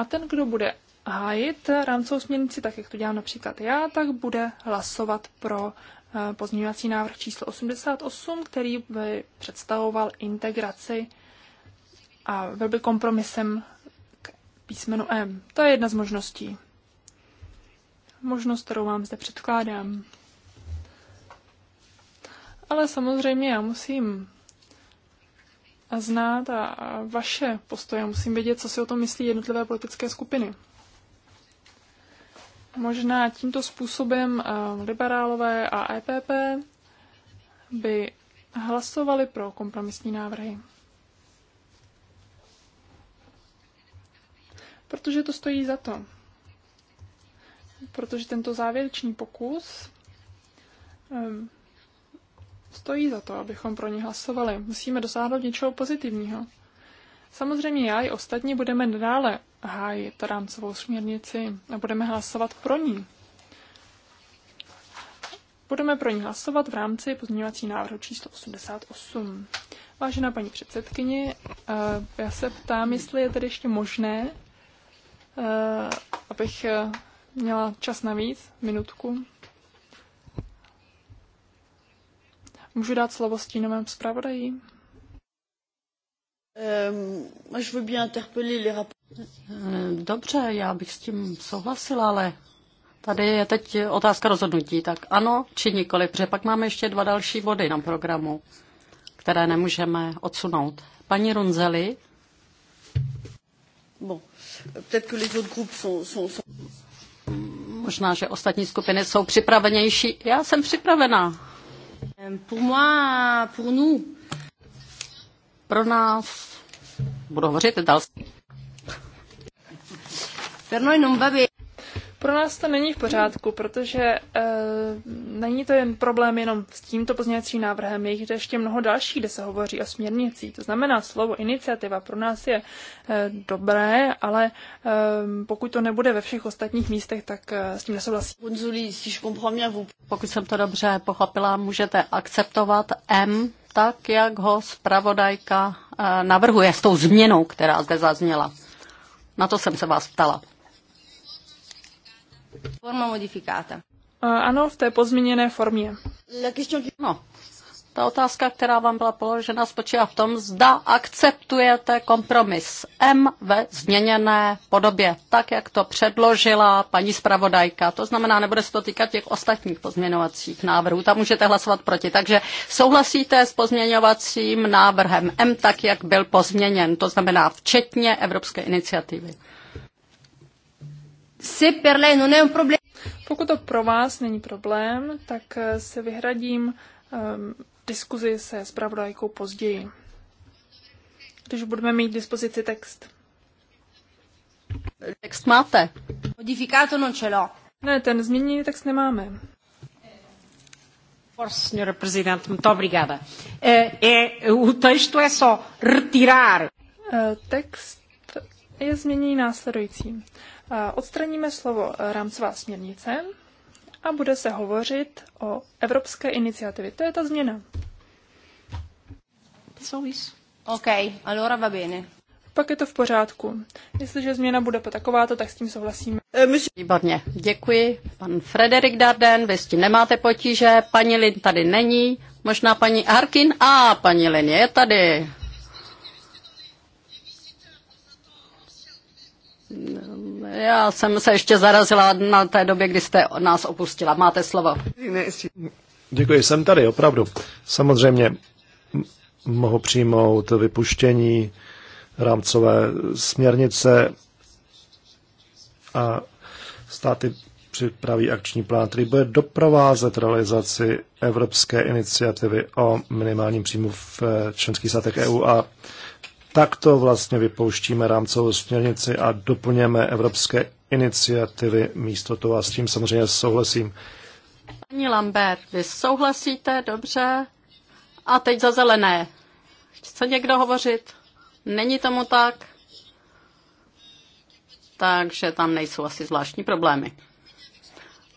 A ten, kdo bude hájit rámcovou směrnici, tak jak to dělám například já, tak bude hlasovat pro eh, pozměňovací návrh číslo 88, který by představoval integraci a byl by kompromisem k písmenu M. To je jedna z možností. Možnost, kterou vám zde předkládám. Ale samozřejmě já musím znát a vaše postoje. Musím vědět, co si o tom myslí jednotlivé politické skupiny. Možná tímto způsobem liberálové a EPP by hlasovali pro kompromisní návrhy. Protože to stojí za to. Protože tento závěrečný pokus ehm, Stojí za to, abychom pro ně hlasovali. Musíme dosáhnout něčeho pozitivního. Samozřejmě já i ostatní budeme nadále hájit rámcovou směrnici a budeme hlasovat pro ní. Budeme pro ní hlasovat v rámci pozměňovací návrhu číslo 88. Vážená paní předsedkyně, eh, já se ptám, jestli je tedy ještě možné, eh, abych eh, měla čas navíc, minutku. Můžu dát slovo stínovém zpravodají? Ehm, ehm, dobře, já bych s tím souhlasila, ale tady je teď otázka rozhodnutí. Tak ano či nikoli, protože pak máme ještě dva další body na programu, které nemůžeme odsunout. Paní Runzeli. Možná, že ostatní skupiny jsou připravenější. Já jsem připravená Euh, pour moi, pour nous. Pro nás. Budu hovořit další. Per noi non va bene pro nás to není v pořádku, protože e, není to jen problém jenom s tímto pozměňovacím návrhem, je jich ještě mnoho další, kde se hovoří o směrnicích. To znamená, slovo iniciativa pro nás je e, dobré, ale e, pokud to nebude ve všech ostatních místech, tak e, s tím nesouhlasím. Pokud jsem to dobře pochopila, můžete akceptovat M tak, jak ho zpravodajka navrhuje s tou změnou, která zde zazněla. Na to jsem se vás ptala. Forma modifikáta. Ano, v té pozměněné formě. No, ta otázka, která vám byla položena, spočívá v tom, zda akceptujete kompromis M ve změněné podobě, tak jak to předložila paní zpravodajka. To znamená, nebude se to týkat těch ostatních pozměňovacích návrhů, tam můžete hlasovat proti. Takže souhlasíte s pozměňovacím návrhem M tak, jak byl pozměněn, to znamená včetně Evropské iniciativy. Se per lei non è un problema. Pokud to pro vás není problém, tak eh, se vyhradím um, diskuzi se zpravodajkou později, když budeme mít dispozici text. Text máte. Modifikáto, non ce l'ho. Ne, ten změněný text nemáme. Senhora Presidente, muito obrigada. É, eh, é, o texto é só retirar. Eh, text je změněný následujícím Odstraníme slovo rámcová směrnice a bude se hovořit o evropské iniciativě. To je ta změna. Souvis. OK, allora va bene. Pak je to v pořádku. Jestliže změna bude takováto, tak s tím souhlasíme. Eh, Výborně, děkuji. Pan Frederik Darden, vy s tím nemáte potíže, paní Lin tady není, možná paní Harkin a paní Lin je tady já jsem se ještě zarazila na té době, kdy jste nás opustila. Máte slovo. Děkuji, jsem tady, opravdu. Samozřejmě mohu přijmout vypuštění rámcové směrnice a státy připraví akční plán, který bude doprovázet realizaci evropské iniciativy o minimálním příjmu v eh, členských státech EU a Takto vlastně vypouštíme rámcovou směrnici a doplněme evropské iniciativy místo toho a s tím samozřejmě souhlasím. Paní Lambert, vy souhlasíte, dobře. A teď za zelené. Chce někdo hovořit? Není tomu tak? Takže tam nejsou asi zvláštní problémy.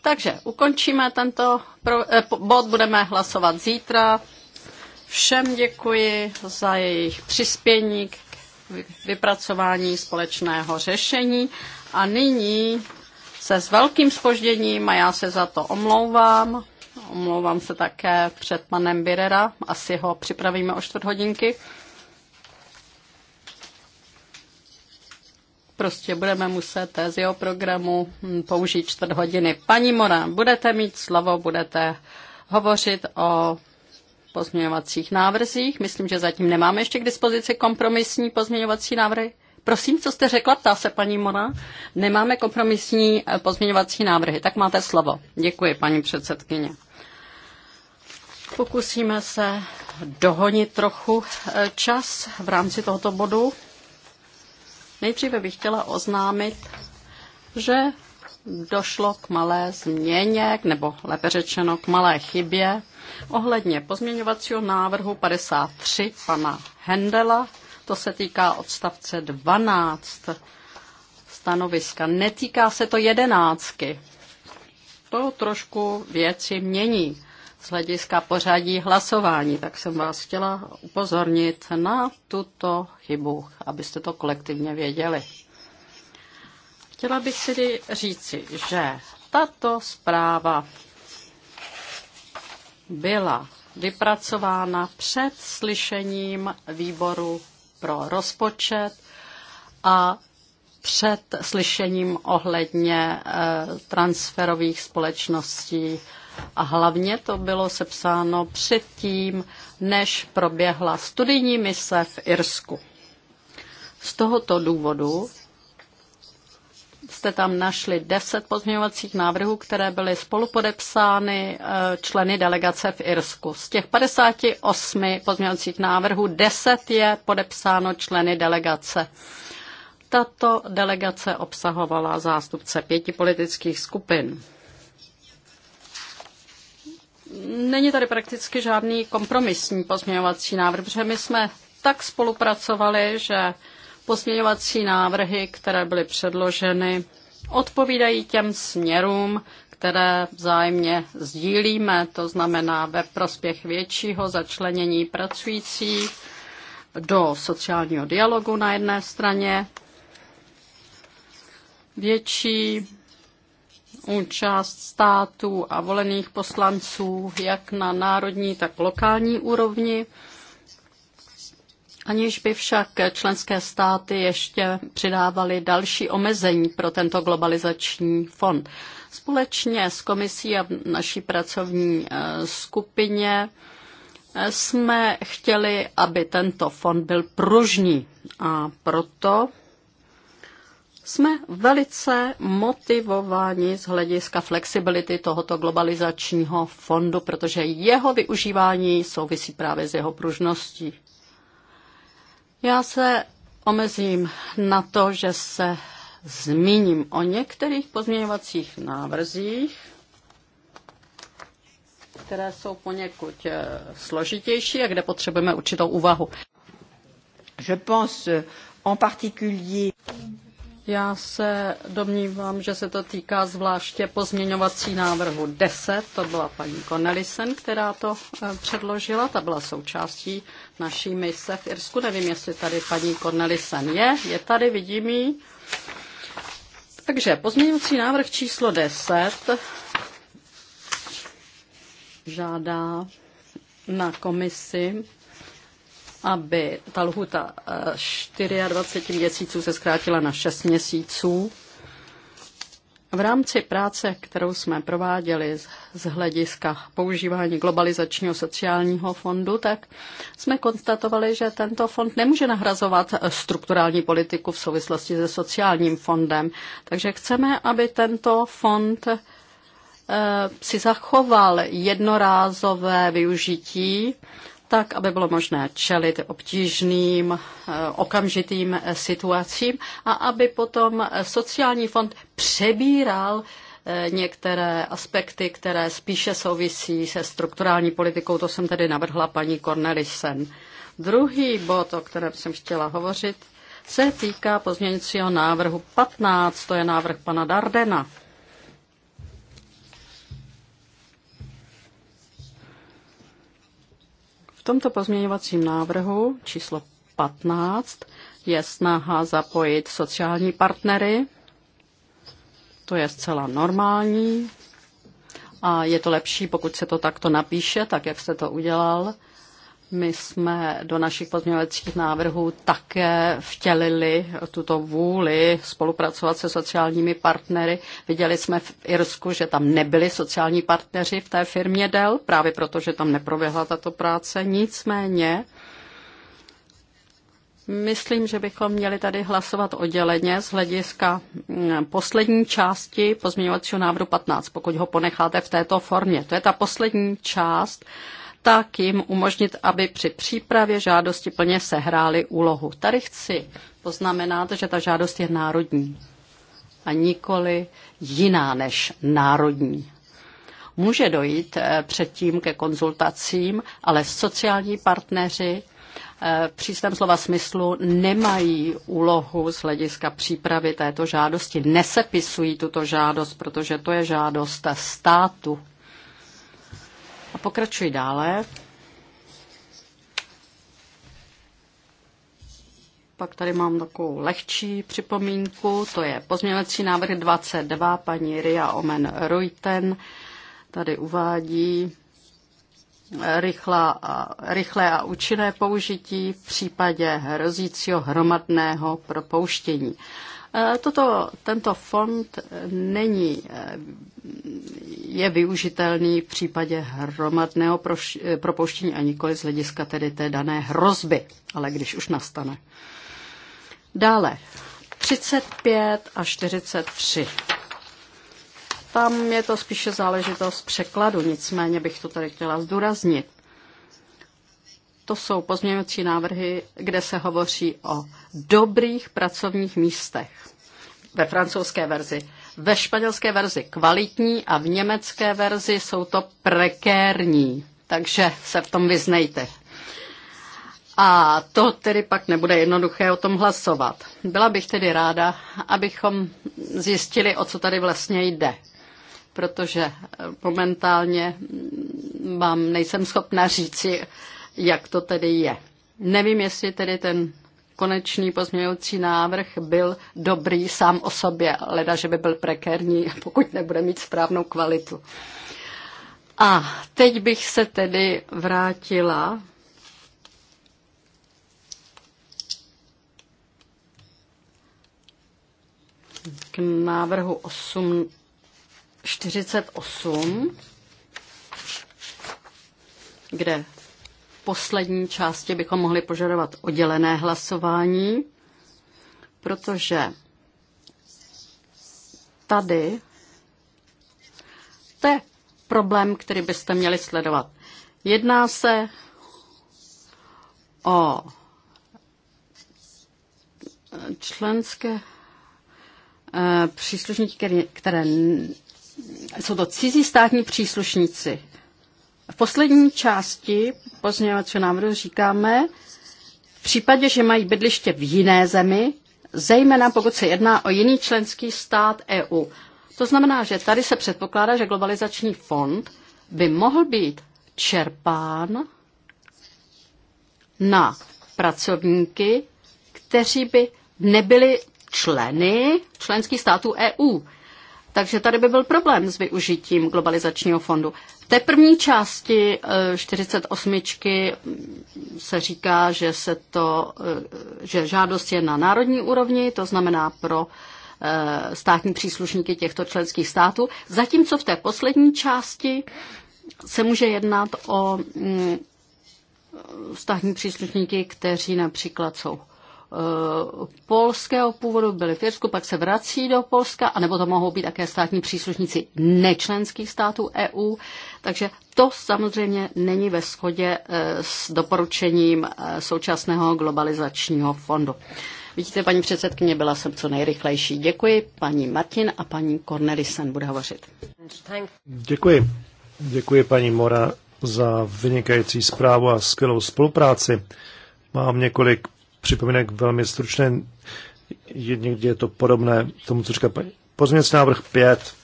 Takže ukončíme tento eh, bod, budeme hlasovat zítra. Všem děkuji za jejich přispění k vypracování společného řešení a nyní se s velkým spožděním, a já se za to omlouvám, omlouvám se také před panem Birera, asi ho připravíme o čtvrt hodinky, prostě budeme muset z jeho programu použít čtvrt hodiny. Paní Mora, budete mít slovo, budete hovořit o pozměňovacích návrzích. Myslím, že zatím nemáme ještě k dispozici kompromisní pozměňovací návrhy. Prosím, co jste řekla, ptá se paní Mona. Nemáme kompromisní eh, pozměňovací návrhy, tak máte slovo. Děkuji, paní předsedkyně. Pokusíme se dohonit trochu eh, čas v rámci tohoto bodu. Nejdříve bych chtěla oznámit, že došlo k malé změně, nebo lépe řečeno k malé chybě ohledně pozměňovacího návrhu 53 pana Hendela. To se týká odstavce 12 stanoviska. Netýká se to jedenáctky. To trošku věci mění z hlediska pořadí hlasování, tak jsem vás chtěla upozornit na tuto chybu, abyste to kolektivně věděli. Chtěla bych tedy říci, že tato zpráva byla vypracována před slyšením výboru pro rozpočet a před slyšením ohledně eh, transferových společností. A hlavně to bylo sepsáno předtím, než proběhla studijní mise v Irsku. Z tohoto důvodu jste tam našli deset pozměňovacích návrhů, které byly spolupodepsány eh, členy delegace v Irsku. Z těch 58 pozměňovacích návrhů deset je podepsáno členy delegace. Tato delegace obsahovala zástupce pěti politických skupin. Není tady prakticky žádný kompromisní pozměňovací návrh, protože my jsme tak spolupracovali, že Pozměňovací návrhy, které byly předloženy, odpovídají těm směrům, které vzájemně sdílíme, to znamená ve prospěch většího začlenění pracujících do sociálního dialogu na jedné straně, větší účast států a volených poslanců jak na národní, tak lokální úrovni aniž by však členské státy ještě přidávaly další omezení pro tento globalizační fond. Společně s komisí a v naší pracovní eh, skupině eh, jsme chtěli, aby tento fond byl pružný a proto jsme velice motivováni z hlediska flexibility tohoto globalizačního fondu, protože jeho využívání souvisí právě s jeho pružností. Já se omezím na to, že se zmíním o některých pozměňovacích návrzích, které jsou poněkud eh, složitější a kde potřebujeme určitou úvahu. Je pense en particulier já se domnívám, že se to týká zvláště pozměňovací návrhu 10, to byla paní Connellisen, která to eh, předložila, ta byla součástí naší mise v Irsku. Nevím, jestli tady paní Connellisen je, je tady, vidím ji. Takže pozměňovací návrh číslo 10 žádá na komisi, aby ta lhuta 24 eh, měsíců se zkrátila na 6 měsíců. V rámci práce, kterou jsme prováděli z hlediska používání globalizačního sociálního fondu, tak jsme konstatovali, že tento fond nemůže nahrazovat eh, strukturální politiku v souvislosti se sociálním fondem. Takže chceme, aby tento fond eh, si zachoval jednorázové využití tak, aby bylo možné čelit obtížným eh, okamžitým eh, situacím a aby potom eh, sociální fond přebíral některé aspekty, které spíše souvisí se strukturální politikou. To jsem tedy navrhla paní Cornelisen. Druhý bod, o kterém jsem chtěla hovořit, se týká pozměňujícího návrhu 15, to je návrh pana Dardena. tomto pozměňovacím návrhu číslo 15 je snaha zapojit sociální partnery. To je zcela normální a je to lepší, pokud se to takto napíše, tak jak jste to udělal, my jsme do našich pozměňovacích návrhů také vtělili tuto vůli spolupracovat se sociálními partnery. Viděli jsme v Irsku, že tam nebyli sociální partneři v té firmě Dell, právě proto, že tam neproběhla tato práce. Nicméně Myslím, že bychom měli tady hlasovat odděleně z hlediska mm, poslední části pozměňovacího návrhu 15, pokud ho ponecháte v této formě. To je ta poslední část tak jim umožnit, aby při přípravě žádosti plně sehráli úlohu. Tady chci poznamenat, že ta žádost je národní a nikoli jiná než národní. Může dojít eh, předtím ke konzultacím, ale sociální partneři v eh, přísném slova smyslu nemají úlohu z hlediska přípravy této žádosti, nesepisují tuto žádost, protože to je žádost státu a pokračuji dále. Pak tady mám takovou lehčí připomínku, to je pozměňovací návrh 22, paní Ria Omen Ruiten tady uvádí eh, rychlá a, rychlé a účinné použití v případě hrozícího hromadného propouštění. Eh, toto, tento fond není, eh, je využitelný v případě hromadného eh, propouštění a nikoli z hlediska tedy té dané hrozby, ale když už nastane. Dále 35 a 43. Tam je to spíše záležitost překladu, nicméně bych to tady chtěla zdůraznit. To jsou pozměňovací návrhy, kde se hovoří o dobrých pracovních místech ve francouzské verzi. Ve španělské verzi kvalitní a v německé verzi jsou to prekérní. Takže se v tom vyznejte. A to tedy pak nebude jednoduché o tom hlasovat. Byla bych tedy ráda, abychom zjistili, o co tady vlastně jde. Protože momentálně vám mm, nejsem schopna říci, jak to tedy je. Nevím, jestli tedy ten konečný pozměňovací návrh byl dobrý sám o sobě, leda, že by byl prekérní, <laughs> pokud nebude mít správnou kvalitu. A teď bych se tedy vrátila k návrhu 8, 48, kde poslední části bychom mohli požadovat oddělené hlasování, protože tady to je problém, který byste měli sledovat. Jedná se o členské eh, příslušníky, které, jsou to cizí státní příslušníci v poslední části pozměňovacího návrhu říkáme, v případě, že mají bydliště v jiné zemi, zejména pokud se jedná o jiný členský stát EU. To znamená, že tady se předpokládá, že globalizační fond by mohl být čerpán na pracovníky, kteří by nebyli členy členských států EU. Takže tady by byl problém s využitím globalizačního fondu. V té první části 48 eh, se říká, že, se to, eh, že žádost je na národní úrovni, to znamená pro eh, státní příslušníky těchto členských států, zatímco v té poslední části se může jednat o mm, státní příslušníky, kteří například jsou Eh, polského původu, byli v Irsku, pak se vrací do Polska, anebo to mohou být také státní příslušníci nečlenských států EU. Takže to samozřejmě není ve shodě eh, s doporučením eh, současného globalizačního fondu. Vidíte, paní předsedkyně, byla jsem co nejrychlejší. Děkuji. Paní Martin a paní Cornelisen bude hovořit. Děkuji. Děkuji, paní Mora, za vynikající zprávu a skvělou spolupráci. Mám několik připomínek velmi stručné. Někdy je to podobné tomu, co říká paní. Pozměnit návrh 5,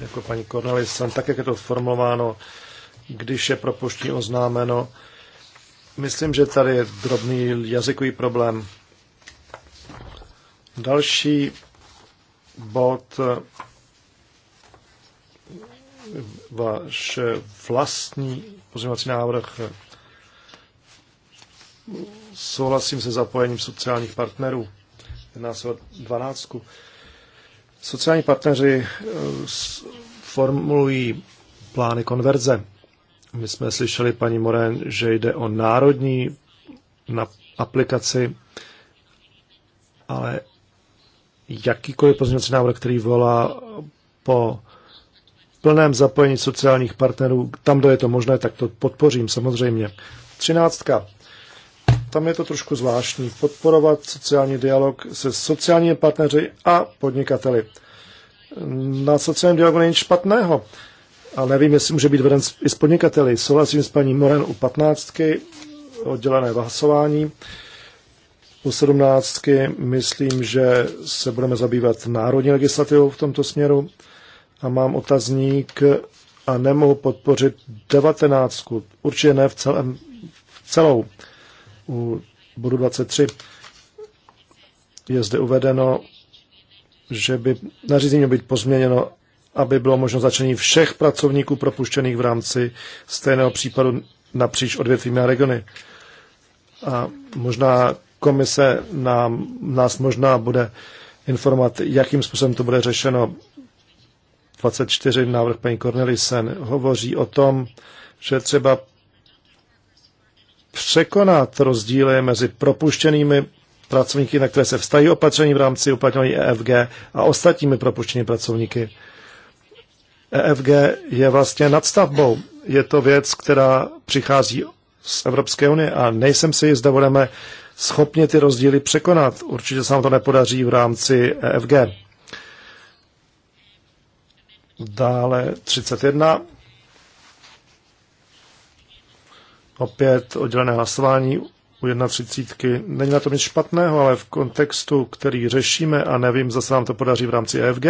jako paní Cornelis, tak, jak je to formulováno, když je propuštění oznámeno. Myslím, že tady je drobný jazykový problém. Další bod váš vlastní pozměňovací návrh souhlasím se zapojením sociálních partnerů. Jedná se o dvanáctku. Sociální partneři eh, formulují plány konverze. My jsme slyšeli, paní Moren, že jde o národní na aplikaci, ale jakýkoliv pozměňovací návrh, který volá po plném zapojení sociálních partnerů, tam, kde je to možné, tak to podpořím samozřejmě. Třináctka tam je to trošku zvláštní. Podporovat sociální dialog se sociálními partneři a podnikateli. Na sociálním dialogu není nic špatného, ale nevím, jestli může být veden i s podnikateli. Souhlasím s paní Moren u 15. oddělené hlasování. U 17. myslím, že se budeme zabývat národní legislativou v tomto směru a mám otazník a nemohu podpořit 19. Určitě ne v, celém, v celou u bodu 23 je zde uvedeno, že by nařízení být pozměněno, aby bylo možno začlenit všech pracovníků propuštěných v rámci stejného případu napříč odvětvími a regiony. A možná komise nám, nás možná bude informovat, jakým způsobem to bude řešeno. 24 návrh paní Cornelisen hovoří o tom, že třeba překonat rozdíly mezi propuštěnými pracovníky, na které se vztahují opatření v rámci uplatňování EFG a ostatními propuštěnými pracovníky. EFG je vlastně nadstavbou. Je to věc, která přichází z Evropské unie a nejsem si zda budeme schopni ty rozdíly překonat. Určitě se nám to nepodaří v rámci EFG. Dále 31. opět oddělené hlasování u třicítky Není na tom nic špatného, ale v kontextu, který řešíme, a nevím, zase nám to podaří v rámci EFG,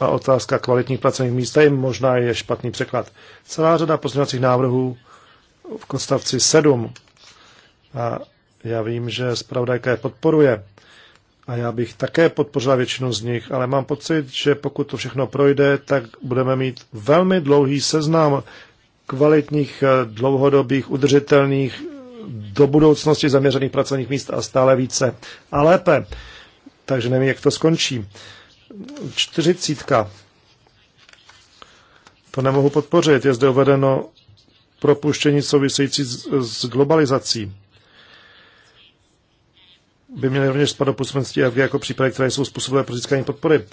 a otázka kvalitních pracovních míst, je možná je špatný překlad. Celá řada pozměňovacích návrhů v konstavci 7. A já vím, že zpravodajka je podporuje a já bych také podpořila většinu z nich, ale mám pocit, že pokud to všechno projde, tak budeme mít velmi dlouhý seznam kvalitních, eh, dlouhodobých, udržitelných, do budoucnosti zaměřených pracovních míst a stále více a lépe. Takže nevím, jak to skončí. Čtyřicítka. To nemohu podpořit. Je zde uvedeno propuštění související s globalizací by měly rovněž spadat působnosti FG jako případy, které jsou způsobové pro získání podpory.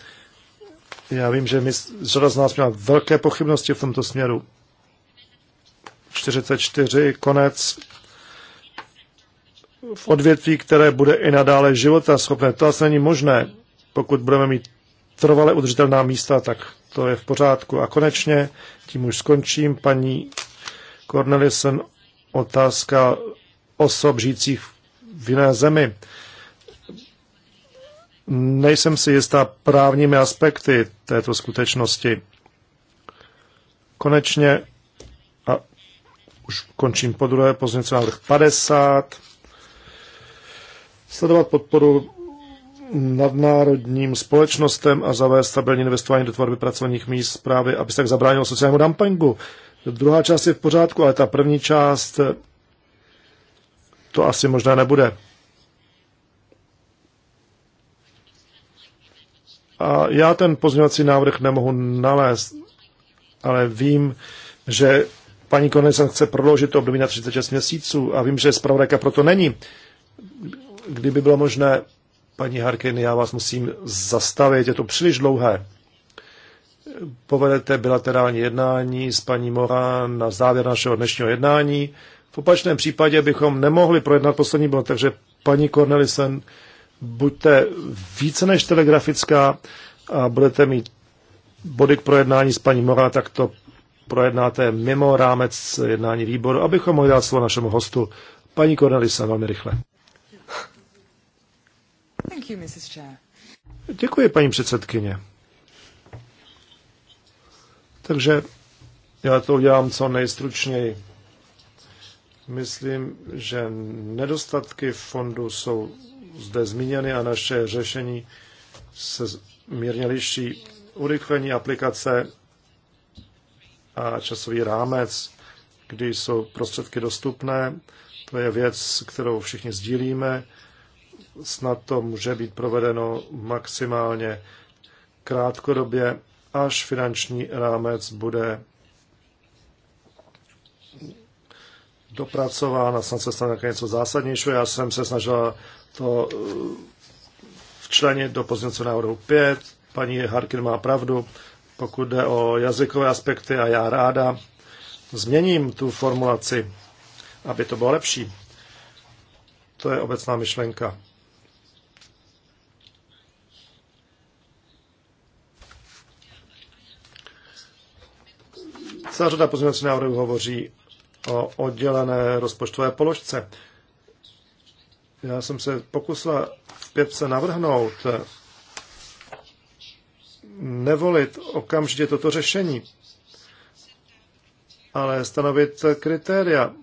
Já vím, že my, řada z nás měla velké pochybnosti v tomto směru. 44, konec v odvětví, které bude i nadále života schopné. To asi není možné, pokud budeme mít trvale udržitelná místa, tak to je v pořádku. A konečně, tím už skončím, paní Cornelison, otázka osob žijících v jiné zemi. Nejsem si jistá právními aspekty této skutečnosti. Konečně, a už končím po druhé, pozměňovací návrh 50, sledovat podporu nadnárodním společnostem a zavést stabilní investování do tvorby pracovních míst právě, aby se tak zabránilo sociálnímu dumpingu. Druhá část je v pořádku, ale ta první část to asi možná nebude. A já ten pozměňovací návrh nemohu nalézt, ale vím, že paní Konesa chce prodloužit to období na 36 měsíců a vím, že zpravodajka proto není. Kdyby bylo možné, paní Harkin, já vás musím zastavit, je to příliš dlouhé. Povedete bilaterální jednání s paní Morán na závěr našeho dnešního jednání. V opačném případě bychom nemohli projednat poslední bod, takže paní Cornelisen, buďte více než telegrafická a budete mít body k projednání s paní Mora, tak to projednáte mimo rámec jednání výboru, abychom mohli dát slovo našemu hostu. Paní Cornelisa, velmi rychle. Thank you, Mrs. Chair. Děkuji, paní předsedkyně. Takže já to udělám co nejstručněji. Myslím, že nedostatky fondu jsou zde zmíněny a naše řešení se mírně liší. Urychlení aplikace a časový rámec, kdy jsou prostředky dostupné, to je věc, kterou všichni sdílíme. Snad to může být provedeno maximálně krátkodobě, až finanční rámec bude dopracován a snad se stane také něco zásadnějšího. Já jsem se snažila to uh, včlenit do pozměnce návrhu 5. Paní Harkin má pravdu, pokud jde o jazykové aspekty a já ráda změním tu formulaci, aby to bylo lepší. To je obecná myšlenka. Celá řada pozměňovacích návrhů hovoří o oddělené rozpočtové položce. Já jsem se pokusila v pětce navrhnout nevolit okamžitě toto řešení, ale stanovit kritéria.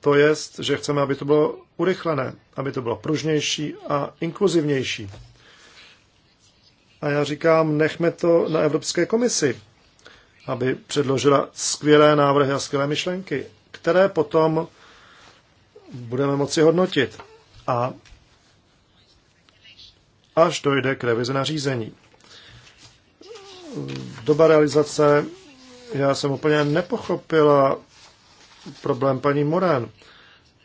To je, že chceme, aby to bylo urychlené, aby to bylo pružnější a inkluzivnější. A já říkám, nechme to na Evropské komisi, aby předložila skvělé návrhy a skvělé myšlenky, které potom budeme moci hodnotit. A až dojde k revizi nařízení. Doba realizace, já jsem úplně nepochopila problém paní Morán.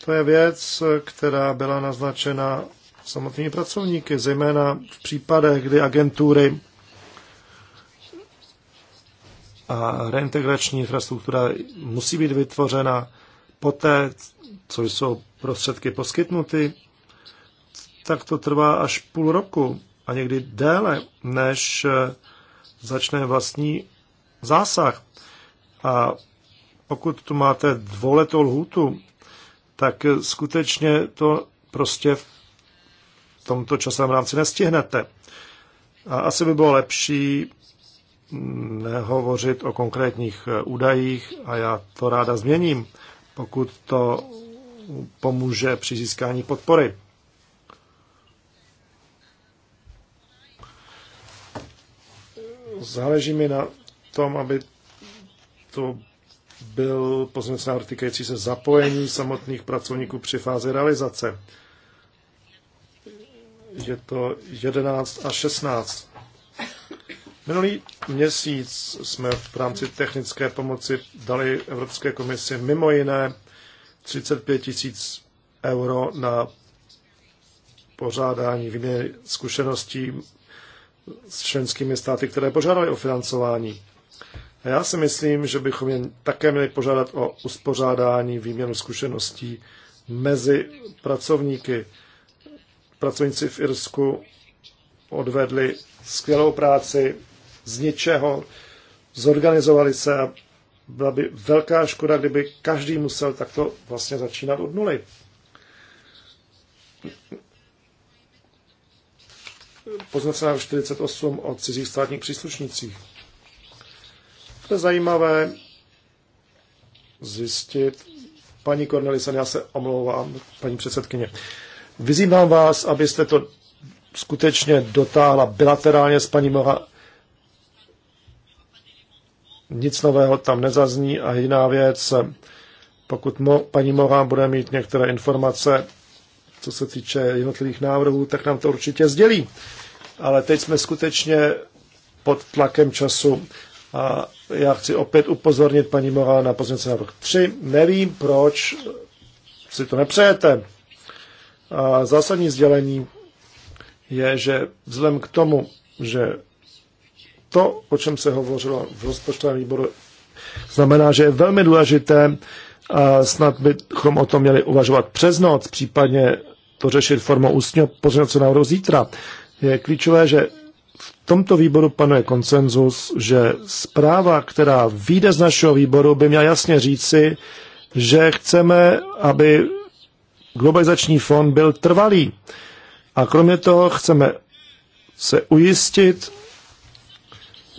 To je věc, která byla naznačena samotnými pracovníky, zejména v případech, kdy agentury a reintegrační infrastruktura musí být vytvořena poté, co jsou prostředky poskytnuty, tak to trvá až půl roku a někdy déle, než eh, začne vlastní zásah. A pokud tu máte dvouletou lhůtu, tak eh, skutečně to prostě v tomto časovém rámci nestihnete. A asi by bylo lepší nehovořit o konkrétních eh, údajích a já to ráda změním, pokud to pomůže při získání podpory. Záleží mi na tom, aby to byl pozměnce návrh týkající se zapojení samotných pracovníků při fázi realizace. Je to 11 a 16. Minulý měsíc jsme v rámci technické pomoci dali Evropské komisi mimo jiné 35 tisíc euro na pořádání výměny zkušeností s členskými státy, které požádaly o financování. A já si myslím, že bychom jen také měli požádat o uspořádání výměnu zkušeností mezi pracovníky. Pracovníci v Irsku odvedli skvělou práci z ničeho, zorganizovali se a byla by velká škoda, kdyby každý musel takto vlastně začínat od nuly. Poznacená 48 o cizích státních příslušnících. To je zajímavé zjistit. Paní Cornelisen, já se omlouvám, paní předsedkyně. Vyzývám vás, abyste to skutečně dotáhla bilaterálně s paní nic nového tam nezazní a jiná věc, pokud mo, paní Morá bude mít některé informace, co se týče jednotlivých návrhů, tak nám to určitě sdělí. Ale teď jsme skutečně pod tlakem času a já chci opět upozornit paní Morá na pozměnce návrh 3. Nevím, proč si to nepřejete. A zásadní sdělení je, že vzhledem k tomu, že to, o čem se hovořilo v rozpočtovém výboru, znamená, že je velmi důležité a snad bychom o tom měli uvažovat přes noc, případně to řešit formou ústního pozornosti na zítra. Je klíčové, že v tomto výboru panuje konsenzus, že zpráva, která vyjde z našeho výboru, by měla jasně říci, že chceme, aby globalizační fond byl trvalý. A kromě toho chceme se ujistit,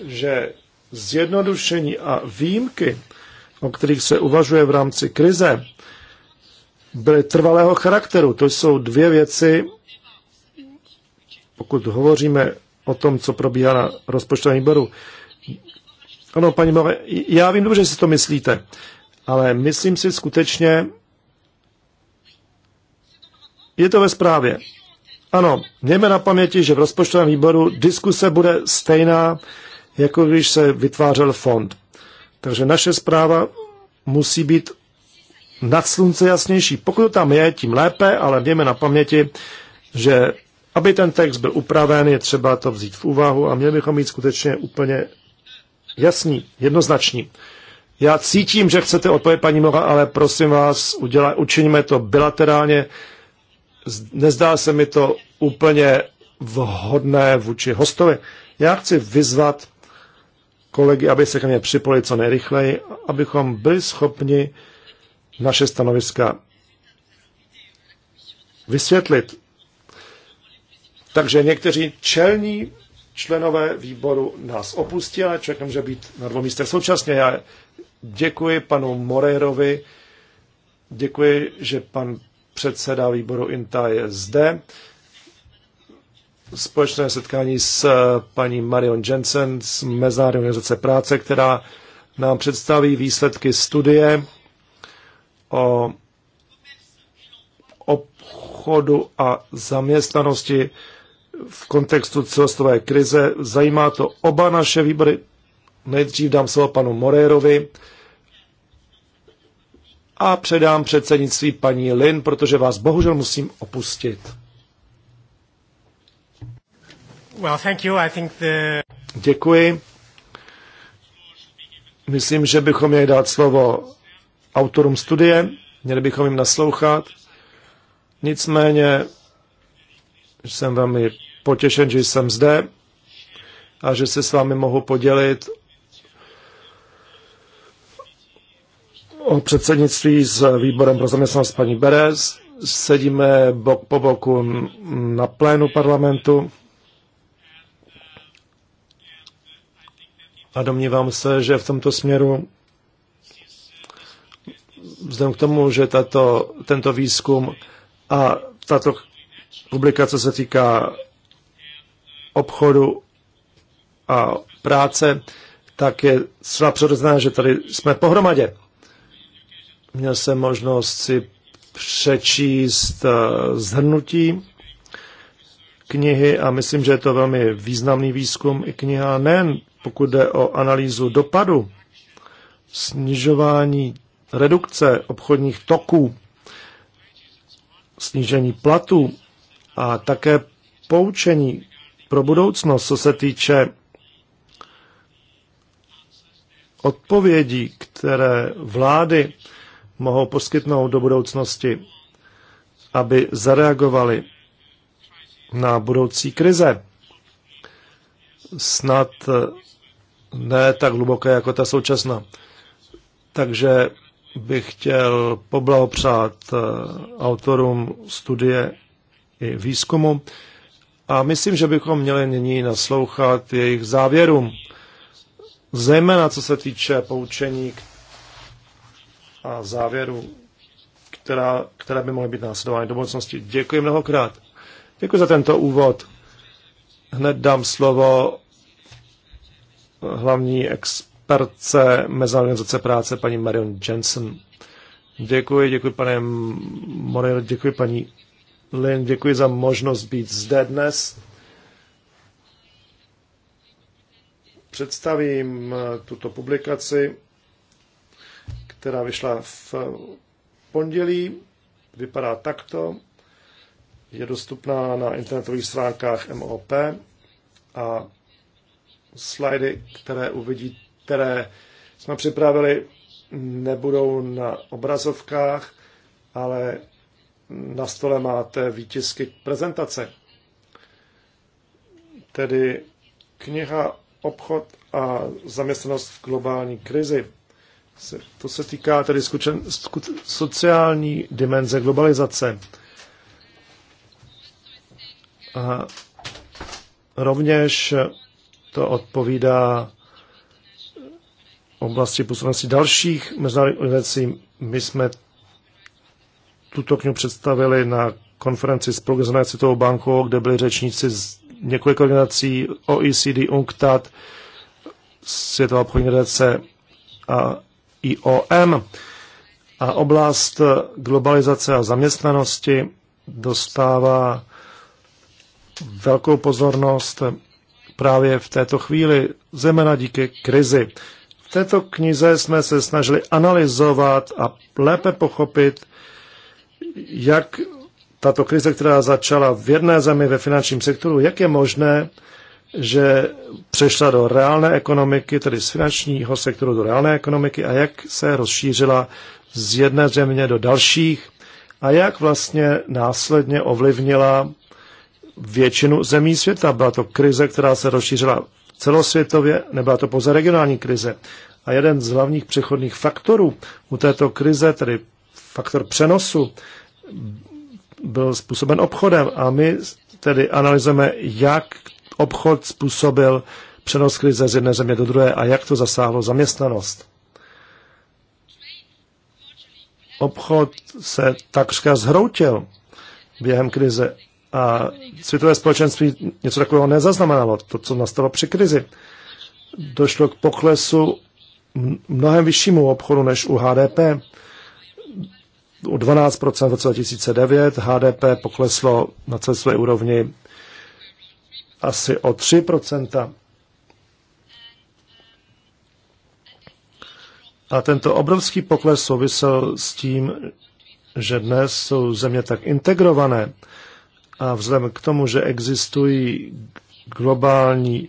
že zjednodušení a výjimky, o kterých se uvažuje v rámci krize, byly trvalého charakteru. To jsou dvě věci, pokud hovoříme o tom, co probíhá na rozpočtovém výboru. Ano, paní Mave, já vím dobře, že si to myslíte, ale myslím si skutečně, je to ve zprávě. Ano, mějme na paměti, že v rozpočtovém výboru diskuse bude stejná jako když se vytvářel fond. Takže naše zpráva musí být nad slunce jasnější. Pokud to tam je, tím lépe, ale mějme na paměti, že aby ten text byl upraven, je třeba to vzít v úvahu a měli bychom mít skutečně úplně jasný, jednoznačný. Já cítím, že chcete odpovědět, paní Mora, ale prosím vás, udělaj, učiníme to bilaterálně. Nezdá se mi to úplně vhodné vůči hostovi. Já chci vyzvat kolegy, aby se ke mně připojili co nejrychleji, abychom byli schopni naše stanoviska vysvětlit. Takže někteří čelní členové výboru nás opustí, ale člověk může být na dvou místech současně. Já děkuji panu Moreirovi, děkuji, že pan předseda výboru INTA je zde společné setkání s eh, paní Marion Jensen z Mezinárodní organizace práce, která nám představí výsledky studie o obchodu a zaměstnanosti v kontextu celostové krize. Zajímá to oba naše výbory. Nejdřív dám slovo panu Morérovi a předám předsednictví paní Lin, protože vás bohužel musím opustit. Well, thank you. I think the... Děkuji. Myslím, že bychom měli dát slovo autorům studie, měli bychom jim naslouchat. Nicméně jsem velmi potěšen, že jsem zde a že se s vámi mohu podělit o předsednictví s výborem pro zaměstnanost paní Beres. Sedíme bok po boku na plénu parlamentu A domnívám se, že v tomto směru, vzhledem k tomu, že tato, tento výzkum a tato publikace se týká obchodu a práce, tak je zcela přirozené, že tady jsme pohromadě. Měl jsem možnost si přečíst eh, zhrnutí knihy a myslím, že je to velmi významný výzkum i kniha nejen pokud jde o analýzu dopadu, snižování redukce obchodních toků, snížení platů a také poučení pro budoucnost, co se týče odpovědí, které vlády mohou poskytnout do budoucnosti, aby zareagovali na budoucí krize. Snad ne tak hluboké jako ta současná. Takže bych chtěl poblahopřát eh, autorům studie i výzkumu a myslím, že bychom měli nyní naslouchat jejich závěrům, zejména co se týče poučení a závěrů, která, které by mohly být následovány do budoucnosti. Děkuji mnohokrát. Děkuji za tento úvod. Hned dám slovo hlavní expertce Mezinárodní práce paní Marion Jensen. Děkuji, děkuji pane Morel, děkuji paní Lynn, děkuji za možnost být zde dnes. Představím tuto publikaci, která vyšla v pondělí. Vypadá takto. Je dostupná na internetových stránkách MOP a Slidy, které uvidí, které jsme připravili, nebudou na obrazovkách, ale na stole máte výtisky prezentace. Tedy kniha Obchod a zaměstnanost v globální krizi. To se týká tedy skučen, sku, sociální dimenze globalizace. A rovněž to odpovídá oblasti působnosti dalších mezinárodních organizací. My jsme tuto knihu představili na konferenci s Progresené světovou bankou, kde byli řečníci z několik organizací OECD, UNCTAD, Světová obchodní organizace a IOM. A oblast globalizace a zaměstnanosti dostává velkou pozornost právě v této chvíli, zejména díky krizi. V této knize jsme se snažili analyzovat a lépe pochopit, jak tato krize, která začala v jedné zemi ve finančním sektoru, jak je možné, že přešla do reálné ekonomiky, tedy z finančního sektoru do reálné ekonomiky a jak se rozšířila z jedné země do dalších a jak vlastně následně ovlivnila většinu zemí světa. Byla to krize, která se rozšířila celosvětově, nebyla to pouze regionální krize. A jeden z hlavních přechodných faktorů u této krize, tedy faktor přenosu, byl způsoben obchodem. A my tedy analyzujeme, jak obchod způsobil přenos krize z jedné země do druhé a jak to zasáhlo zaměstnanost. Obchod se takřka zhroutil během krize a světové společenství něco takového nezaznamenalo, to, co nastalo při krizi. Došlo k poklesu mnohem vyššímu obchodu než u HDP. O 12% v roce 2009 HDP pokleslo na celé úrovni asi o 3%. A tento obrovský pokles souvisel s tím, že dnes jsou země tak integrované, a vzhledem k tomu, že existují globální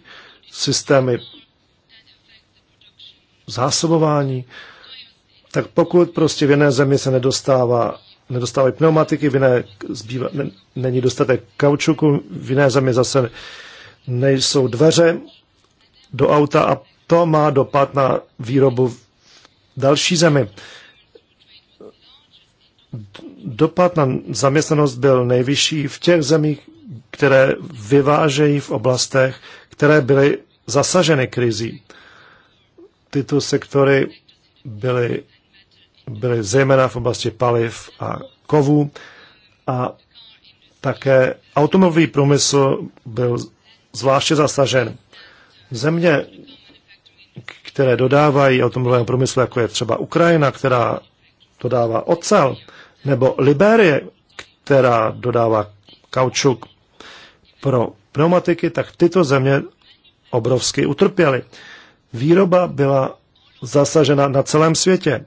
systémy zásobování, tak pokud prostě v jiné zemi se nedostává, nedostávají pneumatiky, v jiné zbývá, ne, není dostatek kaučuku, v jiné zemi zase nejsou dveře do auta a to má dopad na výrobu v další zemi. Dopad na zaměstnanost byl nejvyšší v těch zemích, které vyvážejí v oblastech, které byly zasaženy krizí. Tyto sektory byly, byly zejména v oblasti paliv a kovů a také automobilový průmysl byl zvláště zasažen. Země, které dodávají automobilovému průmyslu, jako je třeba Ukrajina, která dodává ocel, nebo Liberie, která dodává kaučuk pro pneumatiky, tak tyto země obrovsky utrpěly. Výroba byla zasažena na celém světě.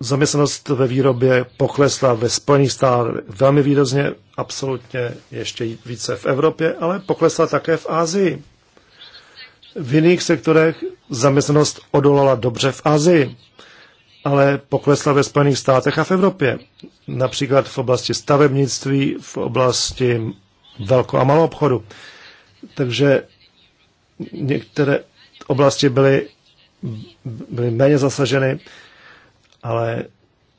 Zaměstnanost ve výrobě poklesla ve Spojených státech velmi výrazně, absolutně ještě více v Evropě, ale poklesla také v Ázii. V jiných sektorech zaměstnanost odolala dobře v Ázii ale poklesla ve Spojených státech a v Evropě. Například v oblasti stavebnictví, v oblasti velko- a malou obchodu. Takže některé oblasti byly, byly méně zasaženy, ale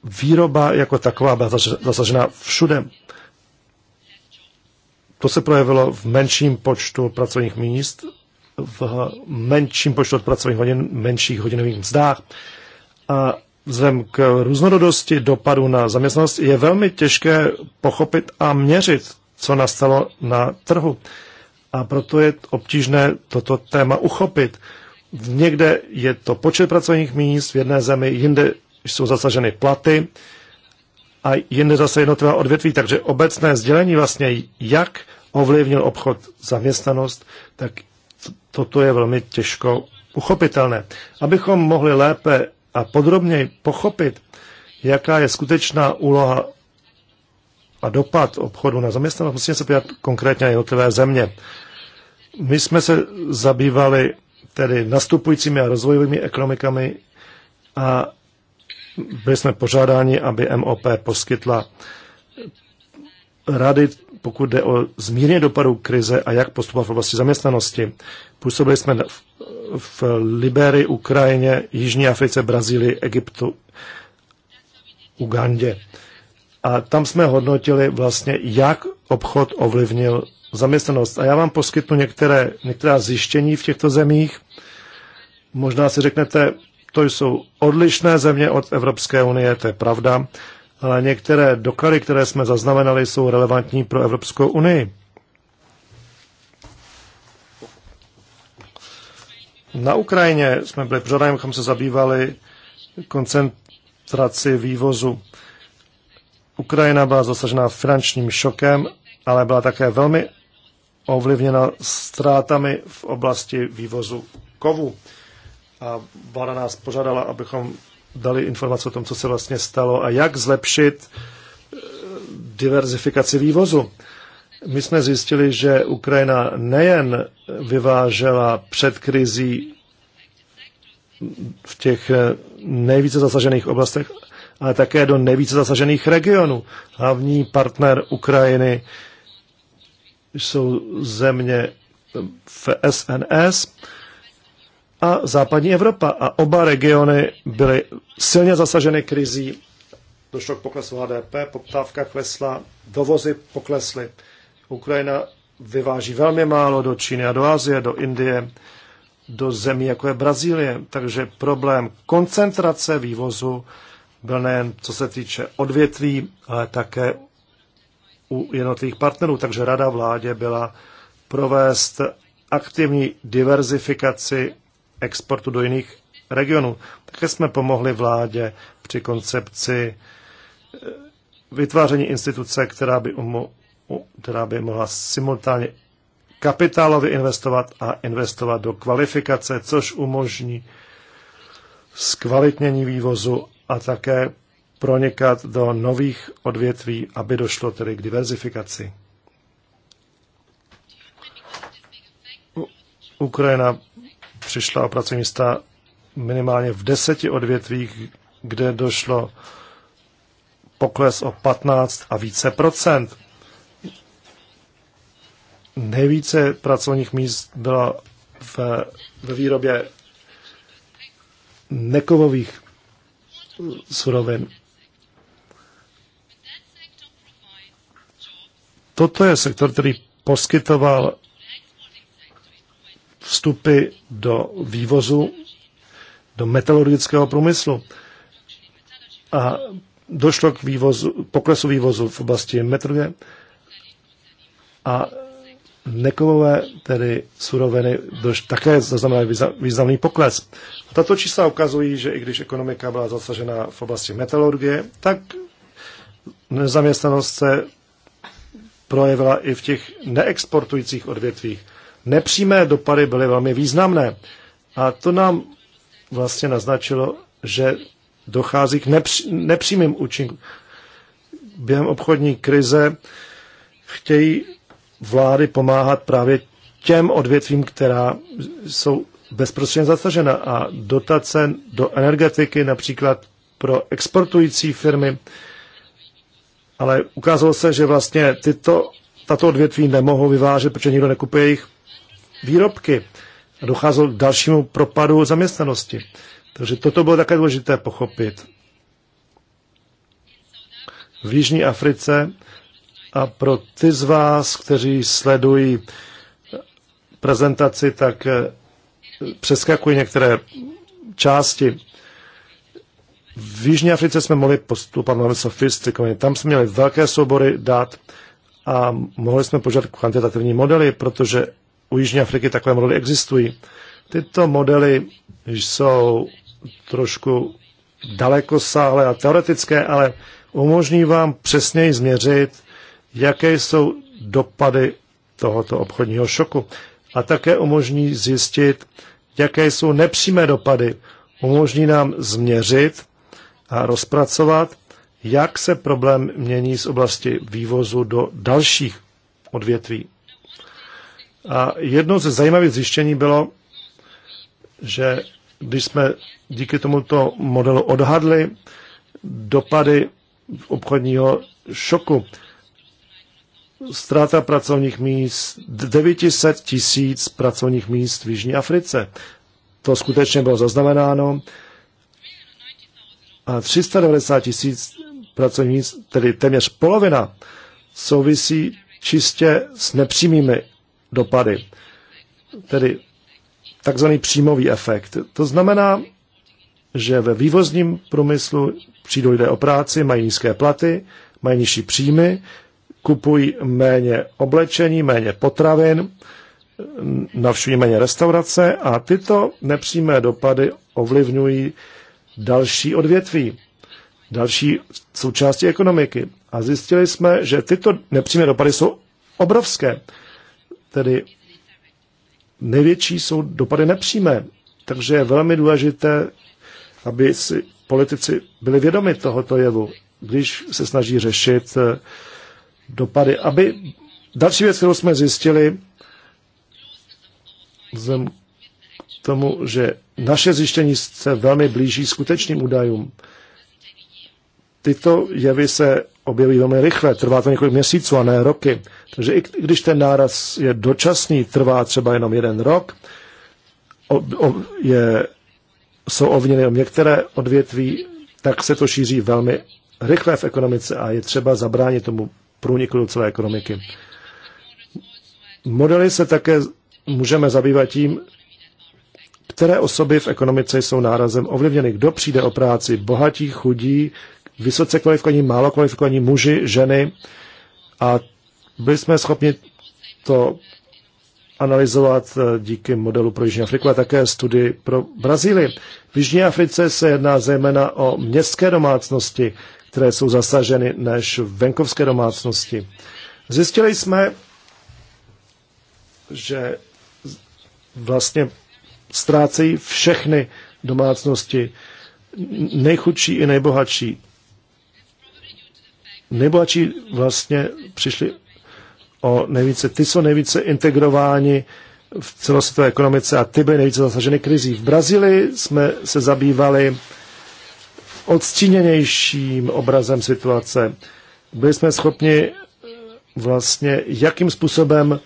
výroba jako taková byla zasažena všude. To se projevilo v menším počtu pracovních míst, v menším počtu pracovních hodin, menších hodinových mzdách a vzhledem k různorodosti dopadu na zaměstnanost je velmi těžké pochopit a měřit, co nastalo na trhu. A proto je obtížné toto téma uchopit. Někde je to počet pracovních míst, v jedné zemi jinde jsou zasaženy platy a jinde zase jednotlivá odvětví. Takže obecné sdělení vlastně, jak ovlivnil obchod zaměstnanost, tak toto je velmi těžko uchopitelné. Abychom mohli lépe a podrobněji pochopit, jaká je skutečná úloha a dopad obchodu na zaměstnanost, musíme se podívat konkrétně na jednotlivé země. My jsme se zabývali tedy nastupujícími a rozvojovými ekonomikami a byli jsme požádáni, aby MOP poskytla rady pokud jde o zmírně dopadu krize a jak postupovat v oblasti zaměstnanosti. Působili jsme v, v Liberii, Ukrajině, Jižní Africe, Brazílii, Egyptu, Ugandě. A tam jsme hodnotili vlastně, jak obchod ovlivnil zaměstnanost. A já vám poskytnu některé, některá zjištění v těchto zemích. Možná si řeknete, to jsou odlišné země od Evropské unie, to je pravda, ale některé doklady, které jsme zaznamenali, jsou relevantní pro Evropskou unii. Na Ukrajině jsme byli pořádajem, kam se zabývali koncentraci vývozu. Ukrajina byla zasažena finančním šokem, ale byla také velmi ovlivněna ztrátami v oblasti vývozu kovu. A vláda nás požádala, abychom dali informace o tom, co se vlastně stalo a jak zlepšit eh, diverzifikaci vývozu. My jsme zjistili, že Ukrajina nejen vyvážela před krizí v těch eh, nejvíce zasažených oblastech, ale také do nejvíce zasažených regionů. Hlavní partner Ukrajiny jsou země v SNS a západní Evropa. A oba regiony byly silně zasaženy krizí. Došlo k poklesu HDP, poptávka klesla, dovozy poklesly. Ukrajina vyváží velmi málo do Číny a do Asie, do Indie, do zemí jako je Brazílie. Takže problém koncentrace vývozu byl nejen co se týče odvětví, ale také u jednotlivých partnerů. Takže rada vládě byla provést aktivní diverzifikaci exportu do jiných regionů. Také jsme pomohli vládě při koncepci eh, vytváření instituce, která by, umo, která by mohla simultánně kapitálově investovat a investovat do kvalifikace, což umožní zkvalitnění vývozu a také pronikat do nových odvětví, aby došlo tedy k diverzifikaci. Ukrajina přišla o pracovní místa minimálně v deseti odvětvích, kde došlo pokles o 15 a více procent. Nejvíce pracovních míst bylo v, ve výrobě nekovových surovin. Toto je sektor, který poskytoval vstupy do vývozu do metalurgického průmyslu. A došlo k vývozu, poklesu vývozu v oblasti metrově a nekovové, tedy suroviny, doš, také zaznamenaly významný pokles. Tato čísla ukazují, že i když ekonomika byla zasažena v oblasti metalurgie, tak nezaměstnanost se projevila i v těch neexportujících odvětvích nepřímé dopady byly velmi významné. A to nám vlastně naznačilo, že dochází k nepří, nepřímým účinkům. Během obchodní krize chtějí vlády pomáhat právě těm odvětvím, která jsou bezprostředně zasažena a dotace do energetiky například pro exportující firmy, ale ukázalo se, že vlastně tyto, tato odvětví nemohou vyvážet, protože nikdo nekupuje jejich výrobky a docházelo k dalšímu propadu zaměstnanosti. Takže toto bylo také důležité pochopit. V Jižní Africe a pro ty z vás, kteří sledují prezentaci, tak eh, přeskakují některé části. V Jižní Africe jsme mohli postupovat velmi sofistikovaně. Tam jsme měli velké soubory dat a mohli jsme požádat kvantitativní modely, protože u Jižní Afriky takové modely existují. Tyto modely jsou trošku dalekosáhlé a teoretické, ale umožní vám přesněji změřit, jaké jsou dopady tohoto obchodního šoku. A také umožní zjistit, jaké jsou nepřímé dopady. Umožní nám změřit a rozpracovat, jak se problém mění z oblasti vývozu do dalších odvětví. A jedno ze zajímavých zjištění bylo, že když jsme díky tomuto modelu odhadli dopady obchodního šoku, ztráta pracovních míst, 900 tisíc pracovních míst v Jižní Africe. To skutečně bylo zaznamenáno. A 390 tisíc pracovních míst, tedy téměř polovina, souvisí čistě s nepřímými dopady. Tedy takzvaný příjmový efekt. To znamená, že ve vývozním průmyslu přijdou lidé o práci, mají nízké platy, mají nižší příjmy, kupují méně oblečení, méně potravin, navštěvují méně restaurace a tyto nepřímé dopady ovlivňují další odvětví, další součásti ekonomiky. A zjistili jsme, že tyto nepřímé dopady jsou obrovské. Tedy největší jsou dopady nepřímé, takže je velmi důležité, aby si politici byli vědomi tohoto jevu, když se snaží řešit eh, dopady. Aby další věc, kterou jsme zjistili, vzhledem k tomu, že naše zjištění se velmi blíží skutečným údajům, tyto jevy se objeví velmi rychle, trvá to několik měsíců a ne roky. Takže i když ten náraz je dočasný, trvá třeba jenom jeden rok, o, o, je, jsou ovněny o některé odvětví, tak se to šíří velmi rychle v ekonomice a je třeba zabránit tomu průniku do celé ekonomiky. Modely se také můžeme zabývat tím, které osoby v ekonomice jsou nárazem ovlivněny, kdo přijde o práci, bohatí, chudí, vysoce kvalifikovaní, málo kvalifikovaní muži, ženy a byli jsme schopni to analyzovat eh, díky modelu pro Jižní Afriku a také studii pro Brazílii. V Jižní Africe se jedná zejména o městské domácnosti, které jsou zasaženy než venkovské domácnosti. Zjistili jsme, že vlastně ztrácejí všechny domácnosti, nejchudší i nejbohatší nejbohatší vlastně přišli o nejvíce, ty jsou nejvíce integrováni v celosvětové ekonomice a ty byly nejvíce zasaženy krizí. V Brazílii jsme se zabývali odstíněnějším obrazem situace. Byli jsme schopni eh, vlastně, jakým způsobem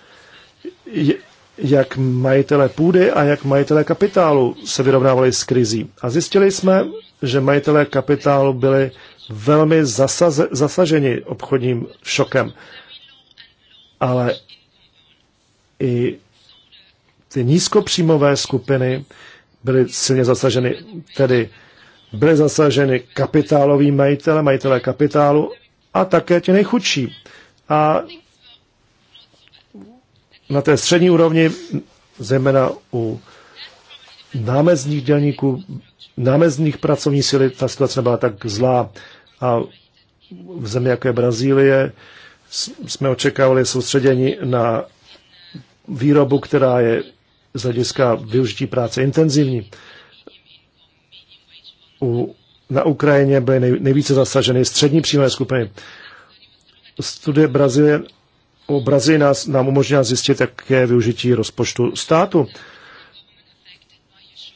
jak majitele půdy a jak majitele kapitálu se vyrovnávali s krizí. A zjistili jsme, že majitele kapitálu byli velmi zasaze, zasaženi obchodním šokem. Ale i ty nízkopříjmové skupiny byly silně zasaženy, tedy byly zasaženy kapitáloví majitele, majitele kapitálu a také ti nejchudší. A na té střední úrovni, zejména u námezních dělníků, námezních pracovní síly, ta situace nebyla tak zlá. A v zemi, jako je Brazílie, jsme očekávali soustředění na výrobu, která je z hlediska využití práce intenzivní. U, na Ukrajině byly nej, nejvíce zasaženy střední příjmové skupiny. Studie Brazílie, o Brazílii nás, nám umožnila zjistit, jaké je využití rozpočtu státu.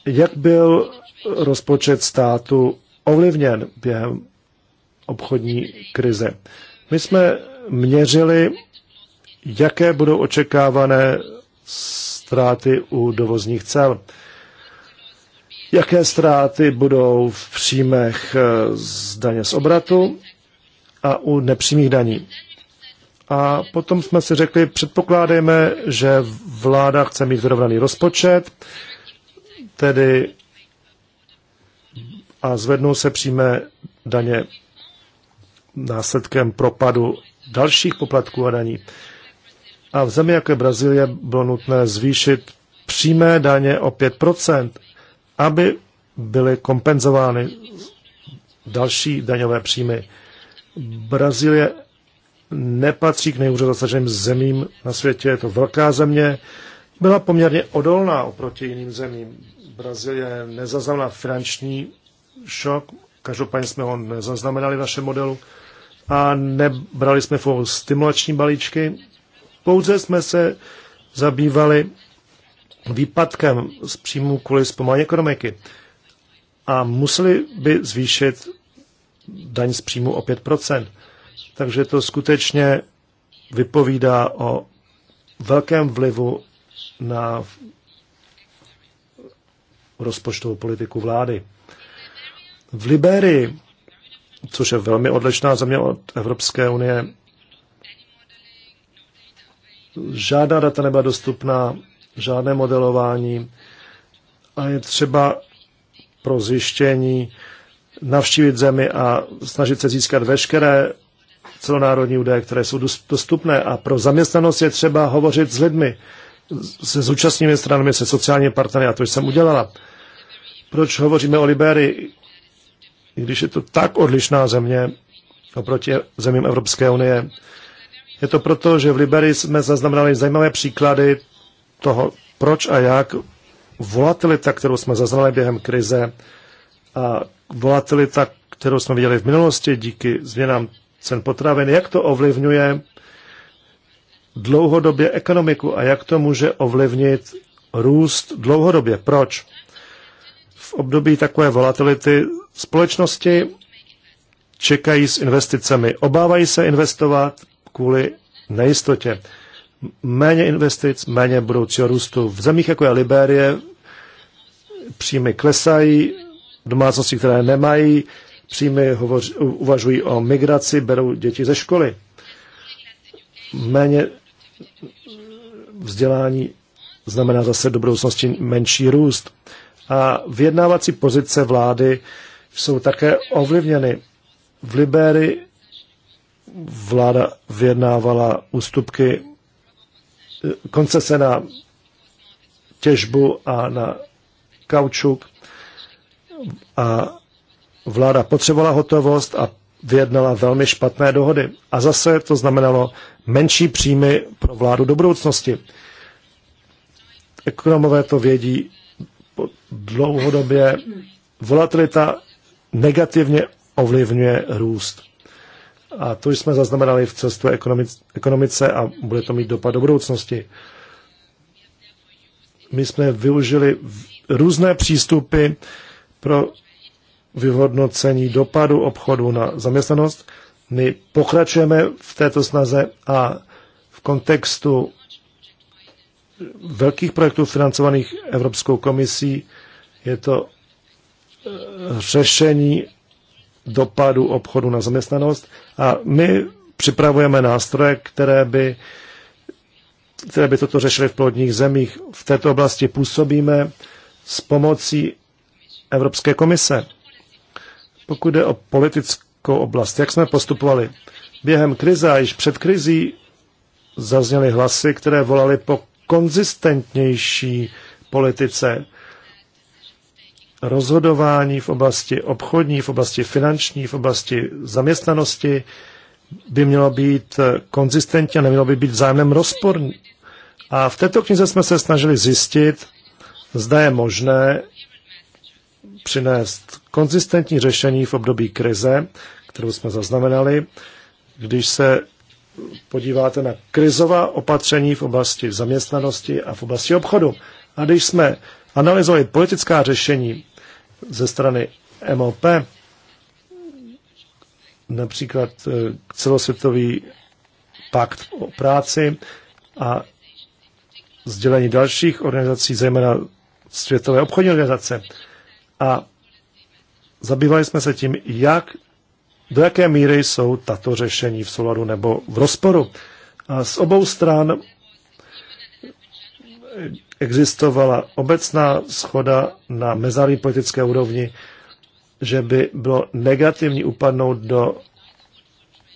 Jak byl rozpočet státu ovlivněn během obchodní krize. My jsme měřili, jaké budou očekávané ztráty u dovozních cel. Jaké ztráty budou v příjmech eh, z daně z obratu a u nepřímých daní. A potom jsme si řekli, předpokládejme, že vláda chce mít vyrovnaný rozpočet, tedy a zvednou se přímé daně následkem propadu dalších poplatků a daní. A v zemi jako je Brazílie bylo nutné zvýšit přímé daně o 5%, aby byly kompenzovány další daňové příjmy. Brazílie nepatří k nejhůře zasaženým zemím na světě, je to velká země, byla poměrně odolná oproti jiným zemím. Brazílie nezaznamenala finanční šok, každopádně jsme ho nezaznamenali v našem modelu, a nebrali jsme v stimulační balíčky. Pouze jsme se zabývali výpadkem z příjmu kvůli zpomalení ekonomiky a museli by zvýšit daň z příjmu o 5%. Takže to skutečně vypovídá o velkém vlivu na rozpočtovou politiku vlády. V Liberii což je velmi odlišná země od Evropské unie. Žádná data nebyla dostupná, žádné modelování a je třeba pro zjištění navštívit zemi a snažit se získat veškeré celonárodní údaje, které jsou dostupné. A pro zaměstnanost je třeba hovořit s lidmi, se zúčastními stranami, se sociálními partnery, a to jsem udělala. Proč hovoříme o Liberii? i když je to tak odlišná země oproti zemím Evropské unie. Je to proto, že v Liberii jsme zaznamenali zajímavé příklady toho, proč a jak volatilita, kterou jsme zaznamenali během krize a volatilita, kterou jsme viděli v minulosti díky změnám cen potravin, jak to ovlivňuje dlouhodobě ekonomiku a jak to může ovlivnit růst dlouhodobě. Proč? v období takové volatility společnosti čekají s investicemi. Obávají se investovat kvůli nejistotě. Méně investic, méně budoucího růstu. V zemích jako je Liberie příjmy klesají, domácnosti, které nemají příjmy, hovoř, uvažují o migraci, berou děti ze školy. Méně vzdělání znamená zase do budoucnosti menší růst a vyjednávací pozice vlády jsou také ovlivněny. V Liberii vláda vyjednávala ústupky koncese na těžbu a na kaučuk a vláda potřebovala hotovost a vyjednala velmi špatné dohody. A zase to znamenalo menší příjmy pro vládu do budoucnosti. Ekonomové to vědí, dlouhodobě volatilita negativně ovlivňuje růst. A to jsme zaznamenali v celstvé ekonomice a bude to mít dopad do budoucnosti. My jsme využili různé přístupy pro vyhodnocení dopadu obchodu na zaměstnanost. My pokračujeme v této snaze a v kontextu velkých projektů financovaných Evropskou komisí je to eh, řešení dopadu obchodu na zaměstnanost a my připravujeme nástroje, které by, které by toto řešily v plodních zemích. V této oblasti působíme s pomocí Evropské komise. Pokud jde o politickou oblast, jak jsme postupovali? Během krize a již před krizí zazněly hlasy, které volaly po konzistentnější politice rozhodování v oblasti obchodní, v oblasti finanční, v oblasti zaměstnanosti by mělo být konzistentně, nemělo by být vzájemném rozporní. A v této knize jsme se snažili zjistit, zda je možné přinést konzistentní řešení v období krize, kterou jsme zaznamenali, když se podíváte na krizová opatření v oblasti zaměstnanosti a v oblasti obchodu. A když jsme analyzovali politická řešení ze strany MOP, například eh, celosvětový pakt o práci a sdělení dalších organizací, zejména Světové obchodní organizace. A zabývali jsme se tím, jak do jaké míry jsou tato řešení v souladu nebo v rozporu. A z obou stran existovala obecná schoda na mezinárodní politické úrovni, že by bylo negativní upadnout do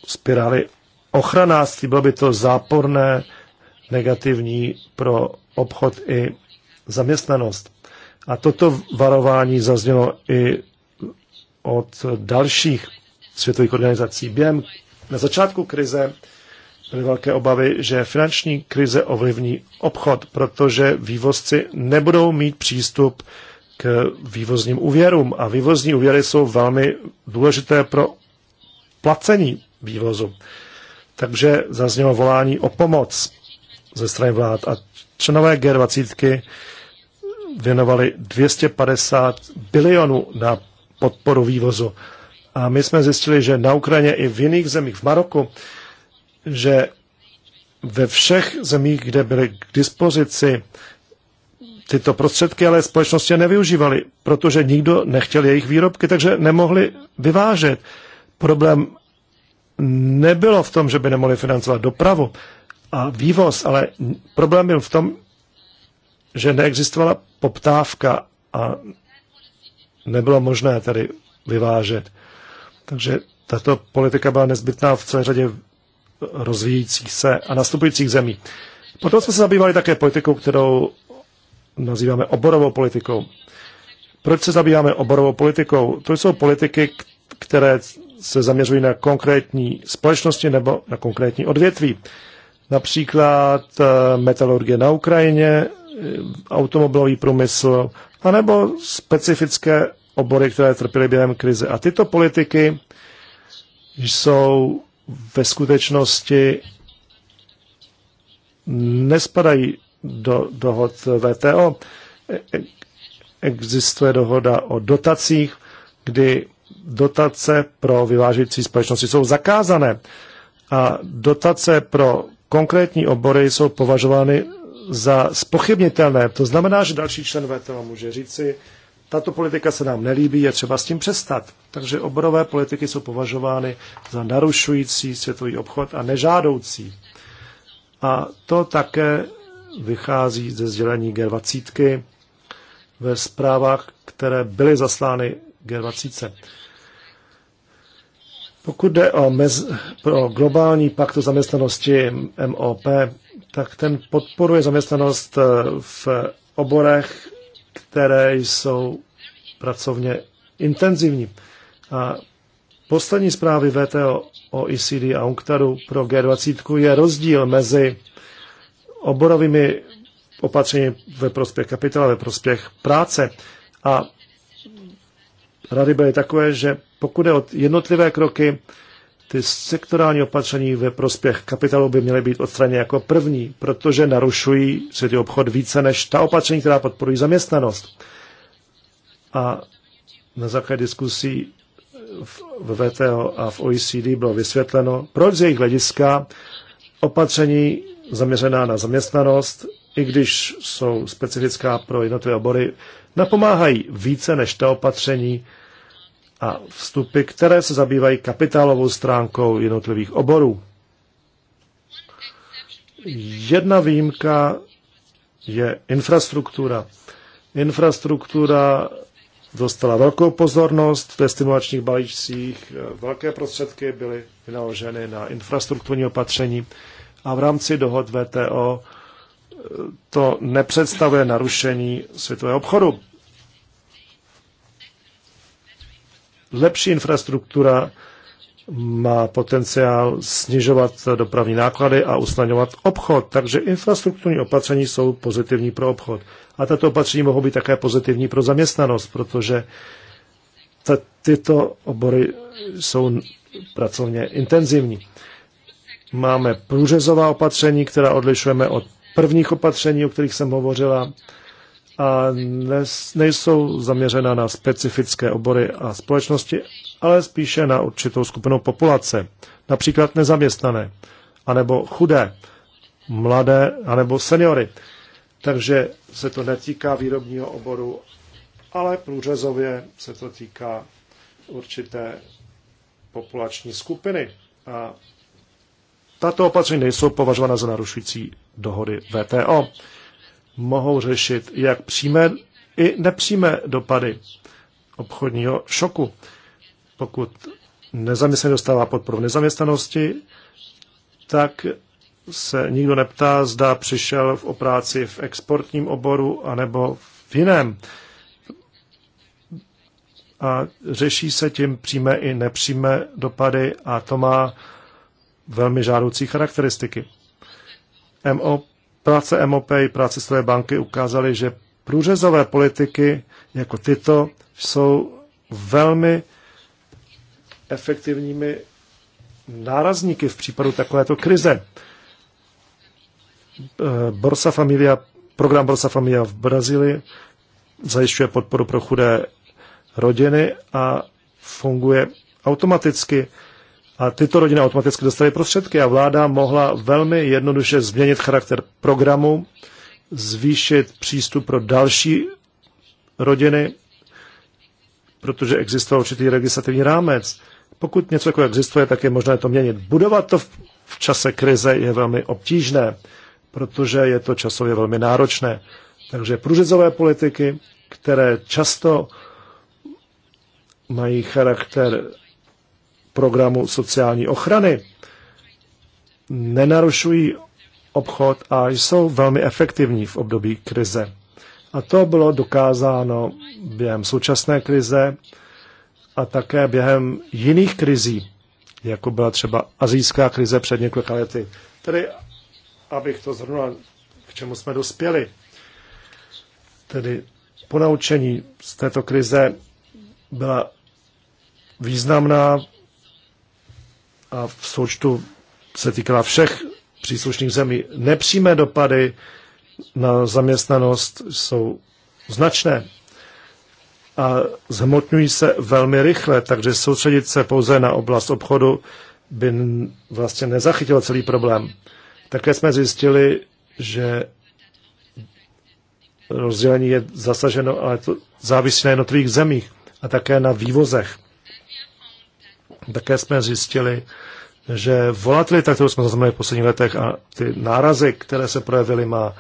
spirály ochranáctví. Bylo by to záporné, negativní pro obchod i zaměstnanost. A toto varování zaznělo i od dalších světových organizací. Během na začátku krize byly velké obavy, že finanční krize ovlivní obchod, protože vývozci nebudou mít přístup k vývozním úvěrům. A vývozní úvěry jsou velmi důležité pro placení vývozu. Takže zaznělo volání o pomoc ze strany vlád a členové G20 věnovali 250 bilionů na podporu vývozu. A my jsme zjistili, že na Ukrajině i v jiných zemích, v Maroku, že ve všech zemích, kde byly k dispozici tyto prostředky, ale společnosti je nevyužívaly, protože nikdo nechtěl jejich výrobky, takže nemohli vyvážet. Problém nebylo v tom, že by nemohli financovat dopravu a vývoz, ale problém byl v tom, že neexistovala poptávka a nebylo možné tady vyvážet. Takže tato politika byla nezbytná v celé řadě rozvíjících se a nastupujících zemí. Potom jsme se zabývali také politikou, kterou nazýváme oborovou politikou. Proč se zabýváme oborovou politikou? To jsou politiky, které se zaměřují na konkrétní společnosti nebo na konkrétní odvětví. Například eh, metalurgie na Ukrajině, eh, automobilový průmysl, anebo specifické obory, které trpěly během krize. A tyto politiky jsou ve skutečnosti nespadají do dohod VTO. Existuje dohoda o dotacích, kdy dotace pro vyvážející společnosti jsou zakázané a dotace pro konkrétní obory jsou považovány za spochybnitelné. To znamená, že další člen VTO může říci, tato politika se nám nelíbí, je třeba s tím přestat. Takže oborové politiky jsou považovány za narušující světový obchod a nežádoucí. A to také vychází ze sdělení G20 ve zprávách, které byly zaslány G20. Pokud jde o mez, pro globální pakt o zaměstnanosti MOP, tak ten podporuje zaměstnanost v oborech, které jsou pracovně intenzivní. A poslední zprávy VTO o ECD a UNCTADu pro G20 je rozdíl mezi oborovými opatřeními ve prospěch kapitala, ve prospěch práce. A rady byly takové, že pokud je o jednotlivé kroky, ty sektorální opatření ve prospěch kapitálu by měly být odstraněny jako první, protože narušují světý obchod více než ta opatření, která podporují zaměstnanost. A na základě diskusí v VTO a v OECD bylo vysvětleno, proč z jejich hlediska opatření zaměřená na zaměstnanost, i když jsou specifická pro jednotlivé obory, napomáhají více než ta opatření, a vstupy, které se zabývají kapitálovou stránkou jednotlivých oborů. Jedna výjimka je infrastruktura. Infrastruktura dostala velkou pozornost v stimulačních balíčcích. Velké prostředky byly vynaloženy na infrastrukturní opatření a v rámci dohod VTO to nepředstavuje narušení světového obchodu. Lepší infrastruktura má potenciál snižovat dopravní náklady a usnadňovat obchod. Takže infrastrukturní opatření jsou pozitivní pro obchod. A tato opatření mohou být také pozitivní pro zaměstnanost, protože tyto obory jsou pracovně intenzivní. Máme průřezová opatření, která odlišujeme od prvních opatření, o kterých jsem hovořila a nejsou zaměřena na specifické obory a společnosti, ale spíše na určitou skupinu populace, například nezaměstnané, anebo chudé, mladé, anebo seniory. Takže se to netýká výrobního oboru, ale průřezově se to týká určité populační skupiny. A tato opatření nejsou považována za narušující dohody VTO mohou řešit jak přímé i nepřímé dopady obchodního šoku. Pokud nezaměstnaný dostává podporu v nezaměstnanosti, tak se nikdo neptá, zda přišel v práci v exportním oboru anebo v jiném. A řeší se tím přímé i nepřímé dopady a to má velmi žádoucí charakteristiky. Mo Práce MOP i práce své banky ukázaly, že průřezové politiky jako tyto jsou velmi efektivními nárazníky v případu takovéto krize. Borsa Familia, program Borsa Familia v Brazílii zajišťuje podporu pro chudé rodiny a funguje automaticky a tyto rodiny automaticky dostaly prostředky a vláda mohla velmi jednoduše změnit charakter programu, zvýšit přístup pro další rodiny, protože existoval určitý legislativní rámec. Pokud něco jako existuje, tak je možné to měnit. Budovat to v čase krize je velmi obtížné, protože je to časově velmi náročné. Takže průřezové politiky, které často mají charakter programu sociální ochrany, nenarušují obchod a jsou velmi efektivní v období krize. A to bylo dokázáno během současné krize a také během jiných krizí, jako byla třeba azijská krize před několika lety. Tedy, abych to zhrnul, k čemu jsme dospěli. Tedy ponaučení z této krize byla významná a v součtu se týkala všech příslušných zemí. Nepřímé dopady na zaměstnanost jsou značné a zhmotňují se velmi rychle, takže soustředit se pouze na oblast obchodu by vlastně nezachytilo celý problém. Také jsme zjistili, že rozdělení je zasaženo, ale to závisí na jednotlivých zemích a také na vývozech. Také jsme zjistili, že volatilita, kterou jsme zaznamenali v posledních letech a ty nárazy, které se projevily, má,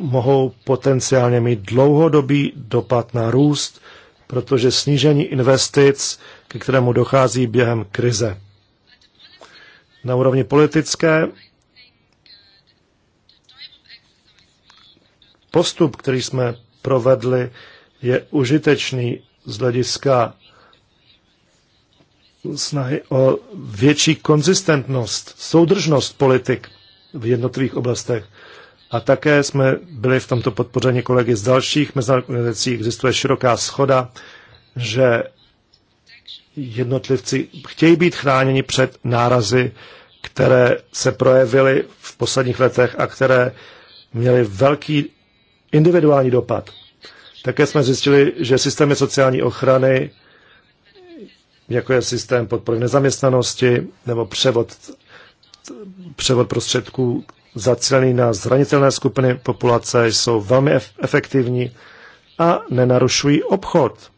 mohou potenciálně mít dlouhodobý dopad na růst, protože snížení investic, ke kterému dochází během krize. Na úrovni politické postup, který jsme provedli, je užitečný z hlediska snahy o větší konzistentnost, soudržnost politik v jednotlivých oblastech. A také jsme byli v tomto podpoření kolegy z dalších mezinárodních organizací. Existuje široká schoda, že jednotlivci chtějí být chráněni před nárazy, které se projevily v posledních letech a které měly velký individuální dopad. Také jsme zjistili, že systémy sociální ochrany jako je systém podpory nezaměstnanosti nebo převod, převod prostředků zacílený na zranitelné skupiny populace, jsou velmi efektivní a nenarušují obchod.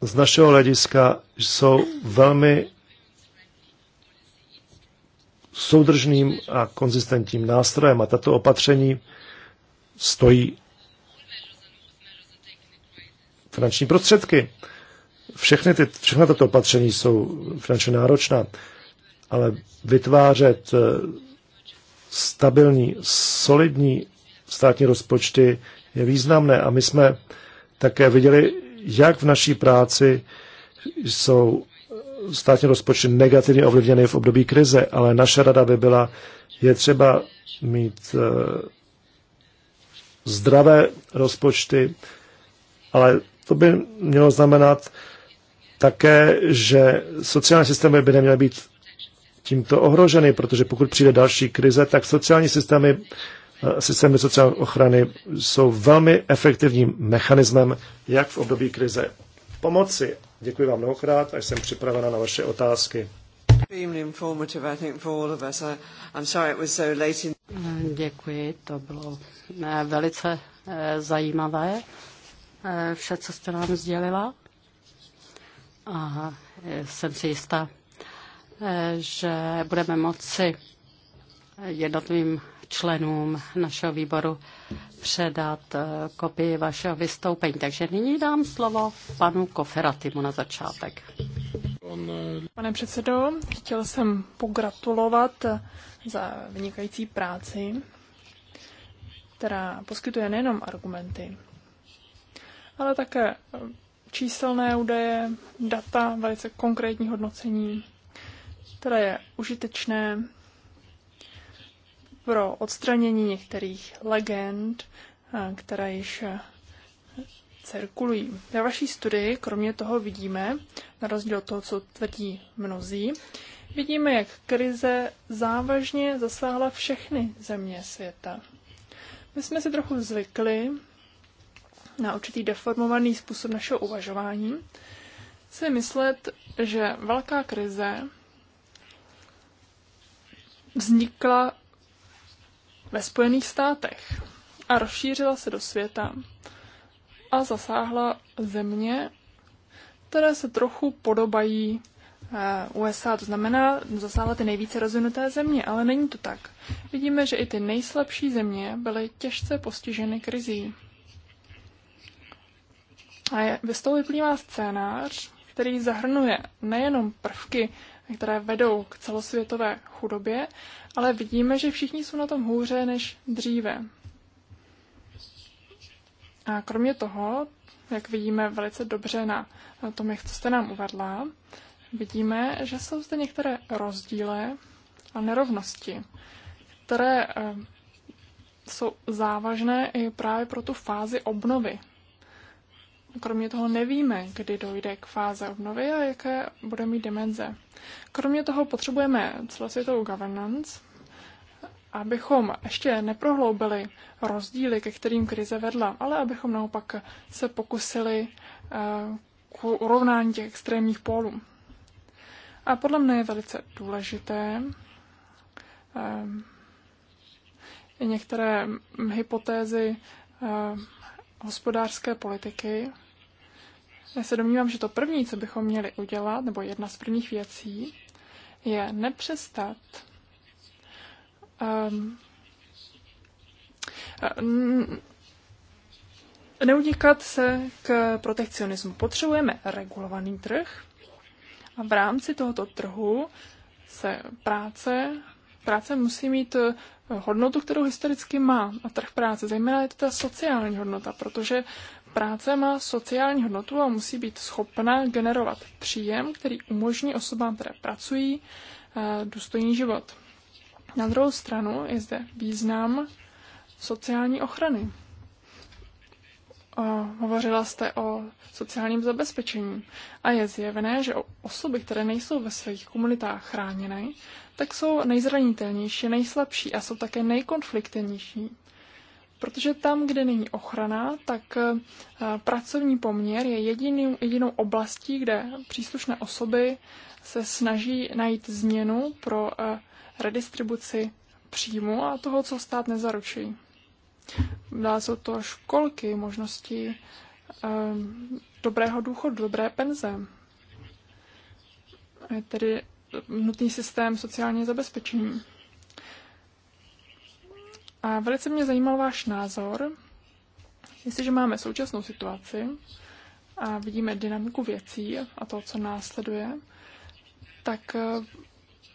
Z našeho hlediska jsou velmi soudržným a konzistentním nástrojem a tato opatření stojí finanční prostředky. Všechny ty, všechna tato opatření jsou finančně náročná, ale vytvářet eh, stabilní, solidní státní rozpočty je významné. A my jsme také viděli, jak v naší práci jsou eh, státní rozpočty negativně ovlivněny v období krize, ale naše rada by byla, je třeba mít eh, zdravé rozpočty, ale to by mělo znamenat, také, že sociální systémy by neměly být tímto ohroženy, protože pokud přijde další krize, tak sociální systémy, eh, systémy sociální ochrany jsou velmi efektivním mechanismem, jak v období krize pomoci. Děkuji vám mnohokrát a jsem připravena na vaše otázky. Děkuji, to bylo eh, velice eh, zajímavé, vše, co jste nám sdělila a e, jsem si jistá, e, že budeme moci jednotlivým členům našeho výboru předat e, kopii vašeho vystoupení. Takže nyní dám slovo panu Koferatimu na začátek. Pane předsedo, chtěl jsem pogratulovat za vynikající práci, která poskytuje nejenom argumenty, ale také číselné údaje, data, velice konkrétní hodnocení, které je užitečné pro odstranění některých legend, eh, které již eh, cirkulují. Ve vaší studii kromě toho vidíme, na rozdíl od toho, co tvrdí mnozí, vidíme, jak krize závažně zasáhla všechny země světa. My jsme si trochu zvykli na určitý deformovaný způsob našeho uvažování, si myslet, že velká krize vznikla ve Spojených státech a rozšířila se do světa a zasáhla země, které se trochu podobají eh, USA, to znamená zasáhla ty nejvíce rozvinuté země, ale není to tak. Vidíme, že i ty nejslabší země byly těžce postiženy krizí. A je, z toho vyplývá scénář, který zahrnuje nejenom prvky, které vedou k celosvětové chudobě, ale vidíme, že všichni jsou na tom hůře než dříve. A kromě toho, jak vidíme velice dobře na tom, jak jste nám uvedla, vidíme, že jsou zde některé rozdíly a nerovnosti, které eh, jsou závažné i právě pro tu fázi obnovy Kromě toho nevíme, kdy dojde k fáze obnovy a jaké bude mít dimenze. Kromě toho potřebujeme celosvětovou governance, abychom ještě neprohloubili rozdíly, ke kterým krize vedla, ale abychom naopak se pokusili eh, k urovnání těch extrémních pólů. A podle mne je velice důležité eh, i některé hypotézy eh, hospodářské politiky, já se domnívám, že to první, co bychom měli udělat, nebo jedna z prvních věcí, je nepřestat um, ehm, neunikat se k protekcionismu. Potřebujeme regulovaný trh a v rámci tohoto trhu se práce, práce musí mít eh, hodnotu, kterou historicky má a trh práce. Zejména je to ta sociální hodnota, protože Práce má sociální hodnotu a musí být schopna generovat příjem, který umožní osobám, které pracují, eh, důstojný život. Na druhou stranu je zde význam sociální ochrany. Hovořila jste o sociálním zabezpečení a je zjevné, že osoby, které nejsou ve svých komunitách chráněné, tak jsou nejzranitelnější, nejslabší a jsou také nejkonfliktnější. Protože tam, kde není ochrana, tak eh, pracovní poměr je jediný, jedinou oblastí, kde příslušné osoby se snaží najít změnu pro eh, redistribuci příjmu a toho, co stát nezaručí. Dále jsou to školky, možnosti eh, dobrého důchodu, dobré penze. Je tedy nutný systém sociálního zabezpečení. A velice mě zajímal váš názor, jestliže máme současnou situaci a vidíme dynamiku věcí a to, co následuje, tak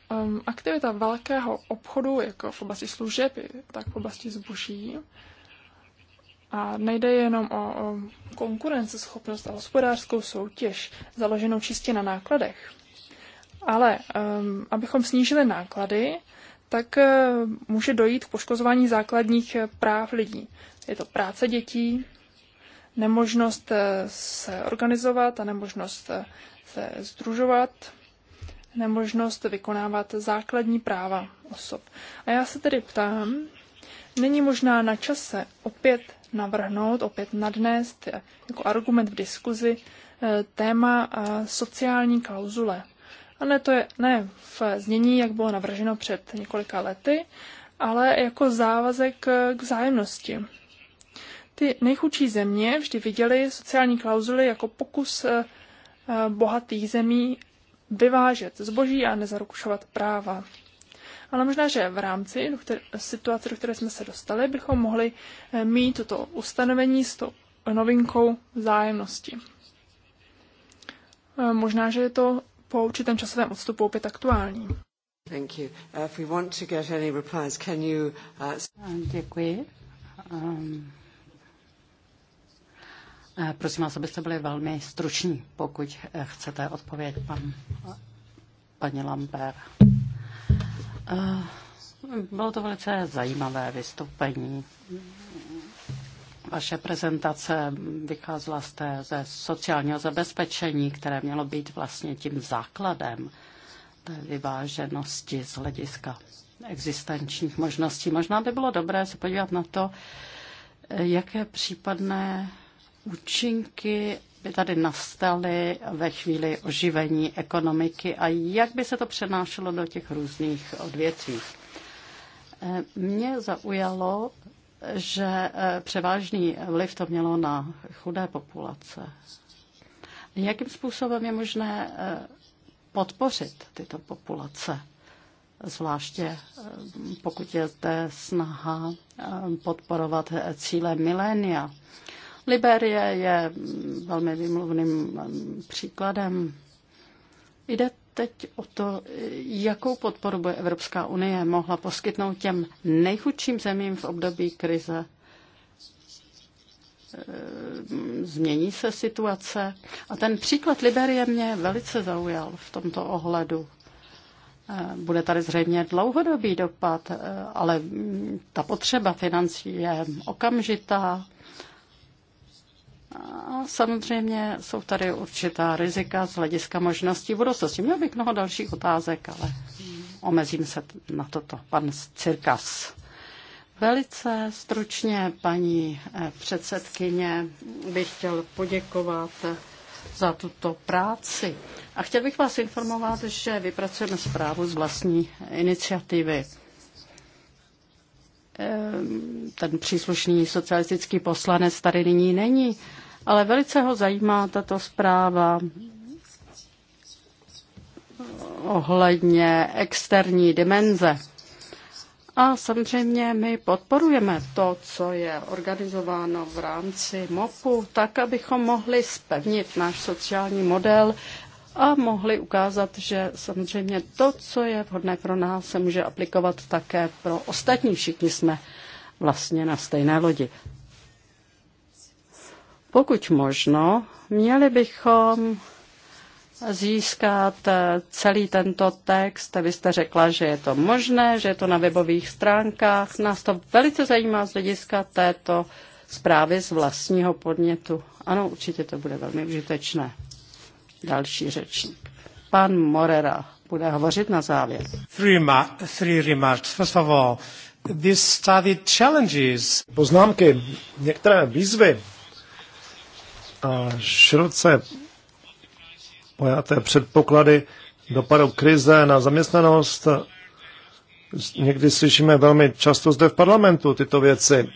um, aktivita velkého obchodu, jako v oblasti služeb, tak v oblasti zboží, a nejde jenom o, o konkurenceschopnost a hospodářskou soutěž, založenou čistě na nákladech. Ale um, abychom snížili náklady, tak eh, může dojít k poškozování základních eh, práv lidí. Je to práce dětí, nemožnost eh, se organizovat a nemožnost se združovat, nemožnost vykonávat základní práva osob. A já se tedy ptám, není možná na čase opět navrhnout, opět nadnést jako argument v diskuzi téma sociální klauzule a ne to je ne v znění, jak bylo navrženo před několika lety, ale jako závazek k vzájemnosti. Ty nejchudší země vždy viděly sociální klauzuly jako pokus eh, eh, bohatých zemí vyvážet zboží a nezarukušovat práva. Ale možná, že v rámci do které, situace, do které jsme se dostali, bychom mohli eh, mít toto ustanovení s tou novinkou vzájemnosti. Možná, že je to po určitém časovém odstupu opět aktuální. Thank you. Uh, if we want to get any replies, can you, uh, uh, Děkuji. Um, prosím vás, abyste byli velmi struční, pokud chcete odpověď, pan, paní Lamper. Bylo to velice zajímavé vystoupení. Vaše prezentace vycházela z ze sociálního zabezpečení, které mělo být vlastně tím základem té vyváženosti z hlediska existenčních možností. Možná by bylo dobré se podívat na to, jaké případné účinky by tady nastaly ve chvíli oživení ekonomiky a jak by se to přenášelo do těch různých odvětví. Mě zaujalo, že eh, převážný vliv to mělo na chudé populace. Jakým způsobem je možné eh, podpořit tyto populace? Zvláště eh, pokud je zde snaha podporovat cíle milénia. Liberie je mm, velmi výmluvným mm, příkladem. Jde teď o to, jakou podporu by Evropská unie mohla poskytnout těm nejchudším zemím v období krize. Eh, změní se situace. A ten příklad Liberie mě velice zaujal v tomto ohledu. Eh, bude tady zřejmě dlouhodobý dopad, eh, ale ta potřeba financí je okamžitá samozřejmě jsou tady určitá rizika z hlediska možností budoucnosti. Měl bych mnoho dalších otázek, ale omezím se na toto. Pan Cirkas. Velice stručně, paní eh, předsedkyně, bych chtěl poděkovat eh, za tuto práci. A chtěl bych vás informovat, že vypracujeme zprávu z vlastní iniciativy ten příslušný socialistický poslanec tady nyní není, ale velice ho zajímá tato zpráva ohledně externí dimenze. A samozřejmě my podporujeme to, co je organizováno v rámci MOPu, tak, abychom mohli spevnit náš sociální model a mohli ukázat, že samozřejmě to, co je vhodné pro nás, se může aplikovat také pro ostatní. Všichni jsme vlastně na stejné lodi. Pokud možno, měli bychom získat eh, celý tento text. Vy jste řekla, že je to možné, že je to na webových stránkách. Nás to velice zajímá z hlediska této zprávy z vlastního podnětu. Ano, určitě to bude velmi užitečné. Další řečník. Pan Morera bude hovořit na závěr. Poznámky, některé výzvy a široce pojaté předpoklady dopadu krize na zaměstnanost. Někdy slyšíme velmi často zde v parlamentu tyto věci.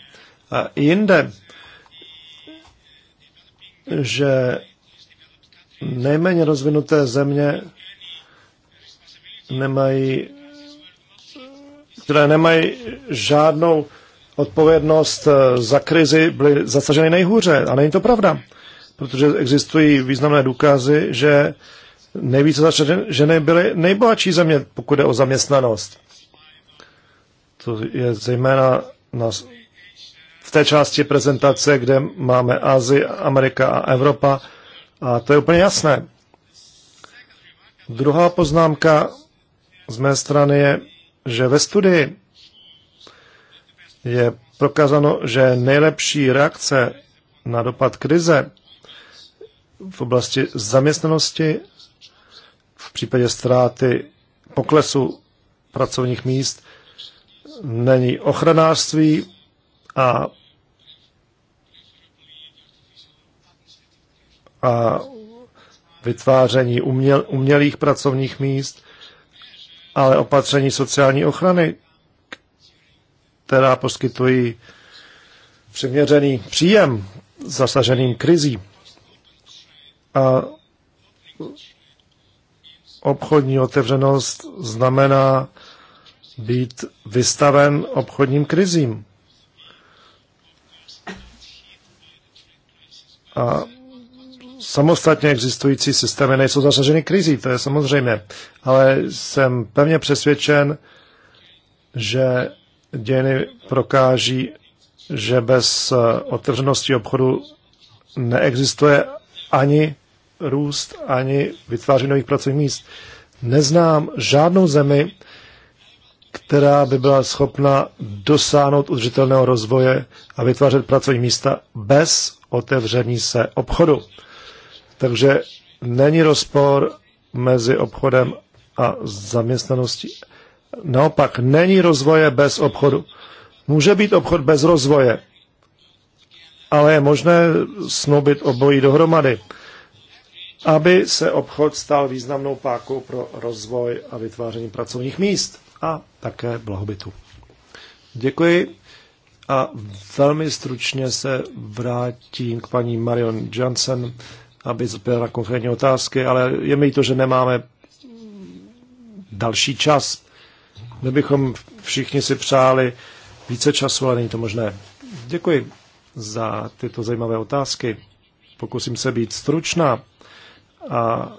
A jinde, že nejméně rozvinuté země nemají, které nemají žádnou odpovědnost eh, za krizi, byly zasaženy nejhůře. A není to pravda, protože existují významné důkazy, že nejvíce zasaženy byly nejbohatší země, pokud jde o zaměstnanost. To je zejména na, v té části prezentace, kde máme Azii, Amerika a Evropa, a to je úplně jasné. Druhá poznámka z mé strany je, že ve studii je prokázano, že nejlepší reakce na dopad krize v oblasti zaměstnanosti v případě ztráty poklesu pracovních míst není ochranářství a a vytváření uměl, umělých pracovních míst, ale opatření sociální ochrany, která poskytují přiměřený příjem zasaženým krizí a obchodní otevřenost znamená být vystaven obchodním krizím. A samostatně existující systémy nejsou zasaženy krizí, to je samozřejmě. Ale jsem pevně přesvědčen, že dějiny prokáží, že bez eh, otevřenosti obchodu neexistuje ani růst, ani vytváření nových pracovních míst. Neznám žádnou zemi, která by byla schopna dosáhnout udržitelného rozvoje a vytvářet pracovní místa bez otevření se obchodu. Takže není rozpor mezi obchodem a zaměstnaností. Naopak, není rozvoje bez obchodu. Může být obchod bez rozvoje, ale je možné snoubit obojí dohromady, aby se obchod stal významnou pákou pro rozvoj a vytváření pracovních míst a také blahobytu. Děkuji a velmi stručně se vrátím k paní Marion Johnson aby zpěl na konkrétní otázky, ale je mi to, že nemáme další čas. My bychom všichni si přáli více času, ale není to možné. Děkuji za tyto zajímavé otázky. Pokusím se být stručná a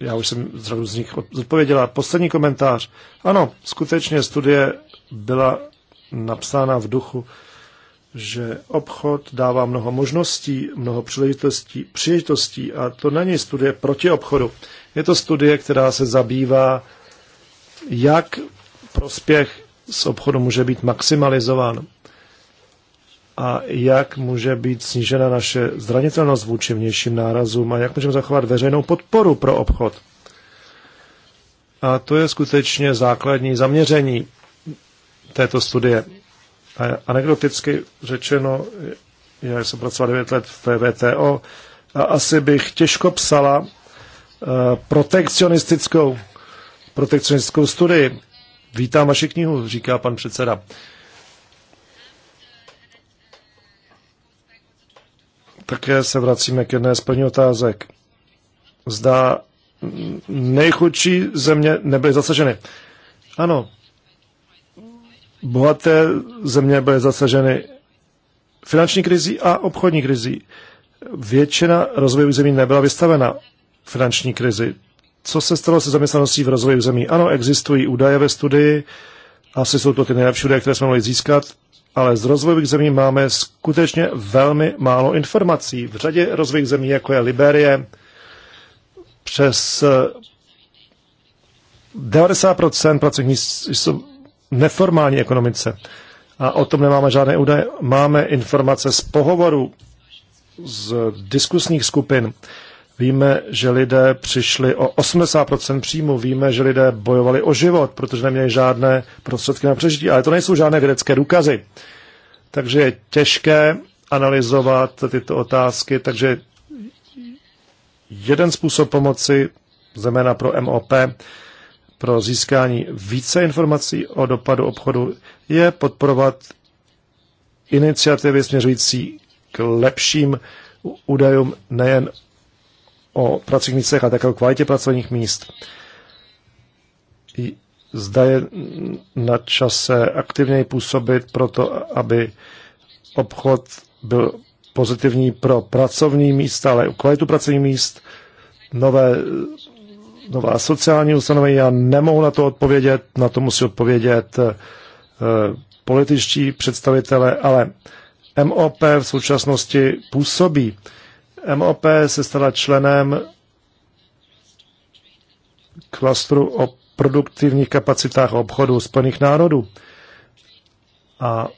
já už jsem z z nich odpověděla. Poslední komentář. Ano, skutečně studie byla napsána v duchu že obchod dává mnoho možností, mnoho příležitostí, příležitostí a to není studie proti obchodu. Je to studie, která se zabývá, jak prospěch z obchodu může být maximalizován a jak může být snížena naše zranitelnost vůči vnějším nárazům a jak můžeme zachovat veřejnou podporu pro obchod. A to je skutečně základní zaměření této studie. A anekdoticky řečeno, já jsem pracoval 9 let v VTO a asi bych těžko psala eh, protekcionistickou, protekcionistickou studii. Vítám vaši knihu, říká pan předseda. Také se vracíme k jedné z první otázek. Zda nejchudší země nebyly zasaženy. Ano, bohaté země byly zasaženy finanční krizí a obchodní krizí. Většina rozvojových zemí nebyla vystavena finanční krizi. Co se stalo se zaměstnaností v rozvoji zemí? Ano, existují údaje ve studii, asi jsou to ty nejlepší údaje, které jsme mohli získat, ale z rozvojových zemí máme skutečně velmi málo informací. V řadě rozvojových zemí, jako je Liberie, přes 90% pracovních míst jsou neformální ekonomice. A o tom nemáme žádné údaje. Máme informace z pohovoru z diskusních skupin. Víme, že lidé přišli o 80% příjmu, víme, že lidé bojovali o život, protože neměli žádné prostředky na přežití, ale to nejsou žádné vědecké důkazy. Takže je těžké analyzovat tyto otázky, takže jeden způsob pomoci, zejména pro MOP, pro získání více informací o dopadu obchodu je podporovat iniciativy směřující k lepším údajům nejen o pracovních místech, ale také o kvalitě pracovních míst. Zda je na čase aktivněji působit pro to, aby obchod byl pozitivní pro pracovní místa, ale i kvalitu pracovních míst, nové nová sociální ustanovení. Já nemohu na to odpovědět, na to musí odpovědět eh, političtí představitele, ale MOP v současnosti působí. MOP se stala členem klastru o produktivních kapacitách obchodu Spojených národů. A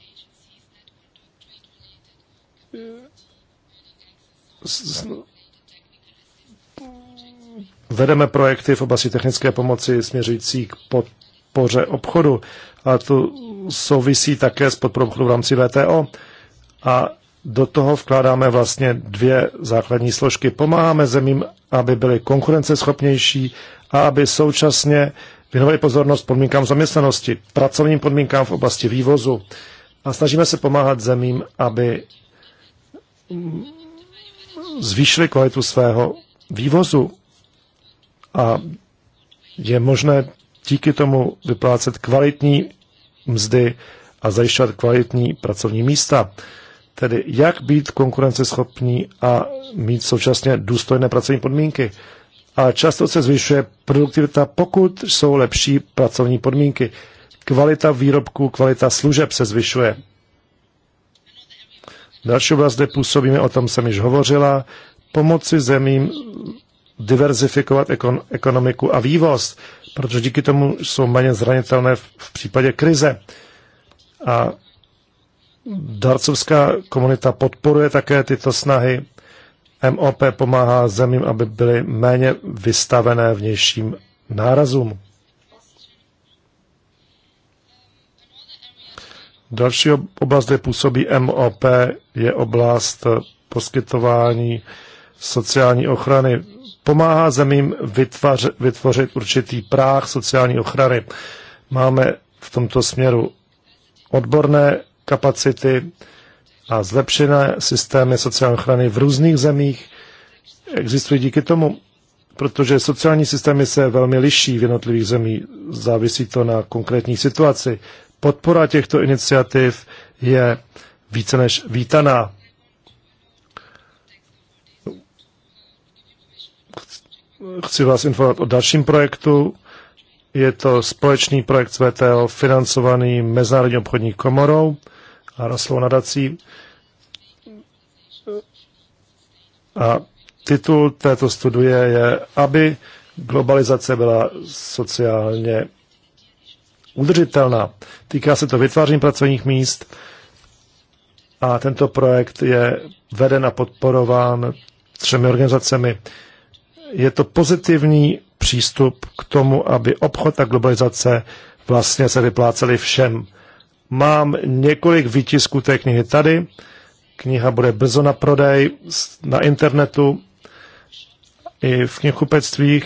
Vedeme projekty v oblasti technické pomoci směřující k podpoře obchodu, ale to souvisí také s podporou obchodu v rámci VTO. A do toho vkládáme vlastně dvě základní složky. Pomáháme zemím, aby byly konkurenceschopnější a aby současně věnovali pozornost podmínkám zaměstnanosti, pracovním podmínkám v oblasti vývozu. A snažíme se pomáhat zemím, aby zvýšili kvalitu svého vývozu a je možné díky tomu vyplácet kvalitní mzdy a zajišťovat kvalitní pracovní místa. Tedy jak být konkurenceschopní a mít současně důstojné pracovní podmínky. A často se zvyšuje produktivita, pokud jsou lepší pracovní podmínky. Kvalita výrobků, kvalita služeb se zvyšuje. Další oblast, kde působíme, o tom jsem již hovořila, pomoci zemím diverzifikovat ekon, ekonomiku a vývoz, protože díky tomu jsou méně zranitelné v, v případě krize. A darcovská komunita podporuje také tyto snahy. MOP pomáhá zemím, aby byly méně vystavené vnějším nárazům. Další oblast, kde působí MOP, je oblast poskytování sociální ochrany pomáhá zemím vytvař, vytvořit určitý práh sociální ochrany. Máme v tomto směru odborné kapacity a zlepšené systémy sociální ochrany v různých zemích. Existují díky tomu, protože sociální systémy se velmi liší v jednotlivých zemích, závisí to na konkrétní situaci. Podpora těchto iniciativ je více než vítaná. chci vás informovat o dalším projektu. Je to společný projekt s VTO financovaný Mezinárodní obchodní komorou a Roslovou nadací. A titul této studie je, aby globalizace byla sociálně udržitelná. Týká se to vytváření pracovních míst a tento projekt je veden a podporován třemi organizacemi je to pozitivní přístup k tomu, aby obchod a globalizace vlastně se vyplácely všem. Mám několik výtisků té knihy tady. Kniha bude brzo na prodej na internetu i v knihkupectvích.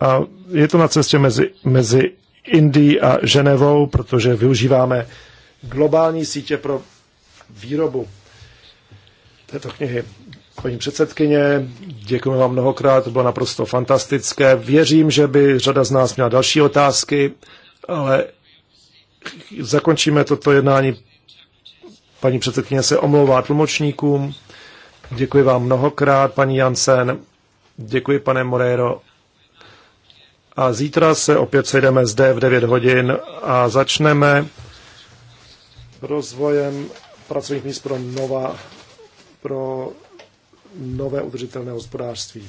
A je to na cestě mezi, mezi Indií a Ženevou, protože využíváme globální sítě pro výrobu této knihy. Paní předsedkyně, děkuji vám mnohokrát, to bylo naprosto fantastické. Věřím, že by řada z nás měla další otázky, ale zakončíme toto jednání. Paní předsedkyně se omlouvá tlumočníkům. Děkuji vám mnohokrát, paní Jansen. Děkuji, pane Moreiro. A zítra se opět sejdeme zde v 9 hodin a začneme rozvojem pracovních míst pro nová pro nové udržitelné hospodářství.